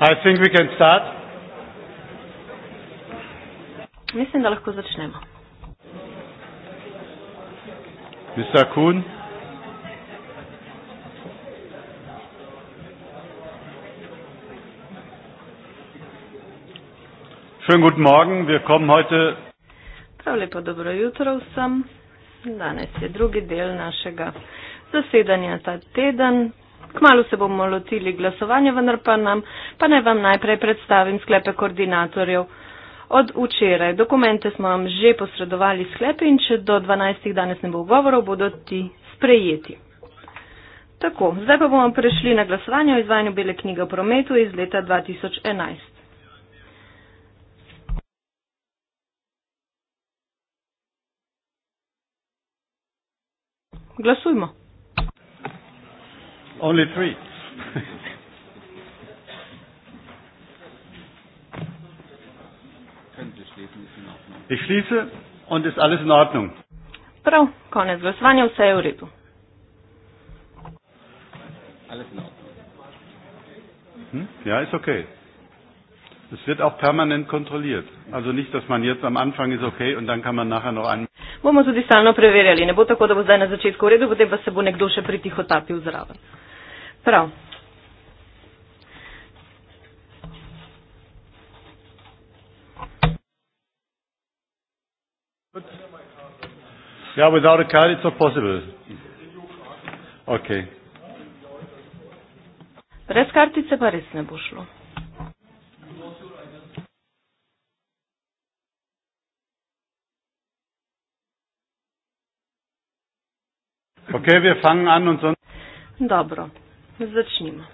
I think we can start. Mislim, da lahko začnemo. Mr. Kuhn. Schönen guten Morgen, wir kommen heute. Prav lepo dobro jutro vsem. Danes je drugi del našega zasedanja ta teden. Kmalo se bomo lotili glasovanja, vendar pa, nam, pa naj vam najprej predstavim sklepe koordinatorjev. Od včeraj dokumente smo vam že posredovali sklepe in če do 12. danes ne bo govorov, bodo ti sprejeti. Tako, zdaj pa bomo prešli na glasovanje o izvajanju Bele knjige o prometu iz leta 2011. Glasujmo only three. Ich schließe und ist alles in Ordnung. Prav, konec glasovanja, vse je v redu. Hm? Ja, ist okay. Es wird auch permanent kontrolliert. Also nicht, dass man jetzt am Anfang ist okay und dann kann man nachher noch an. Bomo tudi stalno preverjali. Ne bo tako, da bo zdaj na začetku v redu, potem pa se bo nekdo še pritihotapil zraven. Prav. Yeah, ja, without a card, it's not possible. Okay. Brez kartice pa res ne bo šlo. Okay, wir fangen an und sonst. Dobro. Začnimo.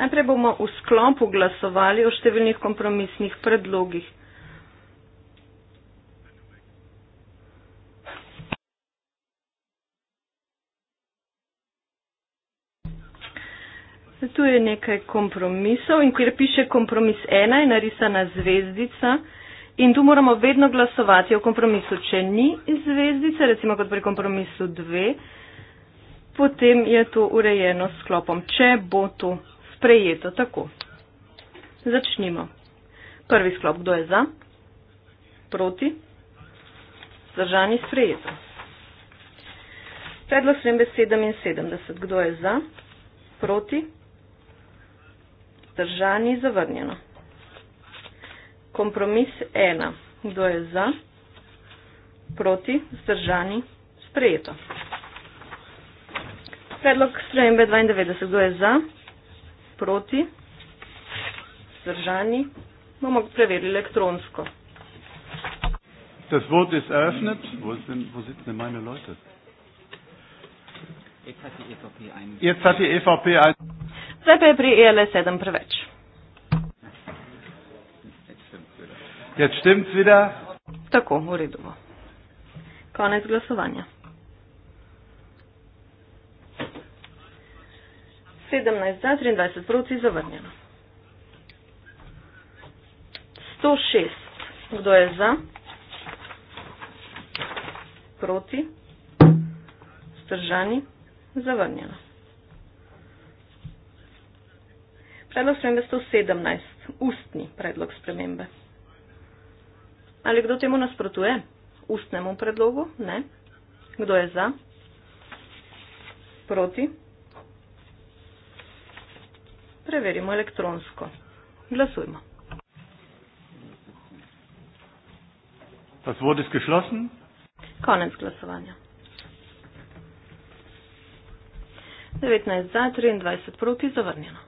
Najprej bomo v sklopu glasovali o številnih kompromisnih predlogih. Tu je nekaj kompromisov in kjer piše kompromis 1 je narisana zvezdica, In tu moramo vedno glasovati o kompromisu. Če ni zvezdice, recimo kot pri kompromisu 2, potem je to urejeno s sklopom, če bo to sprejeto tako. Začnimo. Prvi sklop, kdo je za? Proti? Zdržani sprejeto. Predlog spremembe 77. Kdo je za? Proti? Zdržani zavrnjeno. Kompromis ena. Kdo je za? Proti? Zdržani? Sprejeto. Predlog spremembe 92. Kdo je za? Proti? Zdržani? Bomo preverili elektronsko. Das Wort ist eröffnet. Wo, ist denn, wo sitzen denn meine Leute? Jetzt hat die EVP ein. Jetzt hat die EVP ein. Zdaj pa je pri ELS 7 preveč. Jetzt stimmt's wieder. Tako, v redu bo. Konec glasovanja. 17 za, 23 proti, zavrnjeno. 106. Kdo je za? Proti. Stržani. Zavrnjeno. Predlog spremembe 117. Ustni predlog spremembe. Ali kdo temu nasprotuje? Ustnemu predlogu? Ne. Kdo je za? Proti? Preverimo elektronsko. Glasujmo. Das Wort ist geschlossen. Konec glasovanja. 19 za, 23 proti, zavrnjeno.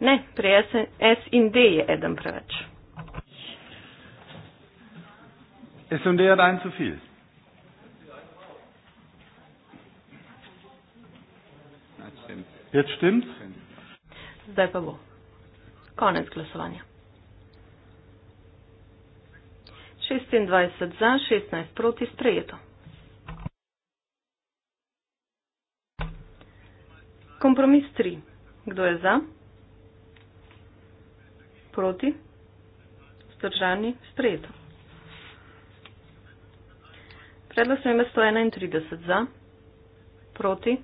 Ne, pri S, S in D je eden preveč. S in D je en sofil. Zdaj pa bo. Konec glasovanja. 26 za, 16 proti, sprejeto. Kompromis 3. Kdo je za? proti? Vzdržani, sprejeto. Predlog sem ima 131 za, proti,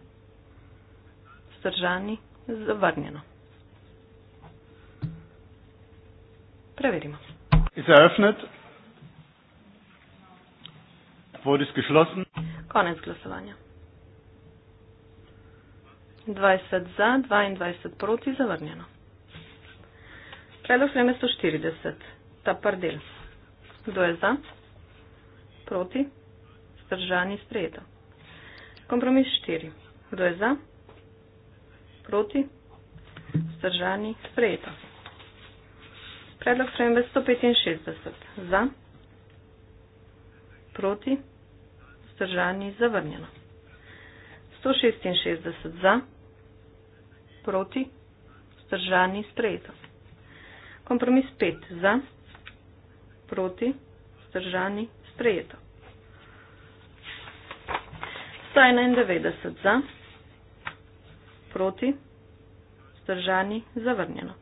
vzdržani, zavrnjeno. Preverimo. Is eröffnet? Vod ist geschlossen? Konec glasovanja. 20 za, 22 proti, zavrnjeno. Predlog sprejeme 140. Ta par del. Kdo je za? Proti? Zdržani sprejeto. Kompromis 4. Kdo je za? Proti? Zdržani sprejeto. Predlog sprejeme 165. Za? Proti? Zdržani zavrnjeno. 166 za? Proti? Zdržani sprejeto. Kompromis 5. Za, proti, zdržani, sprejeto. 191. Za, proti, zdržani, zavrnjeno.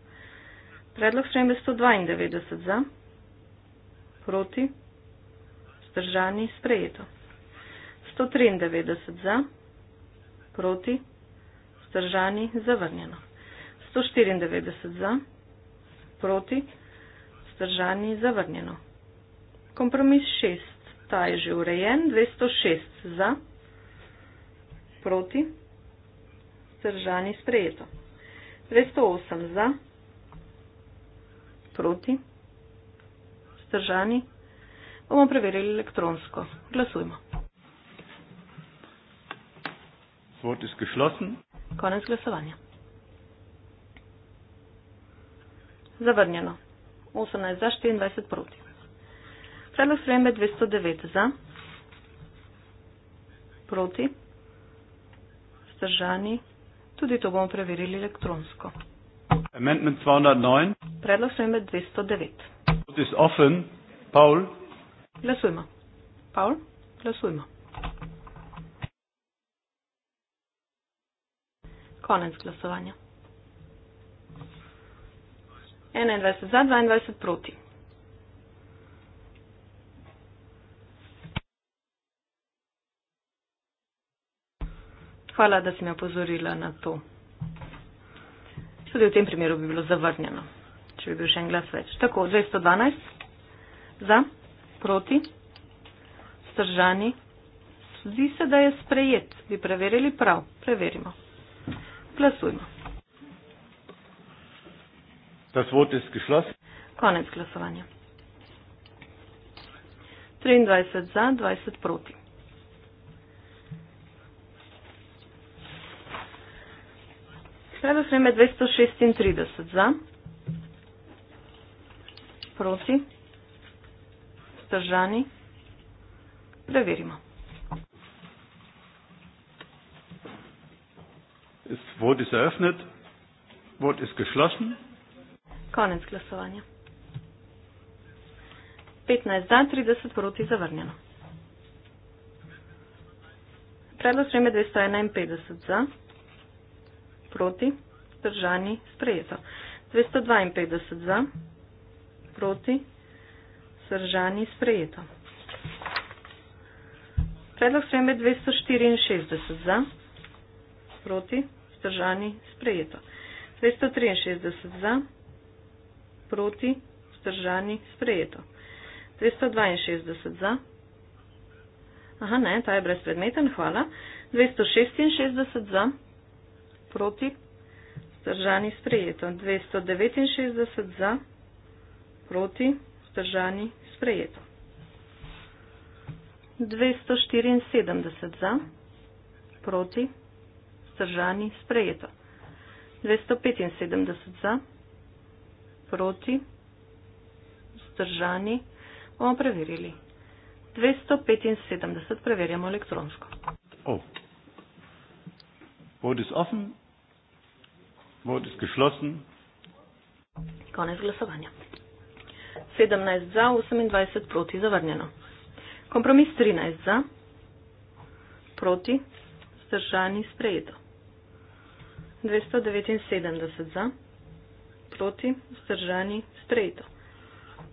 Predlog spremembe 192. Za, proti, zdržani, sprejeto. 193. Za, proti, zdržani, zavrnjeno. 194. Za, proti, zdržani, zavrnjeno proti, stržani zavrnjeno. Kompromis 6. Ta je že urejen. 206 za, proti, stržani sprejeto. 208 za, proti, stržani. Bomo preverili elektronsko. Glasujmo. Konec glasovanja. Zavrnjeno. 18 za, 24 proti. Predlog sprejembe 209 za. Proti. Zdržani. Tudi to bomo preverili elektronsko. Amendment 209. Predlog sprejembe 209. Is often. Paul. Glasujmo. Paul, glasujmo. Konec glasovanja. 21 za, 22 proti. Hvala, da si me opozorila na to. Tudi v tem primeru bi bilo zavrnjeno, če bi bil še en glas več. Tako, 212 za, proti, stržani. Zdi se, da je sprejet. Bi preverili prav. Preverimo. Glasujmo. Das Wort ist geschlossen. Konec glasovanja. 23 za, 20 proti. Kaj v sveme 236 za, proti, zdržani, preverimo. Vod je zaöffnet, vod je geschlossen. Konec glasovanja. 15 za, 30 proti zavrnjeno. Predlog sprejme 251 za, proti, držani, sprejeto. 252 za, proti, držani, sprejeto. Predlog sprejme 264 za, proti, držani, sprejeto. 263 za, proti, držani, sprejeto proti, vzdržani, sprejeto. 262 za. Aha, ne, ta je brezpredmeten, hvala. 266 za, proti, vzdržani, sprejeto. 269 za, proti, vzdržani, sprejeto. 274 za, proti, vzdržani, sprejeto. 275 za, proti, vzdržani, sprejeto proti, zdržani, bomo preverili. 275 preverjamo elektronsko. Oh. Vod je offen, vod je geschlossen. Konec glasovanja. 17 za, 28 proti, zavrnjeno. Kompromis 13 za, proti, zdržani, sprejeto. 279 za proti, vzdržani, sprejeto.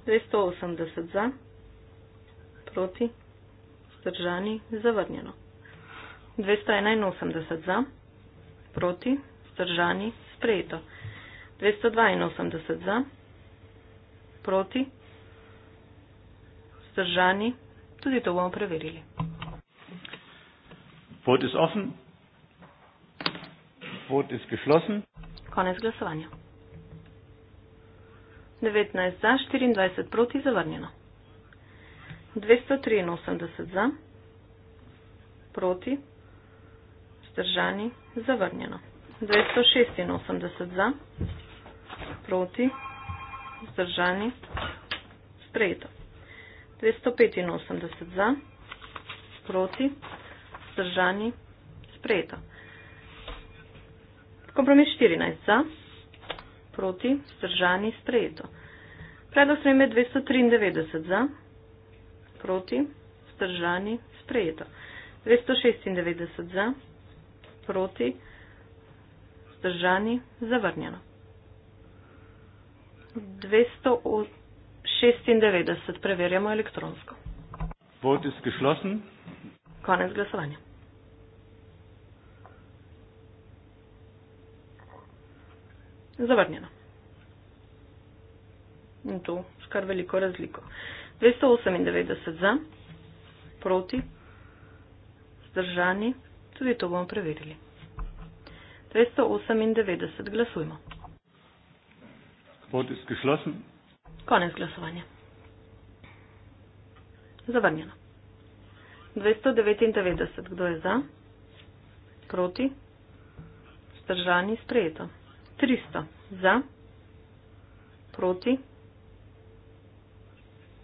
280 za, proti, vzdržani, zavrnjeno. 281 za, proti, vzdržani, sprejeto. 282 za, proti, vzdržani, tudi to bomo preverili. Vote is offen, vote is geschlossen. Konec glasovanja. 19 za, 24 proti, zavrnjeno. 283 za, proti, zdržani, zavrnjeno. 286 za, proti, zdržani, sprejeto. 285 za, proti, zdržani, sprejeto. Kompromis 14 za, proti, vzdržani, sprejeto. Predlog sprejme 293 za, proti, vzdržani, sprejeto. 296 za, proti, vzdržani, zavrnjeno. 296 preverjamo elektronsko. Vote ist geschlossen. Konec glasovanja. zavrnjeno. In to skar veliko razliko. 298 za, proti, zdržani, tudi to bomo preverili. 298 glasujmo. Vod izkišlosen. Konec glasovanja. Zavrnjeno. 299, kdo je za? Proti? Zdržani, sprejeto. 300 za, proti,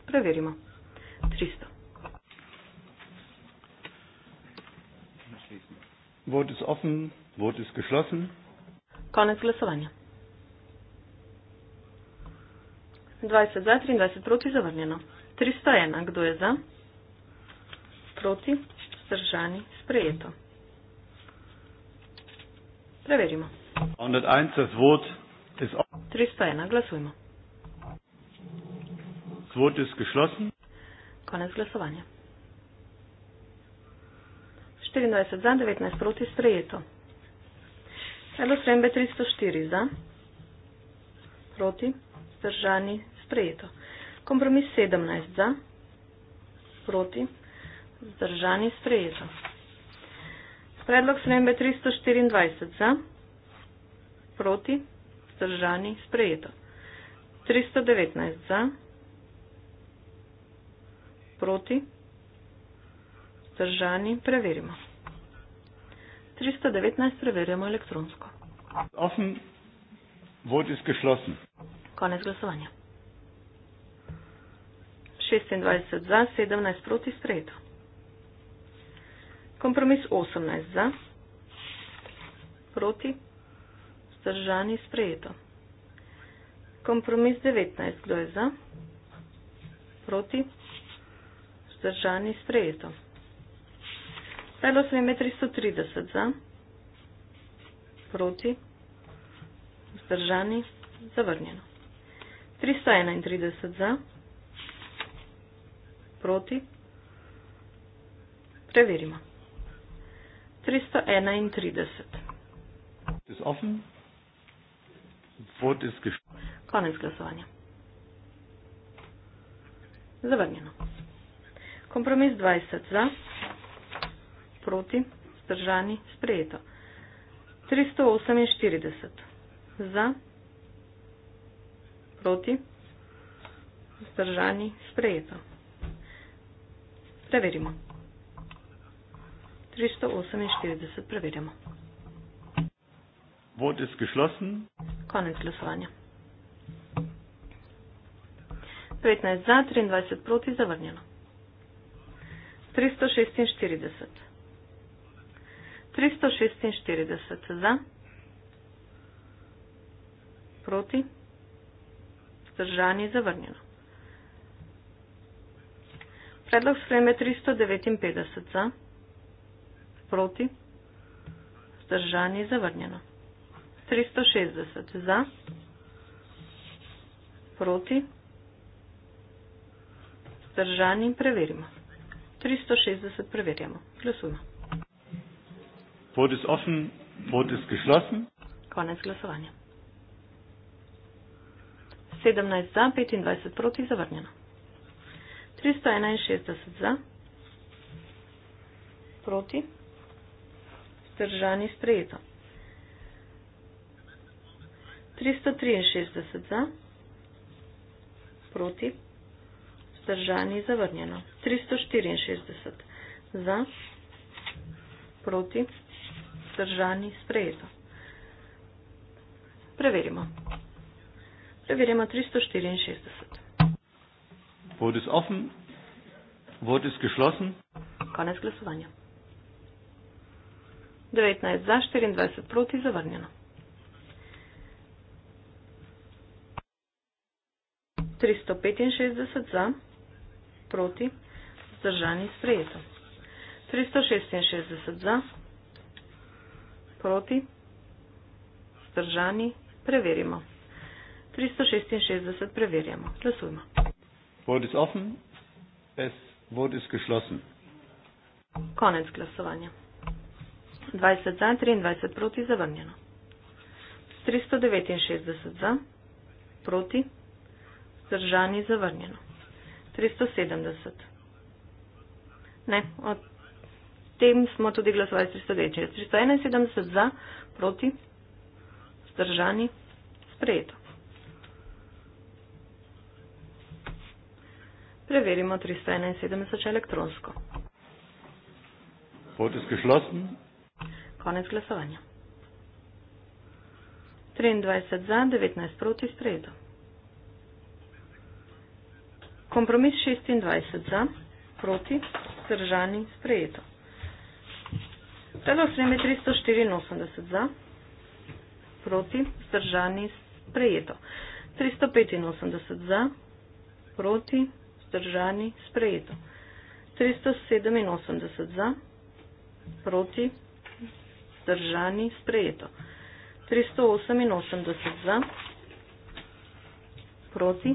preverimo, 300. Vote is offen, vote is geschlossen. Konec glasovanja. 20 za, 23 proti, zavrnjeno. 301, kdo je za? Proti, zdržani, sprejeto. Preverimo. 301, das Wort ist offen. 301, glasujmo. Das Wort ist geschlossen. Konec glasovanja. 24 za, 19 proti sprejeto. Celo srembe 304 za, proti, zdržani, sprejeto. Kompromis 17 za, proti, zdržani, sprejeto. Predlog srembe 324 za, proti, vzdržani, sprejeto. 319 za, proti, vzdržani, preverimo. 319 preverjamo elektronsko. Offen, vod je geschlossen. Konec glasovanja. 26 za, 17 proti, sprejeto. Kompromis 18 za, proti, vzdržani sprejeto. Kompromis 19. Kdo je za? Proti? Vzdržani sprejeto. Telo smo imeli 330 za. Proti? Vzdržani? Zavrnjeno. 331 za. Proti? Preverimo. 331. Is offen. Konec glasovanja. Zavrnjeno. Kompromis 20 za, proti, zdržani, sprejeto. 348 za, proti, zdržani, sprejeto. Preverimo. 348 preverimo. Wort ist geschlossen. Konec glasovanja. 15 za, 23 proti, zavrnjeno. 346. 346 za, proti, zdržani, zavrnjeno. Predlog sprejme 359 za, proti, zdržani, zavrnjeno. 360 za, proti, zdržani in preverimo. 360 preverjamo. Glasujemo. Pot je offen, pot je geschlossen. Konec glasovanja. 17 za, 25 proti, zavrnjeno. 361 za, proti, zdržani sprejeto. 363 za, proti, vzdržani, zavrnjeno. 364 za, proti, vzdržani, sprejeto. Preverimo. Preverimo 364. Wort ist offen, Wort ist geschlossen. Konec glasovanja. 19 za, 24 proti, zavrnjeno. 365 za, proti, vzdržani, sprejeto. 366 za, proti, vzdržani, preverimo. 366 preverjamo. Glasujmo. Vod je offen, es vod je geschlossen. Konec glasovanja. 20 za, 23 proti, zavrnjeno. 369 za, proti, zdržani zavrnjeno. 370. Ne, o tem smo tudi glasovali 309. 371 za, proti, zdržani, sprejeto. Preverimo 371 elektronsko. Konec glasovanja. 23 za, 19 proti, sprejeto. Kompromis 26 za, proti, zdržani, sprejeto. Predlog sprejeme 384 za, proti, zdržani, sprejeto. 385 za, proti, zdržani, sprejeto. 387 za, proti, zdržani, sprejeto. 388 za, proti,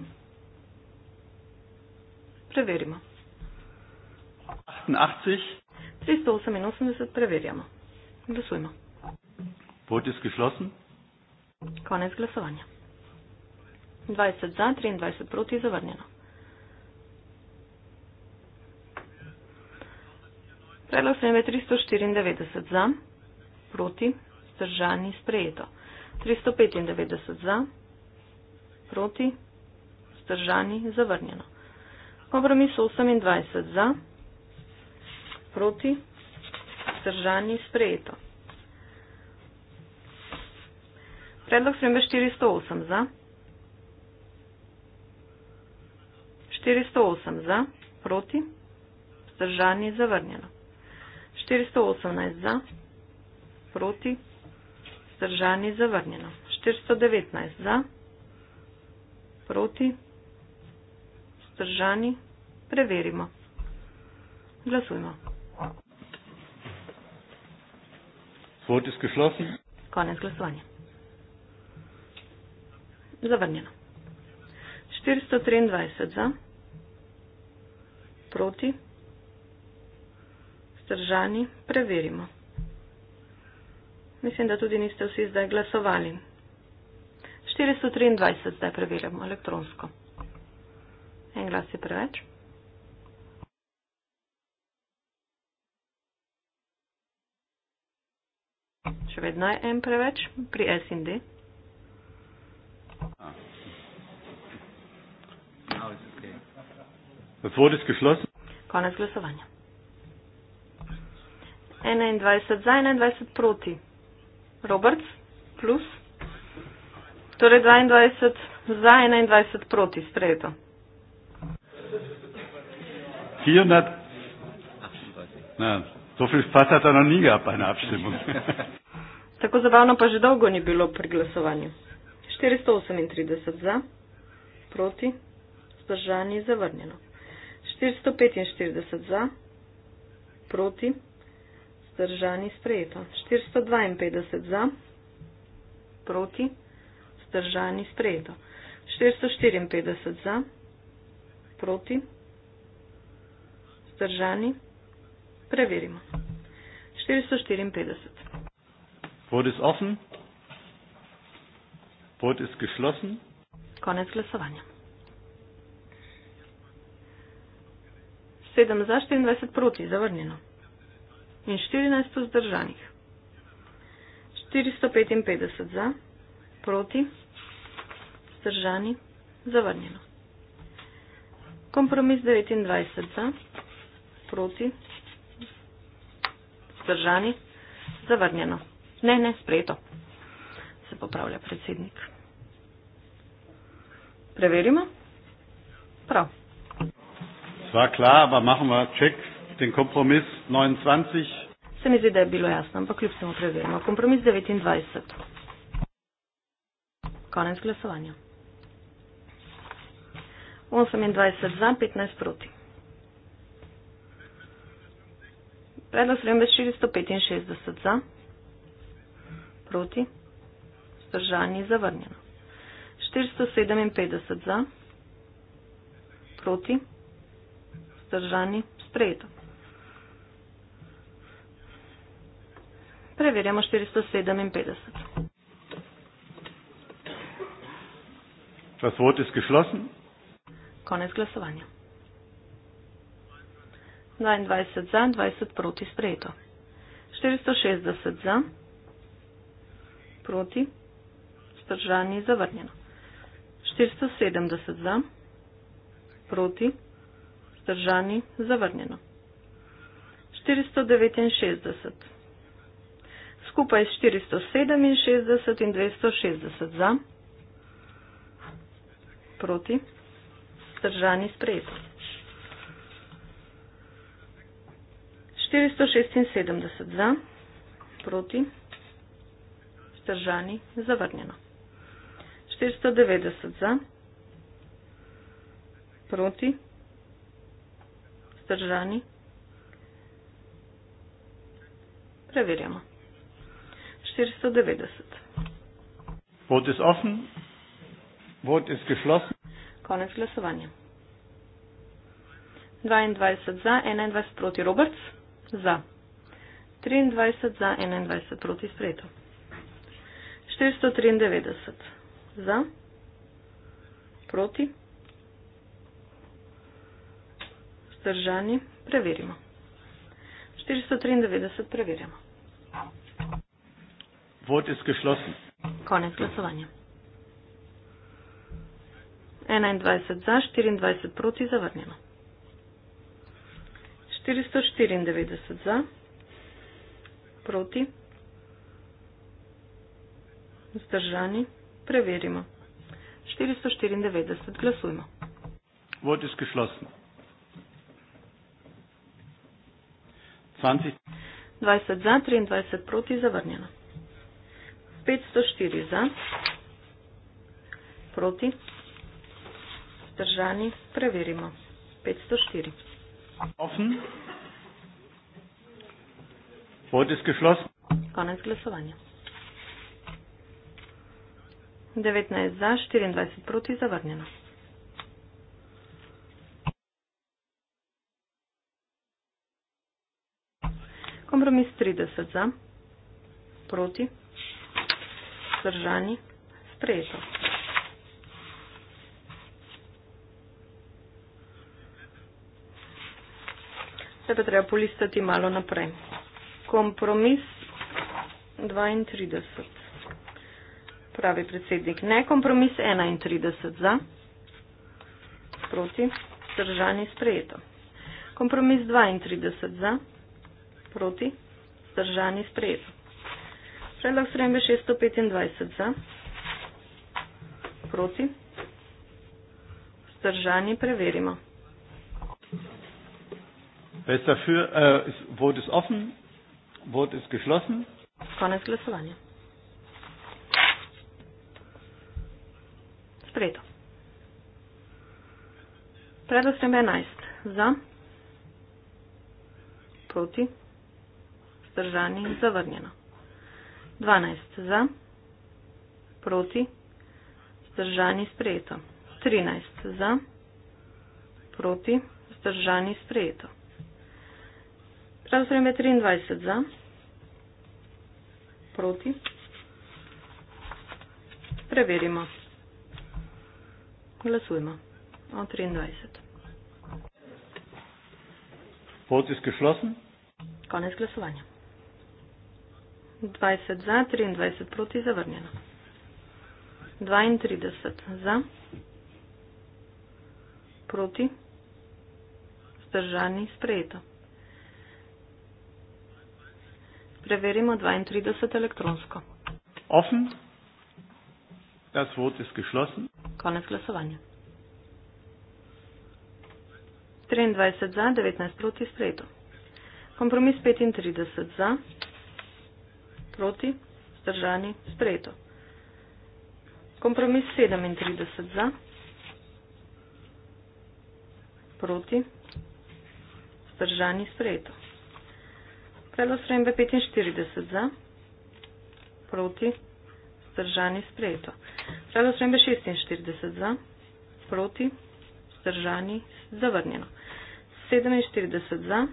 preverimo. 388 preverjamo. Glasujmo. Konec glasovanja. 20 za, 23 proti, zavrnjeno. Predlog sprejme 394 za, proti, zdržani, sprejeto. 395 za, proti, zdržani, zavrnjeno. Kompromis 28 za, proti, vzdržanje sprejeto. Predlog spremembe 408 za. 408 za, proti, vzdržanje zavrnjeno. 418 za, proti, vzdržanje zavrnjeno. 419 za, proti, vzdržanje zavrnjeno vzdržani, preverimo. Glasujmo. Konec glasovanja. Zavrnjeno. 423 za, proti, vzdržani, preverimo. Mislim, da tudi niste vsi zdaj glasovali. 423 zdaj preverjamo elektronsko. En glas je preveč. Še vedno je en preveč pri S in D. Konec glasovanja. 21 za, 21 proti. Roberts, plus. Torej 22 za, 21 proti, sprejeto. 400. Na, so viel Spaß hat er noch nie gehabt bei einer Abstimmung. Tako zabavno pa že dolgo ni bilo pri glasovanju. 438 za, proti, zdržani, zavrnjeno. 445 za, proti, zdržani, sprejeto. 452 za, proti, zdržani, sprejeto. 454 za, proti, vzdržani? Preverimo. 454. Bod je offen, bod je geschlossen. Konec glasovanja. 7 za, 24 proti, zavrnjeno. In 14 vzdržanih. 455 za, proti, vzdržani, zavrnjeno. Kompromis 29 za proti, zdržani, zavrnjeno. Ne, ne, sprejeto. Se popravlja predsednik. Preverimo. Prav. Sva klar, pa mahamo ček, ten kompromis 29. Se mi zdi, da je bilo jasno, ampak kljub temu preverimo. Kompromis 29. Konec glasovanja. 28 za, 15 proti. Predlog spremembe 465 za, proti, vzdržanje je zavrnjeno. 457 za, proti, vzdržanje sprejeto. Preverjamo 457. Das Wort ist geschlossen. Konec glasovanja. 22 za, 20 proti sprejeto. 460 za, proti, stržani zavrnjeno. 470 za, proti, stržani zavrnjeno. 469 skupaj s 467 in 260 za, proti, stržani sprejeto. 476 za, proti, vzdržani, zavrnjeno. 490 za, proti, vzdržani, preverjamo. 490. Vot je offen, vot je geschlossen. Konec glasovanja. 22 za, 21 proti Roberts za. 23 za, 21 proti sprejeto. 493 za, proti, vzdržani, preverimo. 493 preverjamo. Vod je sklosen. Konec glasovanja. 21 za, 24 proti, zavrnjeno. 494 za, proti, zdržani, preverimo. 494 glasujmo. Vod izkišlosno. 20. 20 za, 23 proti, zavrnjeno. 504 za, proti, zdržani, preverimo. 504 offen. Wort ist geschlossen. Konec glasovanja. 19 za, 24 proti, zavrnjeno. Kompromis 30 za, proti, zdržani, sprejeto. je pa treba polistati malo naprej. Kompromis 32. Pravi predsednik. Ne kompromis 31. Za. Proti. Zdržani sprejeto. Kompromis 32. Za. Proti. Zdržani sprejeto. Predlog sprejembe 625. Za. Proti. Zdržani preverimo. Wer ist dafür? Äh, Wort ist offen. Wort ist geschlossen. Konec glasovanja. Sprejeto. Predlog sem 11. Za, proti, vzdržani, zavrnjeno. 12. Za, proti, vzdržani, sprejeto. 13. Za, proti, vzdržani, sprejeto. 14. Pravzaprav je 23 za. Proti. Preverimo. Glasujmo. O 23. Policijski šlosen. Konec glasovanja. 20 za, 23 proti, zavrnjeno. 32 za, proti, zdržani, sprejeto. Preverimo 32 elektronsko. Offen. Das Wort ist geschlossen. Konec glasovanja. 23 za, 19 proti sprejeto. Kompromis 35 za, proti, zdržani, sprejeto. Kompromis 37 za, proti, zdržani, sprejeto. Predlog sprejembe 45 za, proti, zdržani sprejeto. Predlog sprejembe 46 za, proti, zdržani zavrnjeno. 47 za,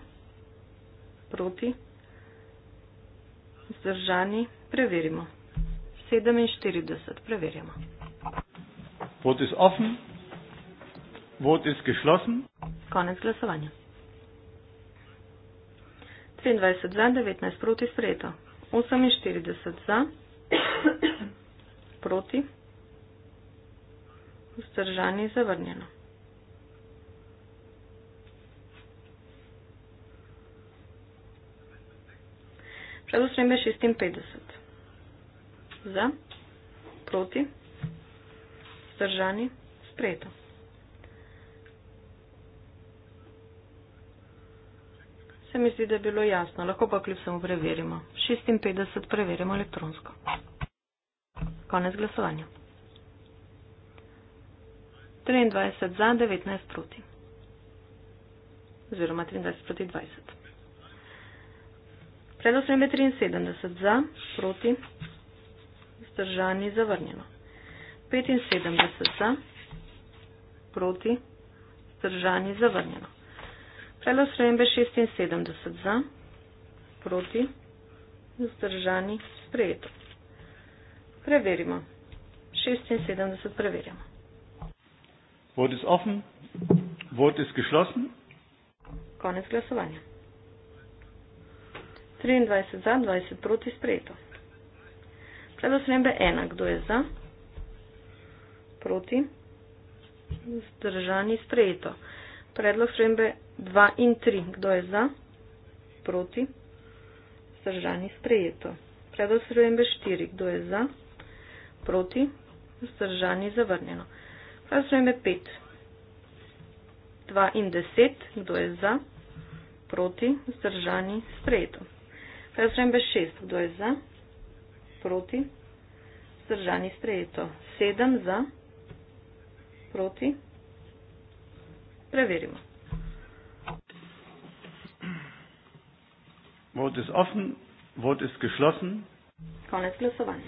proti, zdržani preverimo. 47 preverjamo. Vod je offen, vod je geschlossen. Konec glasovanja. 23 za, 19 proti sprejeta. 48 za, proti, vzdržani zavrnjeno. Predlog sprejme 56 za, proti, vzdržani sprejeta. Se mi zdi, da je bilo jasno, lahko pa kljub samo preverimo. 56 preverimo elektronsko. Konec glasovanja. 23 za, 19 proti. Oziroma 23 proti 20. Predlog sprembe 73 za, proti, vzdržani, zavrnjeno. 75 za, proti, vzdržani, zavrnjeno. Predlog spremembe 76 za, proti, vzdržani, sprejeto. Preverimo. 76 preverjamo. Vod je offen, vod je geschlossen. Konec glasovanja. 23 za, 20 proti, sprejeto. Predlog spremembe 1. Kdo je za? Proti. Zdržani sprejeto. Predlog spremembe 2 in 3. Kdo je za? Proti. Zdržani sprejeto. Predlog spremembe 4. Kdo je za? Proti. Zdržani zavrnjeno. Predlog spremembe 5. 2 in 10. Kdo je za? Proti. Zdržani sprejeto. Predlog spremembe 6. Kdo je za? Proti. Zdržani sprejeto. 7 za. Proti. Preverimo. Vote is offen. Vote is geschlossen. Konec glasovanja.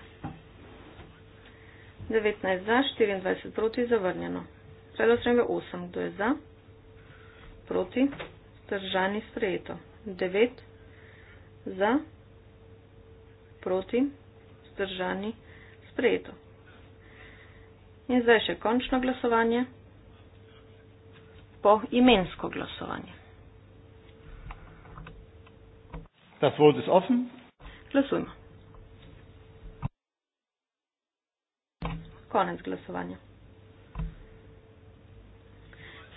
19 za, 24 proti, zavrnjeno. Predostrembe 8. Kdo je za? Proti. Zdržani sprejeto. 9 za, proti, zdržani sprejeto. In zdaj še končno glasovanje. Po imensko glasovanje. Das Wort ist offen. Glasujmo. Konec glasovanja.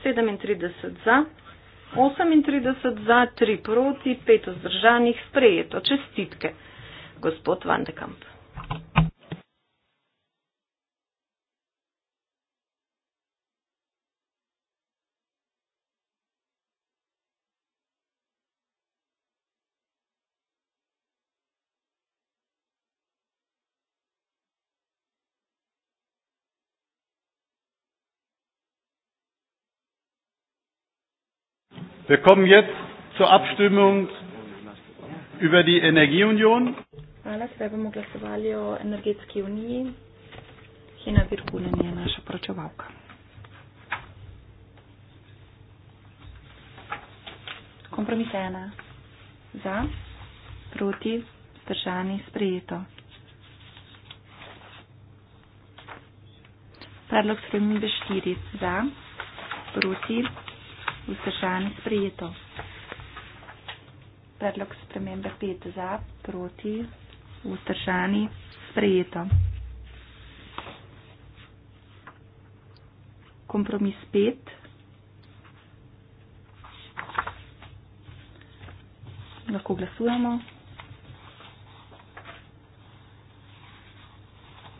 37 za, 38 za, 3 proti, 5 vzdržanih, sprejeto. Čestitke, gospod Vandekamp. Wir kommen jetzt zur Abstimmung über die Energieunion. Kompromis ena. Za, proti, vzdržani, sprejeto. Predlog spremembe štiri. Za, proti, vzdržani sprejeto. Predlog spremembe 5 za, proti, vzdržani sprejeto. Kompromis 5. Lahko glasujemo.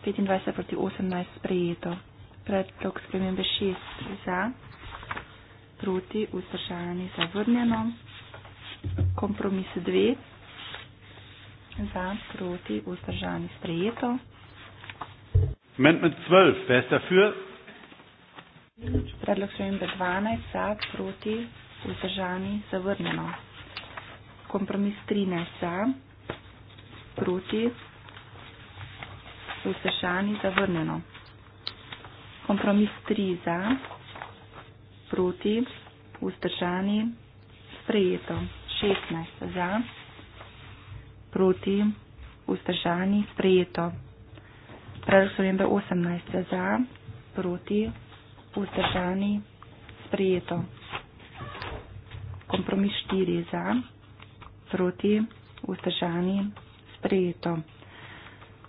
25 proti 18 sprejeto. Predlog spremembe 6 za, proti, vzdržani, zavrnjeno. Kompromis 2, za, proti, vzdržani, sprejeto. Amendment 12, wer ist dafür? Predlog spremembe 12, za, proti, vzdržani, zavrnjeno. Kompromis 13, za, proti, vzdržani, zavrnjeno. Kompromis 3 za, proti, vzdržani, sprejeto. 16 za, proti, vzdržani, sprejeto. Predlog spremembe 18 za, proti, vzdržani, sprejeto. Kompromis 4 za, proti, vzdržani, sprejeto.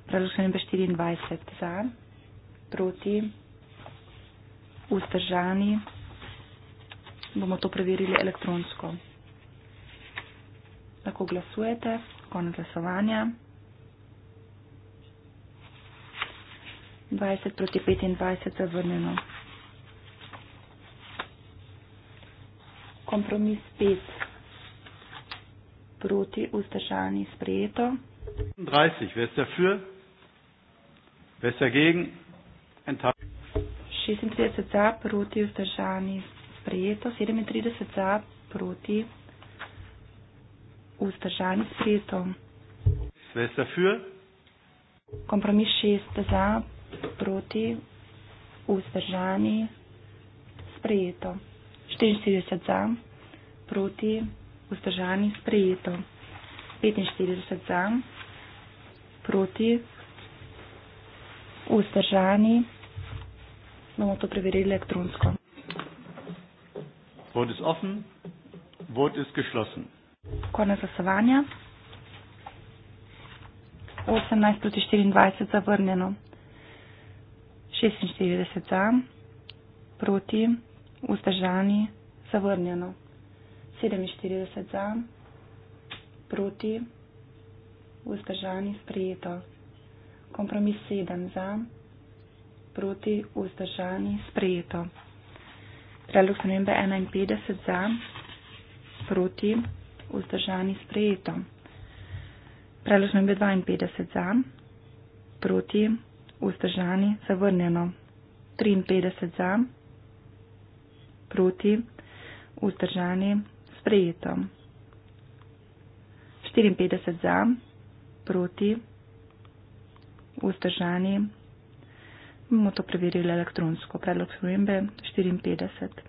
Predlog spremembe 24 za, proti, vzdržani, sprejeto bomo to preverili elektronsko. Lahko glasujete, konec glasovanja. 20 proti 25 zavrnjeno. Kompromis 5 proti vzdržani sprejeto. 36 za proti vzdržani sprejeto sprejeto, 37 za, proti, vzdržani sprejeto. Svesta für? Kompromis 6 za, proti, vzdržani sprejeto. 44 za, proti, vzdržani sprejeto. 45 za, proti, vzdržani. Bomo to preverili elektronsko. Vote is offen. Vote is geschlossen. Konec glasovanja. 18 proti 24 zavrnjeno. 46 za, proti, vzdržani, zavrnjeno. 47 za, proti, vzdržani, sprejeto. Kompromis 7 za, proti, vzdržani, sprejeto. Predlog spremembe 51 za, proti, vzdržani sprejeto. Predlog spremembe 52 za, proti, vzdržani zavrnjeno. 53 za, proti, vzdržani sprejeto. 54 za, proti, vzdržani. Bomo to preverili elektronsko. Predlog spremembe 54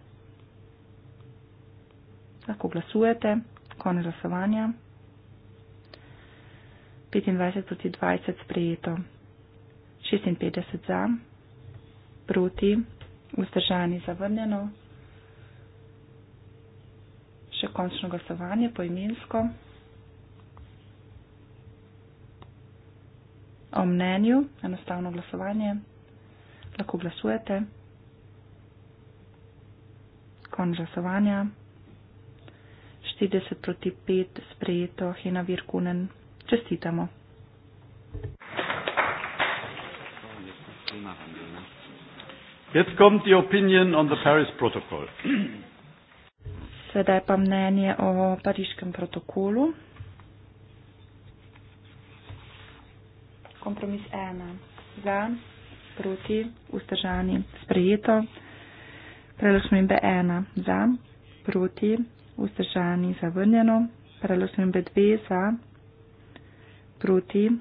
lahko glasujete, konec glasovanja. 25 proti 20 sprejeto, 56 za, proti, vzdržani zavrnjeno. Še končno glasovanje poimensko. O mnenju, enostavno glasovanje, lahko glasujete. Konec glasovanja. 40 proti 5 sprejeto Hena Virkunen. Čestitamo. Jetzt kommt die Opinion on the Paris Protocol. Sedaj pa mnenje o pariškem protokolu. Kompromis 1. Za, proti, vzdržani, sprejeto. Prelašmin B1. Za, proti, uzdržani, zavrnjeno, preložen B2 za proti,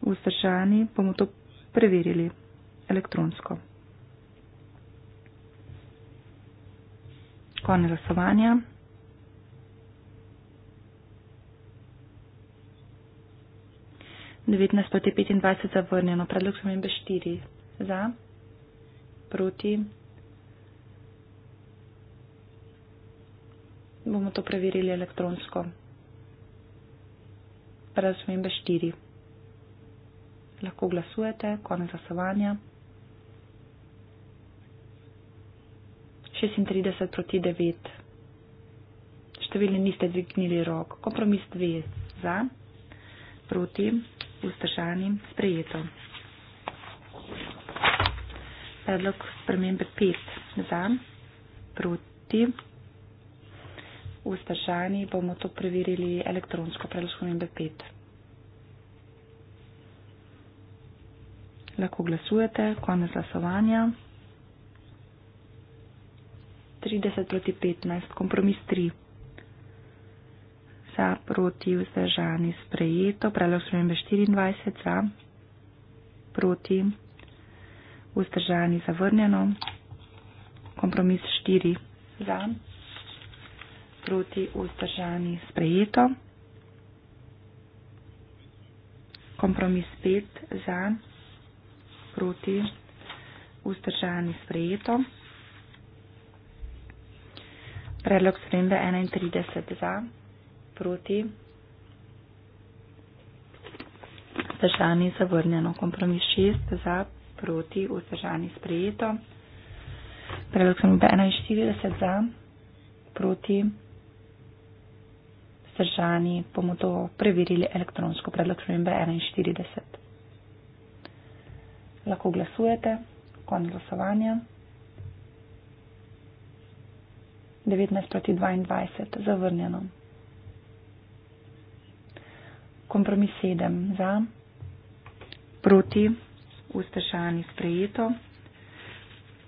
uzdržani, bomo to preverili elektronsko. Konec glasovanja. devetnajst proti petindvajset zavrnjeno predlog spremembe štiri za proti bomo to preverili elektronsko. Razmembe 4. Lahko glasujete, konec glasovanja. 36 proti 9. Številni niste dvignili rok. Kompromis 2 za, proti, vzdržani, sprejeto. Predlog spremembe 5 za, proti vzdržani, bomo to preverili elektronsko preloškovnjo 5. Lahko glasujete, konec glasovanja. 30 proti 15, kompromis 3. Za proti vzdržani sprejeto, preloškovnjo 24, za proti vzdržani zavrnjeno, kompromis 4 za proti vzdržani sprejeto. Kompromis 5 za, proti vzdržani sprejeto. Predlog spremembe 31 za, proti vzdržani zavrnjeno. Kompromis 6 za, proti vzdržani sprejeto. Predlog spremembe 41 za, proti vzdržani sprejeto vzdržani, bomo to preverili elektronsko predlog spremembe 41. Lahko glasujete, konec glasovanja. 19 proti 22, zavrnjeno. Kompromis 7 za, proti, vzdržani, sprejeto.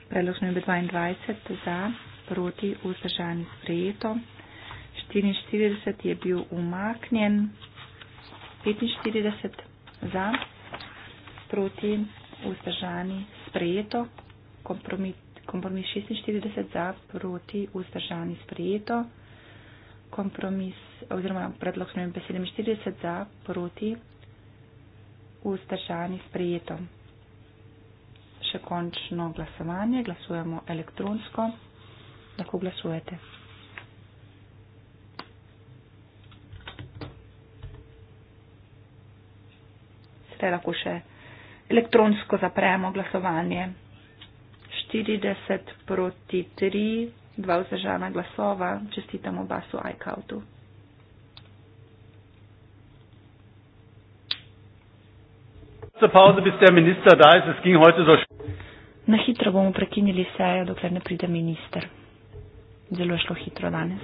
Predlog spremembe 22 za, proti, vzdržani, sprejeto. 44 je bil umaknjen, 45 za, proti vzdržani sprejeto, kompromis, kompromis 46 za, proti vzdržani sprejeto, kompromis oziroma predlog spremembe 47 za, proti vzdržani sprejeto. Še končno glasovanje, glasujemo elektronsko, lahko glasujete. zdaj lahko še elektronsko zapremo glasovanje. 40 proti 3, dva vzdržana glasova, čestitamo basu iCloudu. Na hitro bomo prekinili sejo, dokler ne pride minister. Zelo je šlo hitro danes.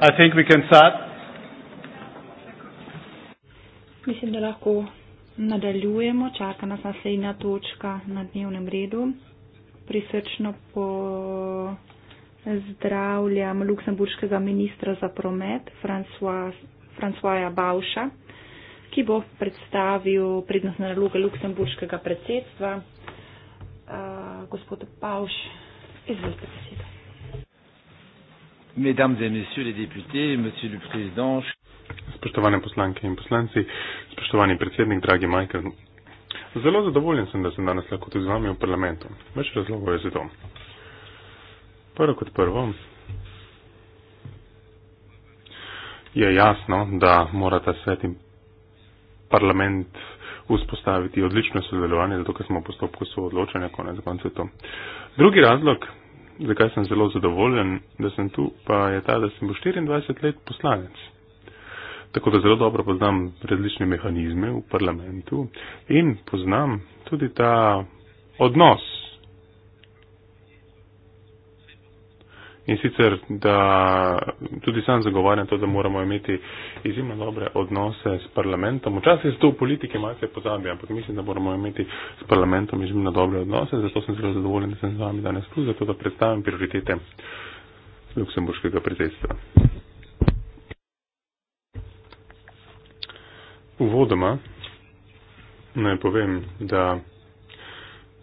I think we can start. Mislim, da lahko nadaljujemo. Čaka nas naslednja točka na dnevnem redu. Prisrčno pozdravljam luksemburškega ministra za promet Francoja Bauša, ki bo predstavil prednostne naloge luksemburškega predsedstva. Uh, gospod Pavš, izvolite besedo. Spoštovane poslanke in poslanci, spoštovani predsednik, dragi Michael, zelo zadovoljen sem, da sem danes lahko tudi z vami v parlamentu. Več razlogov je za to. Prvo kot prvo, je jasno, da mora ta svet in parlament vzpostaviti odlično sodelovanje, zato ker smo v postopku soodločanja, konec koncev to. Drugi razlog zakaj sem zelo zadovoljen, da sem tu, pa je ta, da sem bo 24 let poslanec. Tako da zelo dobro poznam različne mehanizme v parlamentu in poznam tudi ta odnos In sicer, da tudi sam zagovarjam to, da moramo imeti izjemno dobre odnose s parlamentom. Včasih se to v politiki malce pozabi, ampak mislim, da moramo imeti s parlamentom izjemno dobre odnose. Zato sem zelo zadovoljen, da sem z vami danes tu, zato da predstavim prioritete Luksemburškega predsedstva. Uvodoma naj povem, da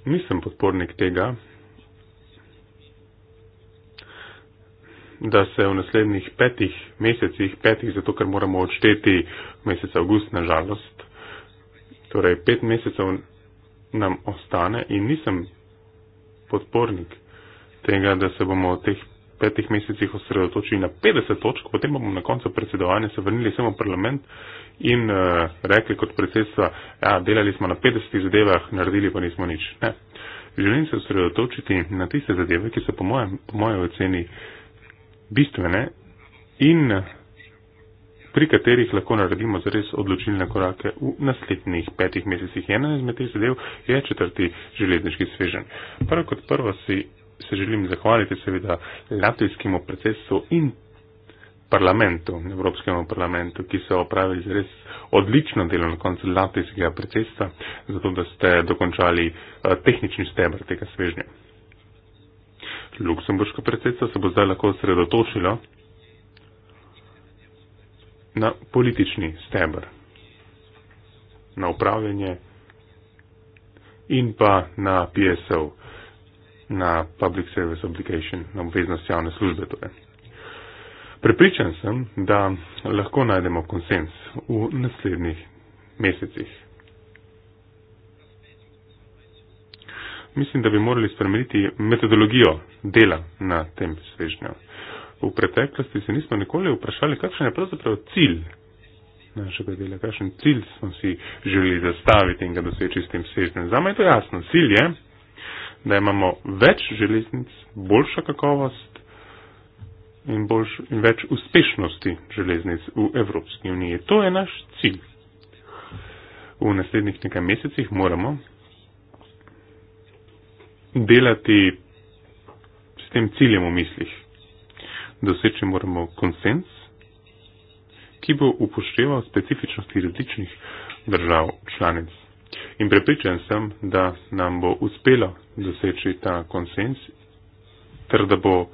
nisem podpornik tega, da se v naslednjih petih mesecih, petih zato, ker moramo odšteti mesec avgust na žalost, torej pet mesecev nam ostane in nisem podpornik tega, da se bomo v teh petih mesecih osredotočili na 50 točk, potem bomo na koncu predsedovanja se vrnili samo v parlament in uh, rekli kot predsedstva, ja, delali smo na 50 zadevah, naredili pa nismo nič. Ne. Želim se osredotočiti na tiste zadeve, ki so po mojem, po mojem oceni uh, bistvene in pri katerih lahko naredimo zares odločilne korake v naslednjih petih mesecih. Ena izmed teh zadev je četrti železniški svežen. Prvo kot prvo si se želim zahvaliti seveda latvijskemu procesu in parlamentu, Evropskemu parlamentu, ki so opravili zares odlično delo na koncu latvijskega procesa, zato da ste dokončali eh, tehnični stebr tega svežnja. Luksemburško predsedstvo se bo zdaj lahko osredotočilo na politični stebr, na upravljanje in pa na PSO, na Public Service Obligation, na obveznost javne službe. Torej. Prepričan sem, da lahko najdemo konsens v naslednjih mesecih. mislim, da bi morali spremeniti metodologijo dela na tem svežnju. V preteklosti se nismo nikoli vprašali, kakšen je pravzaprav cilj našega dela, kakšen cilj smo si želeli zastaviti in ga doseči s tem svežnjem. Zame je to jasno. Cilj je, da imamo več železnic, boljša kakovost in, boljš, in več uspešnosti železnic v Evropski uniji. To je naš cilj. V naslednjih nekaj mesecih moramo delati s tem ciljem v mislih. Doseči moramo konsens, ki bo upošteval specifičnosti različnih držav članic. In prepričan sem, da nam bo uspelo doseči ta konsens, ter da bo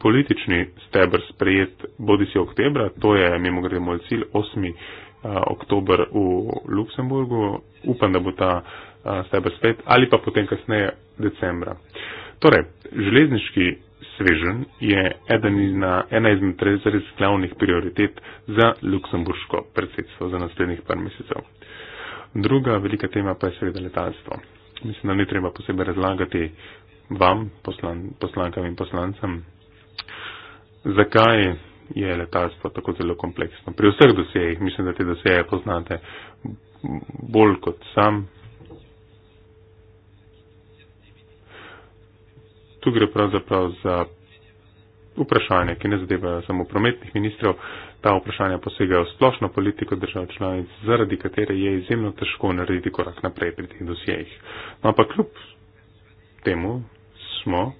politični stebr sprejet bodi si oktobra, to je mimo grede moj cilj, 8. Eh, oktober v Luksemburgu. Upam, da bo ta uh, sebe spet ali pa potem kasneje decembra. Torej, železniški svežen je na, ena izmed res glavnih prioritet za luksemburško predsedstvo za naslednjih par mesecev. Druga velika tema pa je seveda letalstvo. Mislim, da ni treba posebej razlagati vam, poslan, poslankam in poslancem, zakaj je letalstvo tako zelo kompleksno. Pri vseh dosejih, mislim, da te doseje poznate bolj kot sam, tu gre pravzaprav za vprašanje, ki ne zadevajo samo prometnih ministrov. Ta vprašanja posegajo v splošno politiko držav članic, zaradi katere je izjemno težko narediti korak naprej pri teh dosjejih. No, ampak kljub temu smo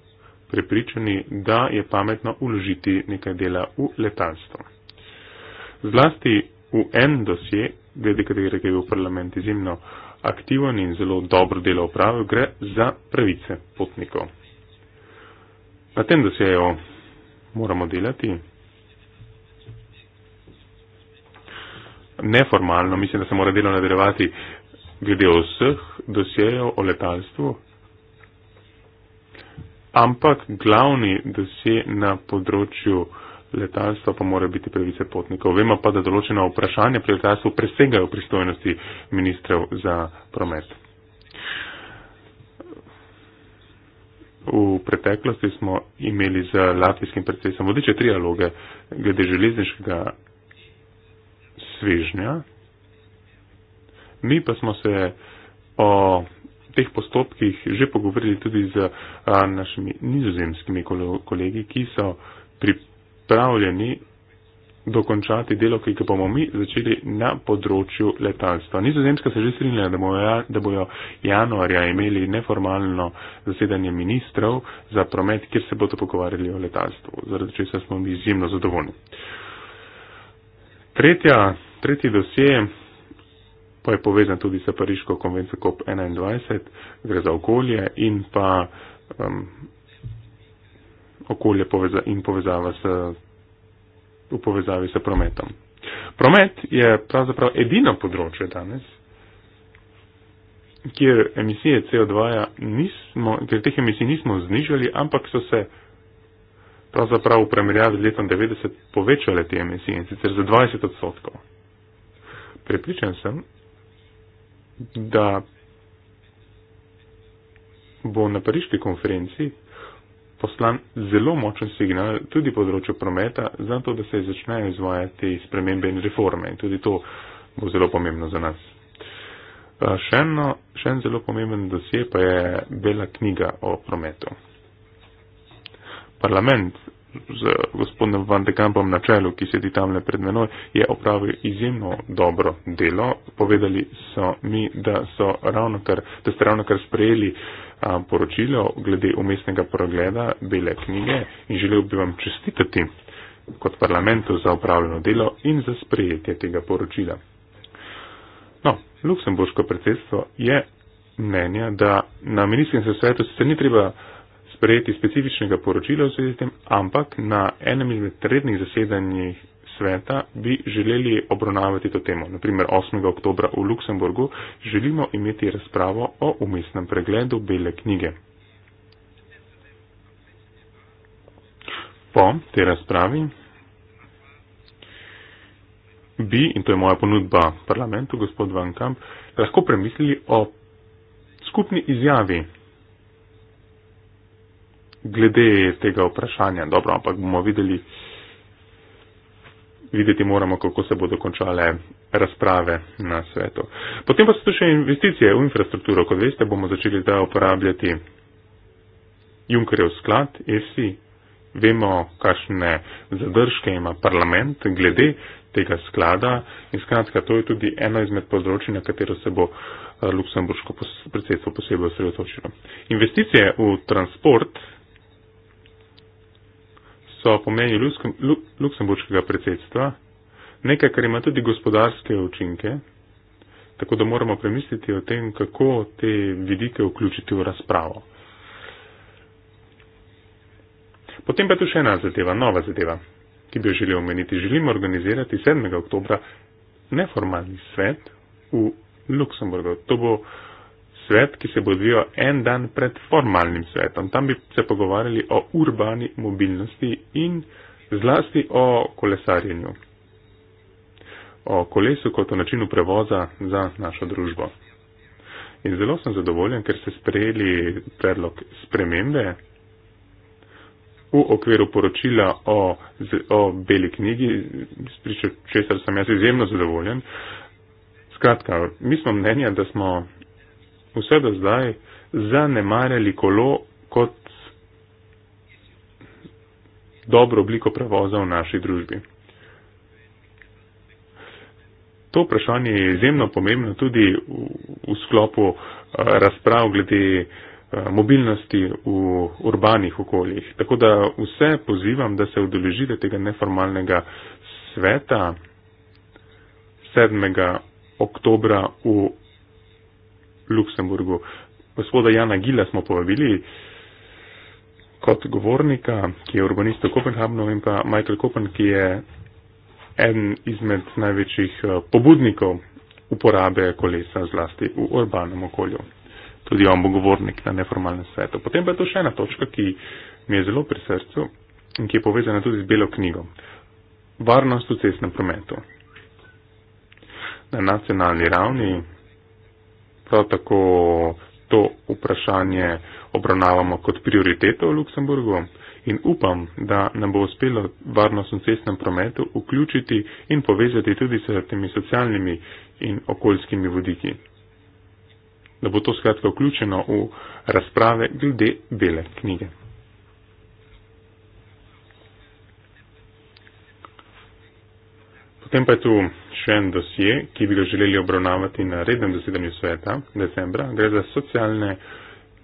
prepričani, da je pametno uložiti nekaj dela v letalstvo. Zlasti v en dosje, glede katerega je bil parlament izjemno aktiven in zelo dobro delo upravil, gre za pravice potnikov. Na tem dosjeju moramo delati. Neformalno, mislim, da se mora delo nadaljevati glede vseh dosjejev o letalstvu, ampak glavni dosje na področju letalstva pa mora biti pravice potnikov. Vemo pa, da določena vprašanja pri letalstvu presegajo pristojnosti ministrov za promet. V preteklosti smo imeli z latvijskim predsednikom vodiče trialoge glede železniškega svežnja. Mi pa smo se o teh postopkih že pogovorili tudi z našimi nizozemskimi kolegi, ki so pripravljeni dokončati delo, ki ga bomo mi začeli na področju letalstva. Nizozemska se že strinja, da, ja, da bojo januarja imeli neformalno zasedanje ministrov za promet, kjer se bodo pogovarjali o letalstvu, zaradi česar smo mi izjemno zadovoljni. Tretja, tretji dosje pa je povezan tudi s Pariško konvencijo COP21, gre za okolje in pa um, okolje poveza in povezava s v povezavi s prometom. Promet je pravzaprav edino področje danes, kjer emisije CO2 ja nismo, kjer teh emisij nismo znižali, ampak so se pravzaprav v primerjavi z letom 90 povečale te emisije in sicer za 20 odstotkov. Prepričan sem, da bo na pariški konferenci poslan zelo močen signal tudi področju prometa, zato da se začnejo izvajati spremembe in reforme in tudi to bo zelo pomembno za nas. Še, eno, še en zelo pomemben dosje pa je bela knjiga o prometu. Parlament z gospodom Van de Kampom na čelu, ki sedi tam le pred menoj, je opravil izjemno dobro delo. Povedali so mi, da, so ravno kar, da ste ravno kar sprejeli a, poročilo glede umestnega progleda bele knjige in želel bi vam čestitati kot parlamentu za upravljeno delo in za sprejetje tega poročila. No, Luksemburško predsedstvo je mnenja, da na ministrskem svetu se ni treba sprejeti specifičnega poročila v zvezi s tem, ampak na enem izmed rednih zasedanjih sveta bi želeli obravnavati to temo. Naprimer, 8. oktobra v Luksemburgu želimo imeti razpravo o umestnem pregledu bele knjige. Po tej razpravi bi, in to je moja ponudba parlamentu, gospod Van Kamp, lahko premislili o skupni izjavi glede tega vprašanja. Dobro, ampak bomo videli, videti moramo, kako se bodo končale razprave na svetu. Potem pa so tu še investicije v infrastrukturo. Kot veste, bomo začeli zdaj uporabljati Junkerjev sklad, ESI. Vemo, kakšne zadržke ima parlament glede tega sklada in skratka, to je tudi eno izmed področji, na katero se bo eh, luksemburško predsedstvo posebej osredotočilo. Investicije v transport so po mnenju luksemburškega predsedstva nekaj, kar ima tudi gospodarske učinke, tako da moramo premisliti o tem, kako te vidike vključiti v razpravo. Potem pa tu še ena zadeva, nova zadeva, ki bi jo želel omeniti. Želimo organizirati 7. oktobra neformalni svet v Luksemburgu. To bo uh, svet, ki se bo odvijal en dan pred formalnim svetom. Tam bi se pogovarjali o urbani mobilnosti in zlasti o kolesarjenju. O kolesu kot o načinu prevoza za našo družbo. In zelo sem zadovoljen, ker ste sprejeli predlog spremembe v okviru poročila o, o beli knjigi, pričo, česar sem jaz izjemno zadovoljen. Skratka, mi smo mnenja, da smo vse do zdaj zanemarjali kolo kot dobro obliko prevoza v naši družbi. To vprašanje je izjemno pomembno tudi v, v sklopu eh, razprav glede eh, mobilnosti v urbanih okoljih. Tako da vse pozivam, da se udeležite tega neformalnega sveta 7. oktobra v Luksemburgu. Gospoda Jana Gila smo povabili kot govornika, ki je urbanist v Kopenhagnu in pa Michael Kopen, ki je en izmed največjih eh, pobudnikov uporabe kolesa zlasti v urbanem okolju. Tudi on bo govornik na neformalnem svetu. Potem pa je to še ena točka, ki mi je zelo pri srcu in ki je povezana tudi z belo knjigo. Varnost v cestnem prometu. Na nacionalni ravni Prav tako to vprašanje obravnavamo kot prioriteto v Luksemburgu in upam, da nam bo uspelo varnost v cestnem prometu vključiti in povezati tudi s temi socialnimi in okoljskimi vodiki. Da bo to skratka vključeno v razprave glede bele knjige. Potem pa je tu še en dosje, ki bi ga želeli obravnavati na rednem zasedanju sveta decembra. Gre za socialne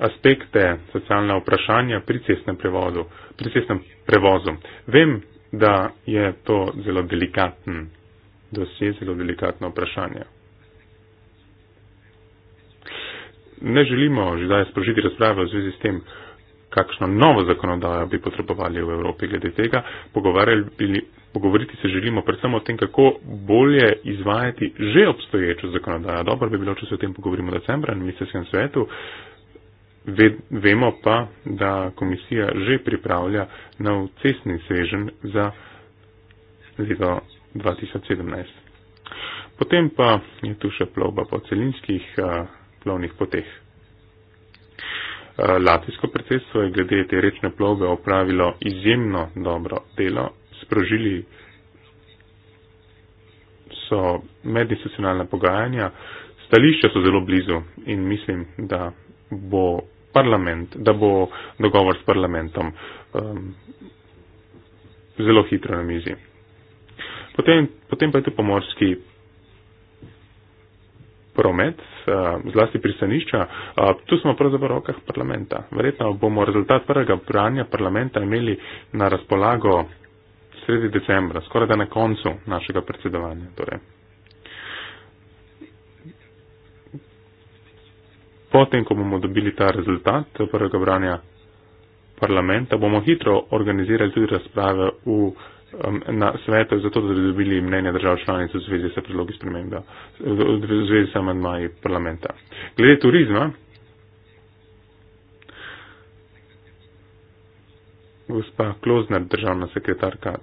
aspekte, socialna vprašanja pri cestnem, prevodu, pri cestnem prevozu. Vem, da je to zelo delikaten dosje, zelo delikatno vprašanje. Ne želimo že zdaj sprožiti razprave v zvezi s tem, kakšno novo zakonodajo bi potrebovali v Evropi glede tega. Pogovoriti se želimo predvsem o tem, kako bolje izvajati že obstoječo zakonodajo. Dobro bi bilo, če se o tem pogovorimo decembra na ministerskem svetu. Vemo pa, da komisija že pripravlja nov cestni svežen za leto 2017. Potem pa je tu še plovba po celinskih eh, plovnih poteh. Eh, latvijsko predsedstvo je glede te rečne plove opravilo izjemno dobro delo, sprožili so medinstitucionalna pogajanja, stališča so zelo blizu in mislim, da bo, da bo dogovor s parlamentom um, zelo hitro na mizi. Potem, potem pa je tu pomorski promet, eh, zlasti pristanišča, eh, tu smo pravzaprav v rokah parlamenta. Verjetno bomo rezultat prvega branja parlamenta imeli na razpolago sredi decembra, skoraj da na koncu našega predsedovanja. Torej. Potem, ko bomo dobili ta rezultat prvega branja parlamenta, bomo hitro organizirali tudi razprave v. Um, na svetu, zato da bi dobili mnenje držav članic v zvezi s predlogi spremembe, v zvezi s amandmaji parlamenta. Glede turizma, gospa Klozner, državna sekretarka,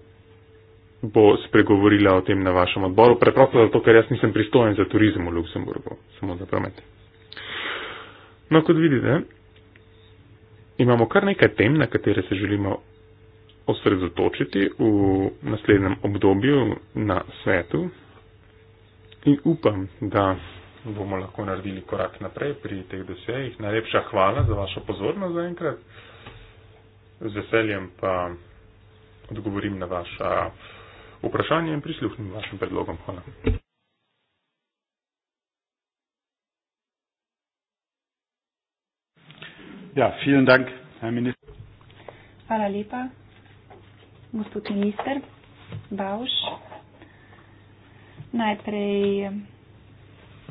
bo spregovorila o tem na vašem odboru, preprosto zato, ker jaz nisem pristojen za turizem v Luksemburgu, samo za promet. No, kot vidite, imamo kar nekaj tem, na katere se želimo osredotočiti v naslednjem obdobju na svetu in upam, da bomo lahko naredili korak naprej pri teh dosejih. Najlepša hvala za vašo pozornost zaenkrat. Z veseljem pa odgovorim na vaša vprašanja in prisluhnim vašim predlogom. Hvala. Ja, vielen Dank, Herr Minister. Hvala lepa gospod minister Bauš. Najprej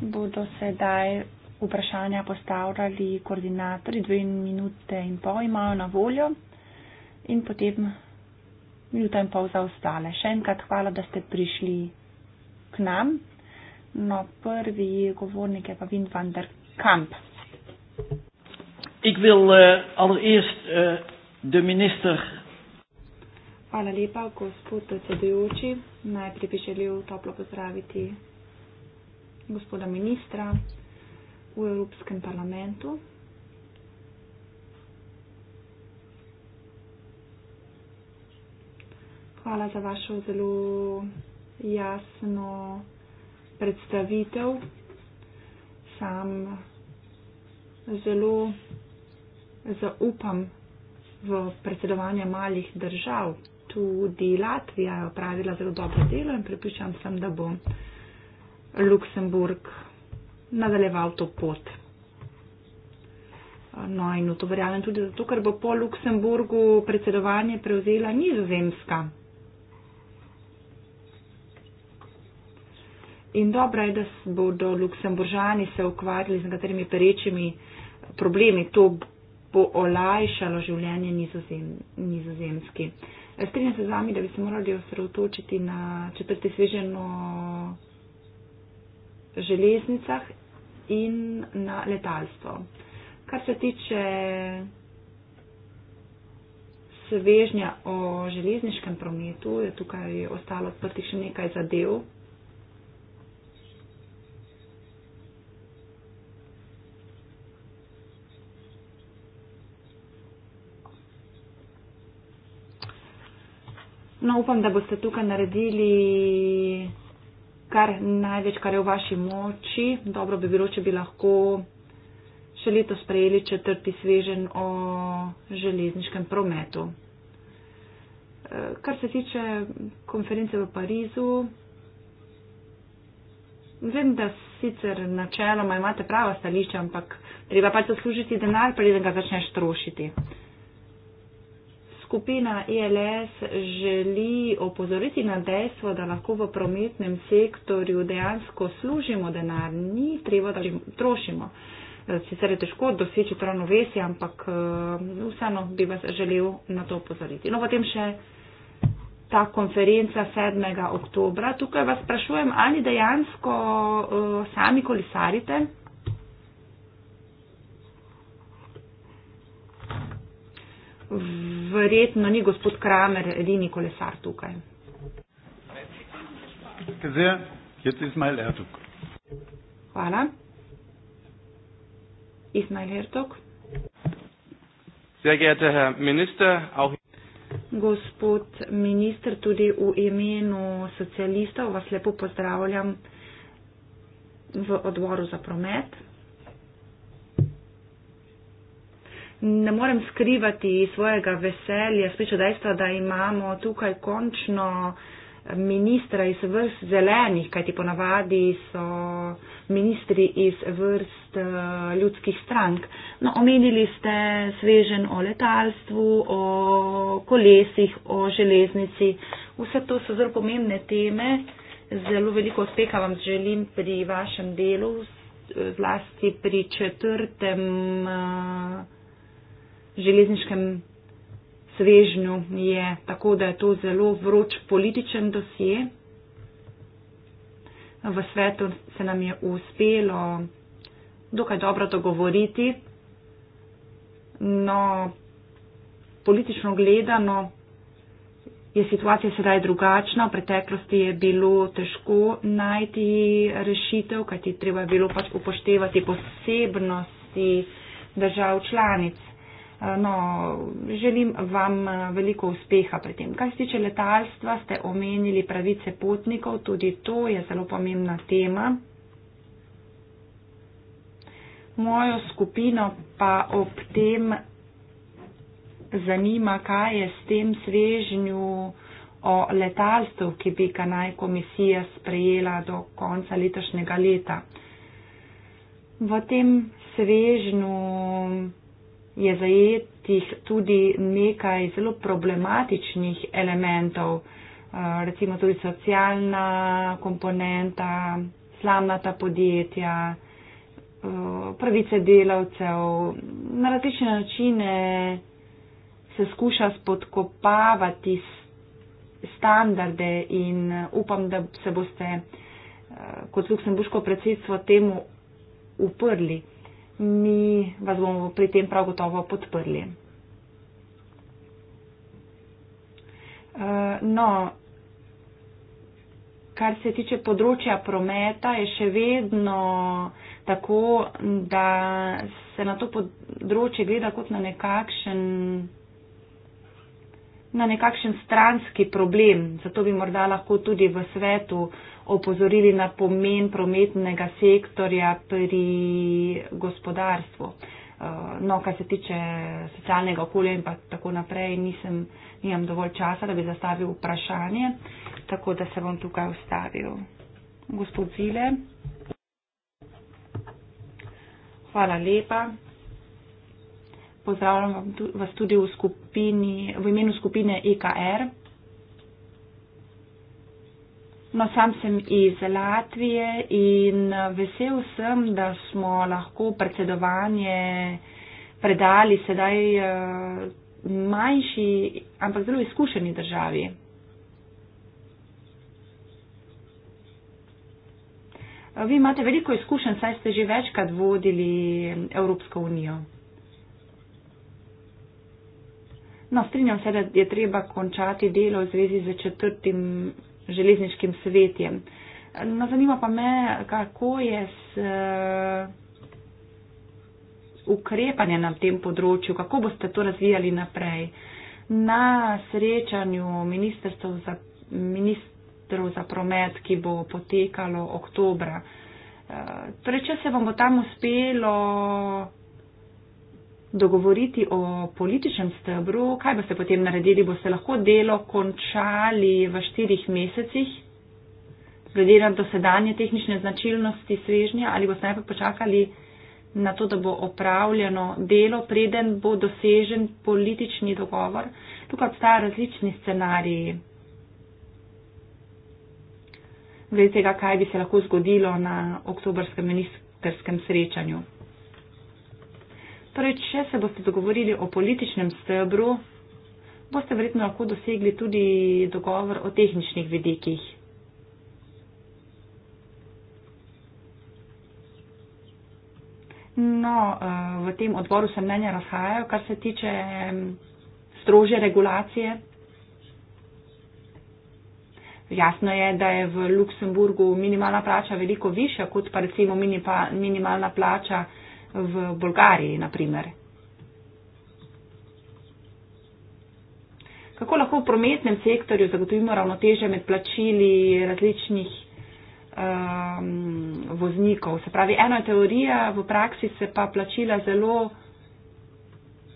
bodo sedaj vprašanja postavljali koordinatorji, dve minute in pol imajo na voljo in potem minuta in pol za ostale. Še enkrat hvala, da ste prišli k nam. No, prvi govornik je pa Wim van der Kamp. Ik wil uh, allereerst uh, de minister Hvala lepa, gospod predsedujoči. Najprej bi želel toplo pozdraviti gospoda ministra v Evropskem parlamentu. Hvala za vašo zelo jasno predstavitev. Sam zelo zaupam v predsedovanje malih držav tudi Latvija je opravila zelo dobro delo in pripričam sem, da bo Luksemburg nadaljeval to pot. No in v to verjamem tudi zato, ker bo po Luksemburgu predsedovanje prevzela nizozemska. In dobro je, da bodo Luksemburžani se ukvarjali z nekaterimi perečimi problemi. To bo olajšalo življenje nizozem, nizozemski. Strinjam se z vami, da bi se morali osredotočiti na četrti svežen o železnicah in na letalstvo. Kar se tiče svežnja o železniškem prometu, je tukaj ostalo odprtih še nekaj zadev, No, upam, da boste tukaj naredili kar največ, kar je v vaši moči. Dobro bi bilo, če bi lahko še leto sprejeli četrti svežen o železniškem prometu. E, kar se tiče konference v Parizu, vem, da sicer načeloma imate prava stališča, ampak treba pač zaslužiti denar, preden ga začneš trošiti skupina ELS želi opozoriti na dejstvo, da lahko v prometnem sektorju dejansko služimo denar, ni treba, da trošimo. Eh, sicer je težko doseči to ravnovesje, ampak eh, vseeno bi vas želel na to opozoriti. No, potem še ta konferenca 7. oktobra. Tukaj vas sprašujem, ali dejansko eh, sami kolisarite. verjetno ni gospod Kramer edini kolesar tukaj. Hvala. Ismail Hertog. Minister, auch... Gospod minister, tudi v imenu socialistov vas lepo pozdravljam v odboru za promet. ne morem skrivati svojega veselja, spričo dejstva, da imamo tukaj končno ministra iz vrst zelenih, kajti ponavadi so ministri iz vrst eh, ljudskih strank. No, omenili ste svežen o letalstvu, o kolesih, o železnici. Vse to so zelo pomembne teme. Zelo veliko uspeha vam želim pri vašem delu, zlasti pri četrtem. Uh, železniškem svežnju je tako, da je to zelo vroč političen dosje. V svetu se nam je uspelo dokaj dobro dogovoriti, no politično gledano je situacija sedaj drugačna. V preteklosti je bilo težko najti rešitev, kajti treba je bilo pač upoštevati posebnosti držav članic. No, želim vam eh, veliko uspeha pri tem. Kar se tiče letalstva, ste omenili pravice potnikov, tudi to je zelo pomembna tema. Mojo skupino pa ob tem zanima, kaj je s tem svežnju o letalstvu, ki bi ga naj komisija sprejela do konca letošnjega leta. V tem svežnju je zajetih tudi nekaj zelo problematičnih elementov, eh, recimo tudi socialna komponenta, slamnata podjetja, eh, pravice delavcev. Na različne načine se skuša spodkopavati standarde in eh, upam, da se boste kot luksemburško predsedstvo temu uprli mi vas bomo pri tem prav gotovo podprli. Eh, no, kar se tiče področja prometa, je še vedno tako, da se na to področje gleda kot na nekakšen na nekakšen stranski problem. Zato bi morda lahko tudi v svetu uh, opozorili na pomen prometnega sektorja pri gospodarstvu. Eh, no, kar se tiče socialnega okolja in pa tako naprej, nisem, nimam dovolj časa, da bi zastavil vprašanje, tako da se bom tukaj ustavil. Gospod Zile. Hvala lepa. Pozdravljam vas tudi v, skupini, v imenu skupine EKR. No, sam sem iz Latvije in eh, vesel sem, da smo lahko predsedovanje predali sedaj eh, manjši, ampak zelo izkušeni državi. Eh, vi imate veliko izkušenj, saj ste že večkrat vodili Evropsko unijo. No, strinjam se, da je treba končati delo v zvezi z četrtim železniškim svetjem. No, zanima pa me, kako je s eh, ukrepanjem na tem področju, kako boste to razvijali naprej. Na srečanju ministrstv za, ministrov za promet, ki bo potekalo oktobra, eh, torej, če se vam bo tam uspelo dogovoriti o političnem stebru, kaj boste potem naredili, boste lahko delo končali v štirih mesecih, glede na dosedanje tehnične značilnosti svežnja, ali boste najprej počakali na to, da bo opravljeno delo, preden bo dosežen politični dogovor. Tukaj obstajajo različni scenariji. Glede tega, kaj bi se lahko zgodilo na oktobrskem ministrskem srečanju. Torej, če se boste dogovorili o političnem stebru, boste verjetno lahko dosegli tudi dogovor o tehničnih vidikih. No, eh, v tem odboru se mnenja razhajajo, kar se tiče strože regulacije. Jasno je, da je v Luksemburgu minimalna plača veliko više, kot pa recimo minimalna plača v Bolgariji, naprimer. Kako lahko v prometnem sektorju zagotovimo ravnoteže med plačili različnih um, voznikov? Se pravi, ena je teorija, v praksi se pa plačila zelo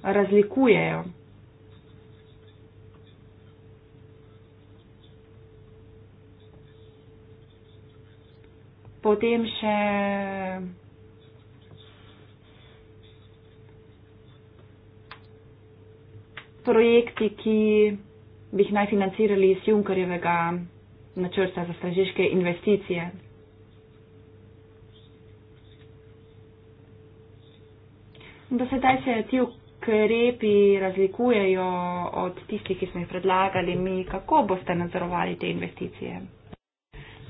razlikujejo. Potem še projekti, ki bi jih naj financirali iz Junkarjevega načrta za stražiške investicije. Do sedaj se ti ukrepi razlikujejo od tistih, ki smo jih predlagali mi, kako boste nadzorovali te investicije.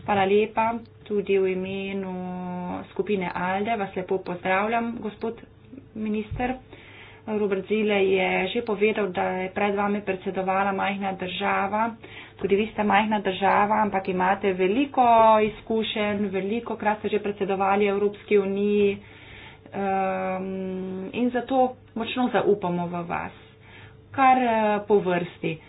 Hvala lepa, tudi v imenu skupine ALDE vas lepo pozdravljam, gospod minister. Robert Zile je že povedal, da je pred vami predsedovala majhna država. Tudi vi ste majhna država, ampak imate veliko izkušenj, veliko krat ste že predsedovali Evropski uniji um, in zato močno zaupamo v vas. Kar uh, po vrsti. Uh,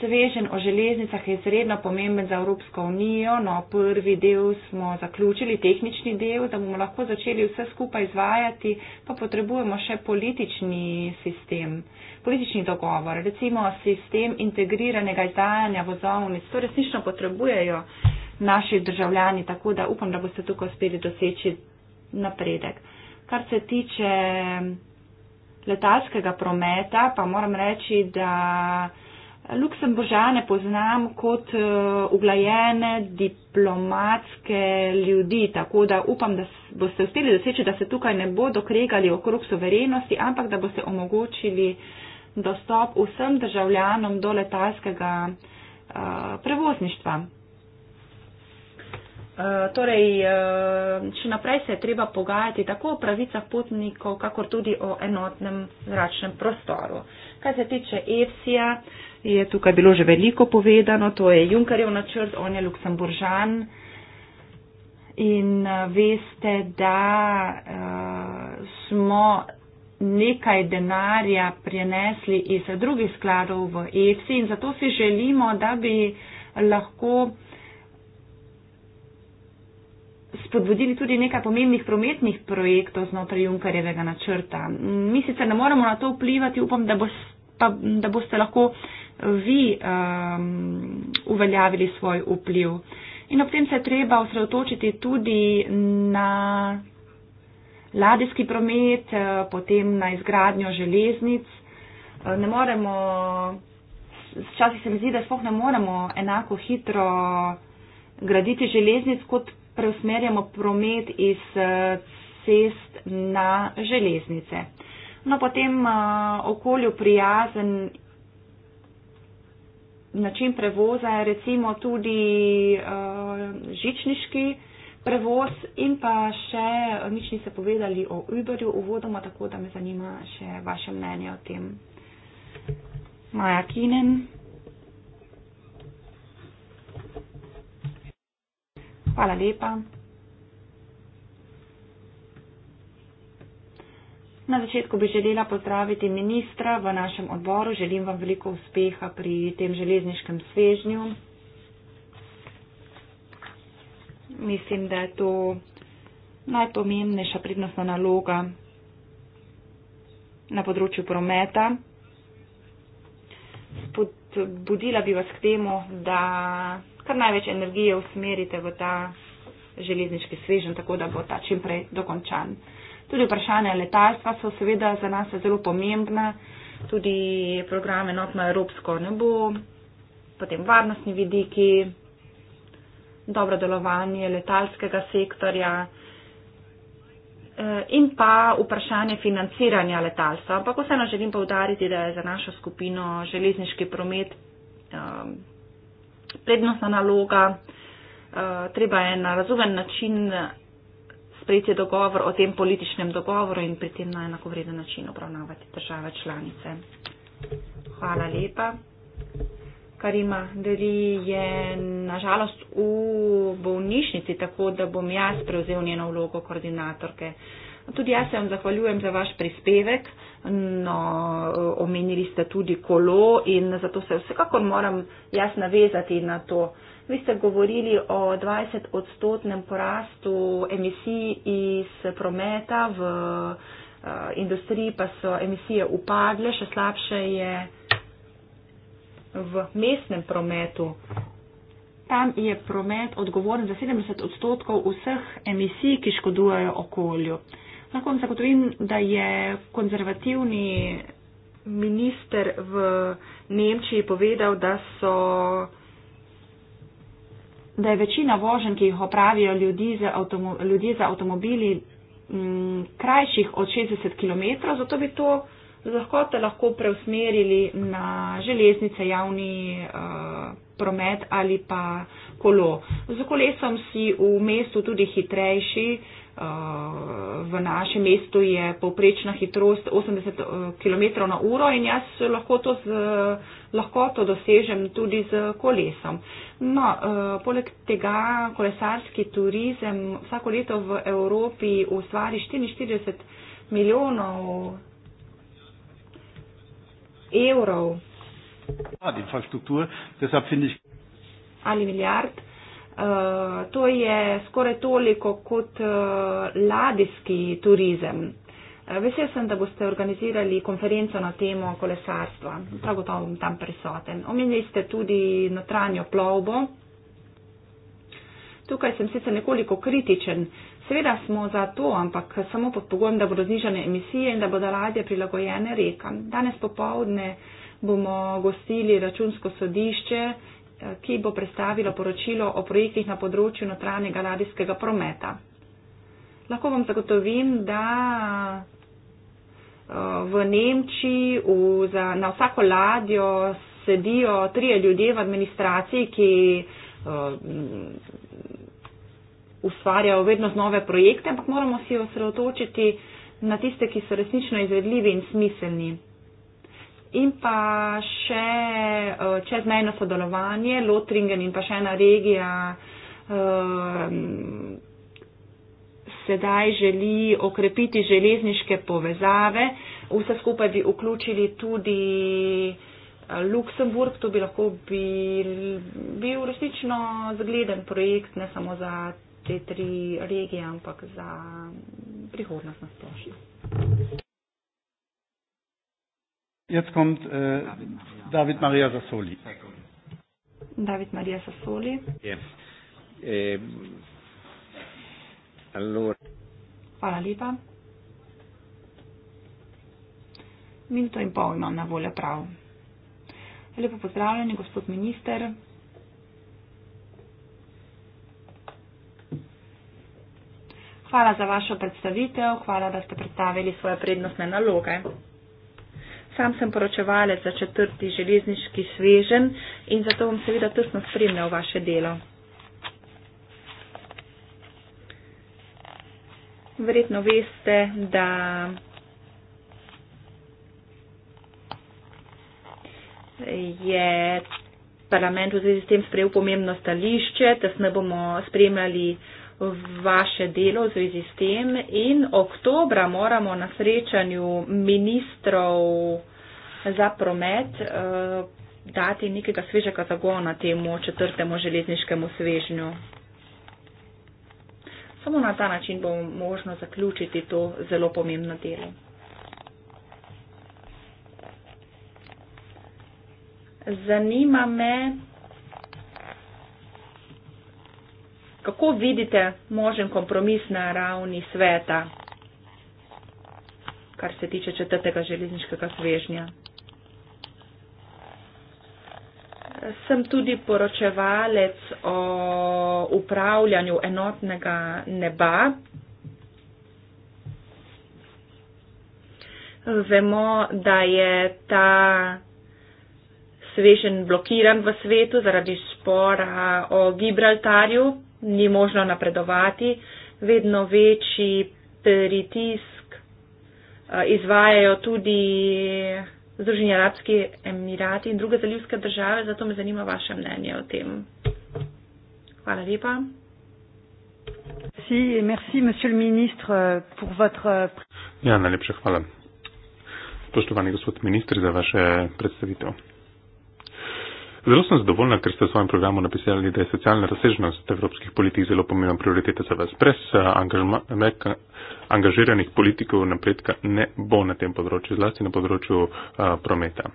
Svežen o železnicah je izredno pomemben za Evropsko unijo. No, prvi del smo zaključili, tehnični del, da bomo lahko začeli vse skupaj izvajati, pa potrebujemo še politični sistem, politični dogovor, recimo sistem integriranega izdajanja vozovnic. To resnično potrebujejo naši državljani, tako da upam, da boste tukaj uspeli doseči napredek. Kar se tiče letalskega prometa, pa moram reči, da. Luksemburžane poznam kot eh, uglajene diplomatske ljudi, tako da upam, da boste uspeli doseči, da se tukaj ne bodo kregali okrog soverenosti, ampak da boste omogočili dostop vsem državljanom do letalskega eh, prevozništva. Eh, torej, še naprej se je treba pogajati tako o pravicah potnikov, kakor tudi o enotnem zračnem prostoru. Kaj se tiče EFSI-ja, je tukaj bilo že veliko povedano, to je Junkarjev načrt, on je Luksemburžan. In eh, veste, da uh, smo nekaj denarja prenesli iz drugih skladov v EFSI in zato si želimo, da bi lahko spodbudili tudi nekaj pomembnih prometnih projektov znotraj Junkarjevega načrta. Mi sicer ne moremo na to vplivati, upam, da, bo, pa, da boste lahko vi um, uveljavili svoj vpliv. In ob tem se je treba osredotočiti tudi na ladijski promet, eh, potem na izgradnjo železnic. Eh, ne moremo, včasih se mi zdi, da sploh ne moremo enako hitro graditi železnic, kot preusmerjamo promet iz eh, cest na železnice. No, potem okolju prijazen način prevoza je recimo tudi uh, žičniški prevoz in pa še eh, nič niste povedali o Uberju uvodoma, tako da me zanima še vaše mnenje o tem. Maja Kinen. Hvala lepa. Na začetku bi želela pozdraviti ministra v našem odboru. Želim vam veliko uspeha pri tem železniškem svežnju. Mislim, da je to najpomembnejša prednostna naloga na področju prometa. Spodbudila bi vas k temu, da kar največ energije usmerite v ta železniški svežen, tako da bo ta čimprej dokončan. Tudi vprašanje letalstva so seveda za nas zelo pomembna, tudi program enotno Evropsko nebo, potem varnostni vidiki, dobro delovanje letalskega sektorja eh, in pa vprašanje financiranja letalstva. Ampak vseeno želim povdariti, da je za našo skupino železniški promet eh, prednostna naloga. Eh, treba je na razumen način sprejeti dogovor o tem političnem dogovoru in pri tem na enakovreden način obravnavati države članice. Hvala lepa. Karima Deri je nažalost v bolnišnici, tako da bom jaz prevzel njeno vlogo koordinatorke. Tudi jaz se vam zahvaljujem za vaš prispevek. No, omenili ste tudi kolo in zato se vsekakor moram jaz navezati na to. Uh, Vi ste govorili o 20-odstotnem porastu emisij iz prometa, v uh, industriji pa so emisije upadle, še slabše je v mestnem prometu. Tam je promet odgovoren za 70 odstotkov vseh emisij, ki škodujejo okolju. Lahko vam zagotovim, da je konzervativni minister v Nemčiji povedal, da so uh, da je večina voženj, ki jih opravijo ljudi z, avtomo, ljudi z avtomobili, m, mm, krajših od 60 km, zato bi to lahko, lahko preusmerili na železnice, javni uh, promet ali pa kolo. Z kolesom si v mestu tudi hitrejši. Uh, v našem mestu je povprečna hitrost 80 eh, km na uro in jaz lahko to z lahkoto dosežem tudi z kolesom. No, eh, poleg tega kolesarski turizem vsako leto v Evropi ustvari 44 milijonov evrov. Ali milijard. Eh, to je skoraj toliko kot uh, ladijski turizem. Uh, vesel sem, da boste organizirali konferenco na temo kolesarstva. Prav gotovo bom tam prisoten. Omenili ste tudi notranjo plovbo. Tukaj sem sicer nekoliko kritičen. Seveda smo za to, ampak samo pod pogojem, da bodo znižene emisije in da bodo ladje prilagojene rekam. Danes popovdne bomo gostili računsko sodišče, ki bo predstavila poročilo o projektih na področju notranjega ladijskega prometa. Lahko vam zagotovim, da eh, v Nemčiji v, za, na vsako ladjo sedijo trije ljudje v administraciji, ki eh, ustvarjajo vedno znove projekte, ampak moramo si osredotočiti na tiste, ki so resnično izvedljivi in smiselni in pa še uh, čezmejno sodelovanje, Lotringen in pa še ena regija uh, sedaj želi okrepiti železniške povezave. Vse skupaj bi vključili tudi eh, Luksemburg, to bi lahko bil, bil resnično zgleden projekt, ne samo za te tri regije, ampak za prihodnost na splošno. Jetzt kommt äh, David, Maria. David Maria Sassoli. David Maria Sassoli. Yeah. Eh, allora. Hvala lepa. Minuto in pol imam na voljo prav. Lepo pozdravljeni, gospod minister. Hvala za vašo predstavitev, hvala, da ste predstavili svoje prednostne naloge sam sem poročevalec za četrti železniški svežen in zato bom seveda tesno spremljal vaše delo. Verjetno veste, da je parlament v zvezi s tem sprejel pomembno stališče, da ne bomo spremljali uh, vaše delo v zvezi s tem in oktobra moramo na srečanju ministrov za promet uh, dati nekega svežega zagona temu četrtemu železniškemu svežnju. Samo na ta način bo možno zaključiti to zelo pomembno delo. Zanima me, kako vidite možen kompromis na ravni sveta, kar se tiče četrtega železniškega svežnja. Sem tudi poročevalec o upravljanju enotnega neba. Vemo, da je ta svežen blokiran v svetu zaradi spora o Gibraltarju, ni možno napredovati, vedno večji pritisk eh, izvajajo tudi Združeni arabski emirati in druge zalivske države, zato me zanima vaše mnenje o tem. Hvala lepa. Ja, najlepša hvala. Spoštovani gospod ministr za vaše predstavitev. Zelo sem zadovoljna, ker ste v svojem programu napisali, da je socialna razsežnost evropskih politik zelo pomembna prioriteta za vas. Brez uh, angažiranih politikov napredka ne bo na tem področju, zlasti na področju uh, prometa.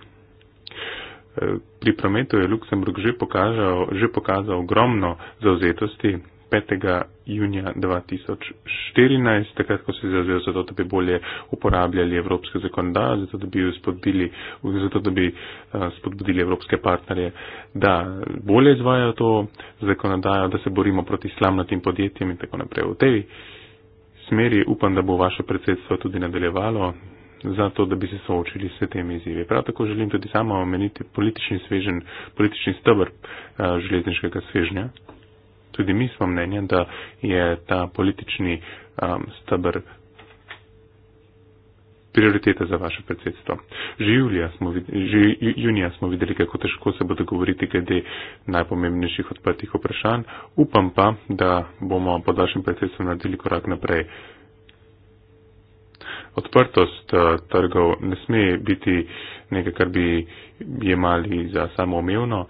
Eh, pri prometu je Luksemburg že, pokažal, že pokazal ogromno zauzetosti, 5. junija 2014, takrat, ko se je zavzel za to, da bi bolje uporabljali evropske zakonodaje, zato da bi, spodbili, zato, da bi uh, spodbudili evropske partnerje, da bolje izvajo to zakonodajo, da se borimo proti slamnatim podjetjem in tako naprej. V tej smeri upam, da bo vaše predsedstvo tudi nadaljevalo zato, da bi se soočili s temi izzivi. Prav tako želim tudi sama omeniti politični svežen, politični stebr uh, železniškega svežnja tudi mi smo mnenja, da je ta politični um, stabr prioriteta za vaše predsedstvo. Že, smo videli, že junija smo videli, kako težko se bo dogovoriti glede najpomembnejših odprtih vprašanj. Upam pa, da bomo pod vašim predsedstvom naredili korak naprej. Odprtost uh, trgov ne sme biti nekaj, kar bi jemali za samoumevno. Uh,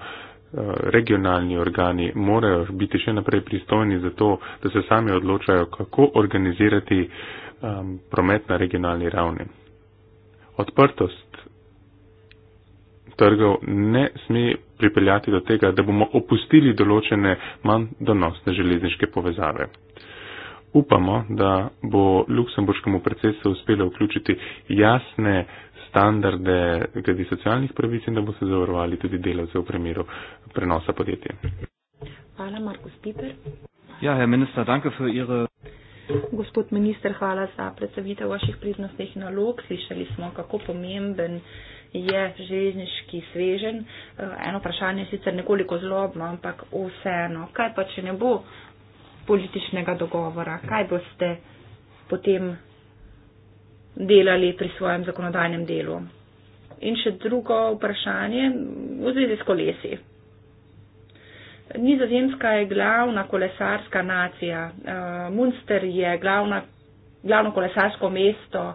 Eh, regionalni organi morajo biti še naprej pristojni za to, da se sami odločajo, kako organizirati um, promet na regionalni ravni. Odprtost trgov ne sme pripeljati do tega, da bomo opustili določene manj donosne železniške povezave. Upamo, da bo Luksemburškemu procesu uspelo vključiti jasne standarde glede socialnih pravic in da bo se zavarovali tudi delavce v primeru prenosa podjetja. Hvala, Markus Piper. Ja, je minister, danke für Ihre. Gospod minister, hvala za predstavitev vaših prednostnih nalog. Slišali smo, kako pomemben je železniški svežen. Eh, eno vprašanje je sicer nekoliko zlobno, ampak vseeno, kaj pa, če ne bo političnega dogovora, kaj boste potem delali pri svojem zakonodajnem delu. In še drugo vprašanje v zvezi s kolesi. Nizozemska je glavna kolesarska nacija. Uh, Munster je glavna, glavno kolesarsko mesto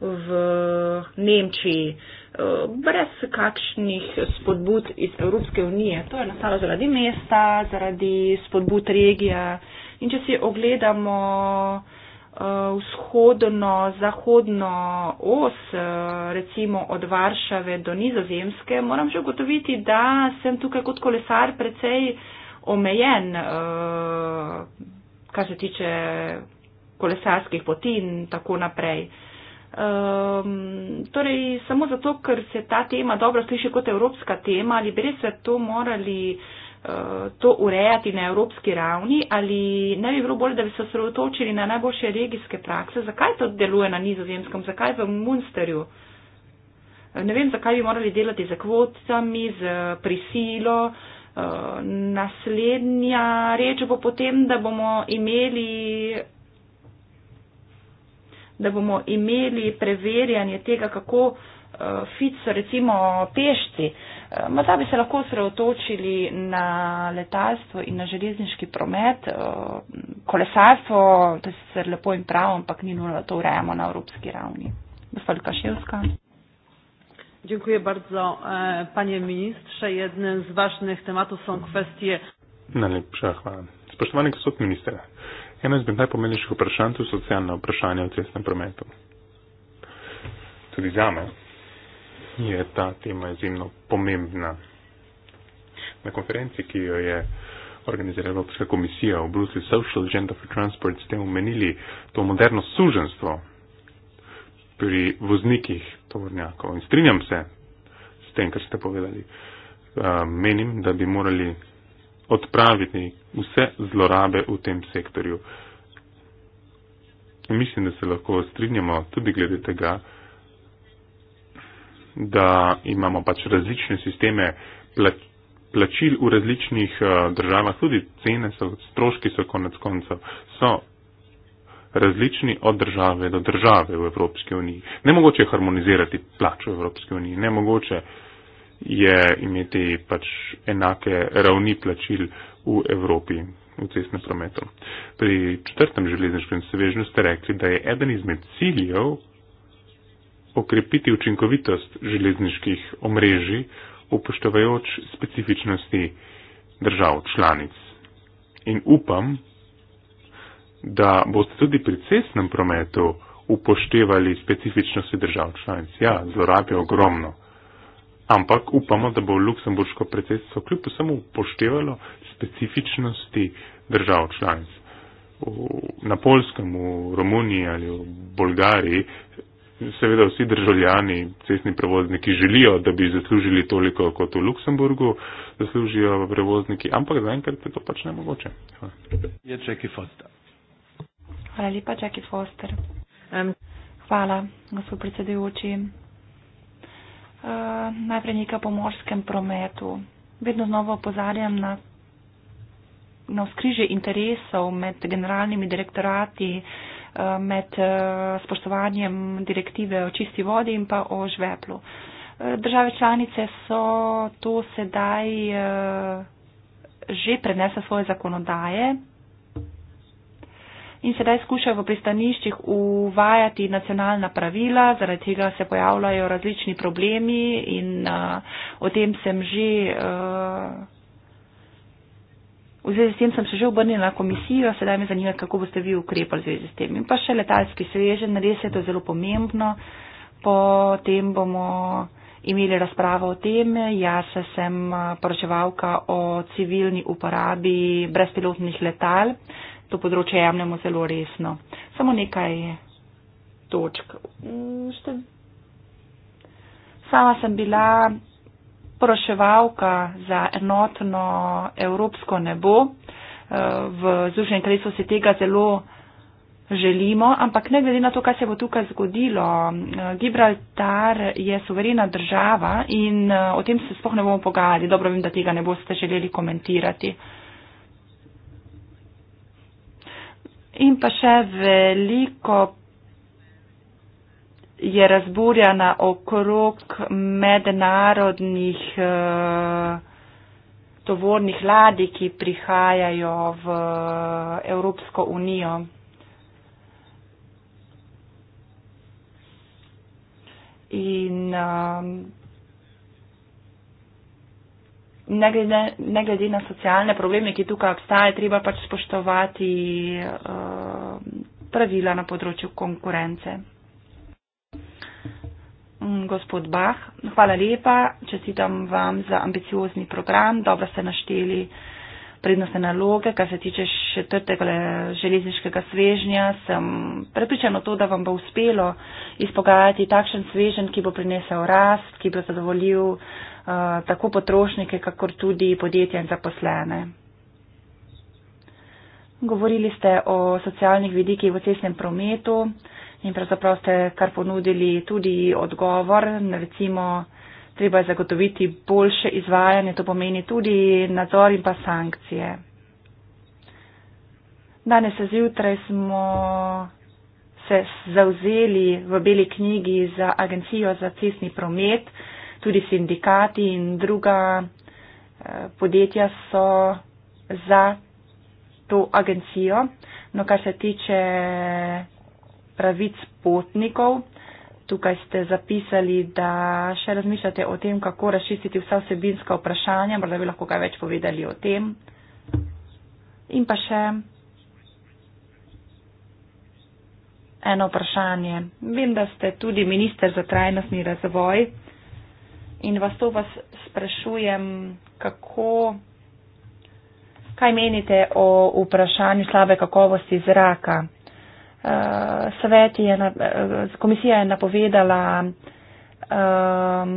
v Nemčiji, uh, brez kakšnih spodbud iz Evropske unije. To je nastalo zaradi mesta, zaradi spodbud regija. In če si ogledamo uh, Eh, vzhodno-zahodno os, eh, recimo od Varšave do Nizozemske, moram že ugotoviti, da sem tukaj kot kolesar precej omejen, eh, kar se tiče kolesarskih poti in tako naprej. Um, torej, samo zato, ker se ta tema dobro sliši kot evropska tema, ali bi res se to morali uh, to urejati na evropski ravni ali ne bi bilo bolje, da bi se osredotočili na najboljše regijske prakse? Zakaj to deluje na nizozemskem? Zakaj v Munsterju? Ne vem, zakaj bi morali delati za kvotami, z prisilo. Naslednja reč bo potem, da bomo imeli da bomo imeli preverjanje tega, kako uh, eh, fit so recimo pešci. Uh, Eh, morda bi se lahko osredotočili na letalstvo in na železniški promet. Eh, kolesarstvo, to je sicer lepo in prav, ampak ni nujno, da to urejamo na evropski ravni. Gospod Kaševska. Dziękuję bardzo, eh, panie ministrze. Jednym z ważnych tematów są kwestie. Najlepsza chwała. Spoczywany gospod minister. Jedno z najpomniejszych opraszanców socjalne opraszanie o cestnym prometu. Tudi zamek je ta tema izjemno pomembna. Na konferenci, ki jo je organizirala Evropska komisija v Bruslju Social Agenda for Transport, ste omenili to moderno suženstvo pri voznikih tovornjakov. In strinjam se s tem, kar ste povedali. Menim, da bi morali odpraviti vse zlorabe v tem sektorju. Mislim, da se lahko strinjamo tudi glede tega, da imamo pač različne sisteme plač, plačil v različnih uh, državah, tudi cene so, stroški so konec koncev, so različni od države do države v Evropski uniji. Nemogoče je harmonizirati plač v Evropski uniji, nemogoče je imeti pač enake ravni plačil v Evropi v cestnem prometu. Pri četrtem železniškem svežnju ste rekli, da je eden izmed ciljev okrepiti učinkovitost železniških omrežij, upoštevajoč specifičnosti držav članic. In upam, da boste tudi pri cestnem prometu upoštevali specifičnosti držav članic. Ja, zlorab je ogromno. Ampak upamo, da bo luksemburško predsedstvo kljub vsemu upoštevalo specifičnosti držav članic. V, na Polskem, v Romuniji ali v Bolgariji seveda vsi državljani, cestni prevozniki želijo, da bi zaslužili toliko, kot v Luksemburgu zaslužijo prevozniki, ampak zaenkrat je to pač nemogoče. Je Jackie Foster. Hvala lepa, Jackie Foster. Um. Hvala, gospod predsedujoči. Uh, najprej nekaj po morskem prometu. Vedno znova opozarjam na, na skriže interesov med generalnimi direktorati, uh, Eh, med eh, spoštovanjem direktive o čisti vodi in pa o žveplu. Eh, države članice so to sedaj že prenesle svoje zakonodaje in sedaj skušajo v pristaniščih uvajati nacionalna pravila, zaradi tega se pojavljajo različni problemi in o tem sem že. V zvezi s tem sem se že obrnila komisijo, sedaj me zanima, kako boste vi ukrepali v zvezi s tem. In pa še letalski svežen, res je to zelo pomembno. Potem bomo imeli razpravo o tem. Jaz sem poročevalka o civilni uporabi brezpilotnih letal. To področje jemljemo zelo resno. Samo nekaj točk. Mm, Sama sem bila proševalka za enotno evropsko nebo. Eh, v Združenem kraljestvu se tega zelo želimo, ampak ne glede na to, kaj se bo tukaj zgodilo. Eh, Gibraltar je suverena država in eh, o tem se spoh ne bomo pogajali. Dobro vem, da tega ne boste želeli komentirati. In pa še veliko je razburjena okrog mednarodnih eh, tovornih ladij, ki prihajajo v eh, Evropsko unijo. In eh, ne glede, ne glede na socialne probleme, ki tukaj obstajajo, treba pač spoštovati pravila na področju konkurence. Mm, gospod Bah, hvala lepa, čestitam vam za ambiciozni program, dobro ste našteli prednostne naloge, kar se tiče četrtega železniškega svežnja, sem prepričana to, da vam bo uspelo izpogajati takšen svežen, ki bo prinesel rast, ki bo zadovoljil uh, tako potrošnike, kakor tudi podjetja in zaposlene. Govorili ste o socialnih vidikih v cestnem prometu. Uh, in pravzaprav ste kar ponudili tudi odgovor, recimo treba je zagotoviti boljše izvajanje, to pomeni tudi nadzor in pa sankcije. Danes se zjutraj smo se zauzeli v beli knjigi za agencijo za cestni promet, tudi sindikati in druga eh, podjetja so za to agencijo. No, kar se tiče pravic potnikov. Tukaj ste zapisali, da še razmišljate o tem, kako razčistiti vsa vsebinska vprašanja, morda bi lahko kaj več povedali o tem. In pa še eno vprašanje. Vem, da ste tudi minister za trajnostni razvoj in vas to vas sprašujem, kako, kaj menite o vprašanju slabe kakovosti zraka. Eh, svet je, eh, komisija je napovedala um,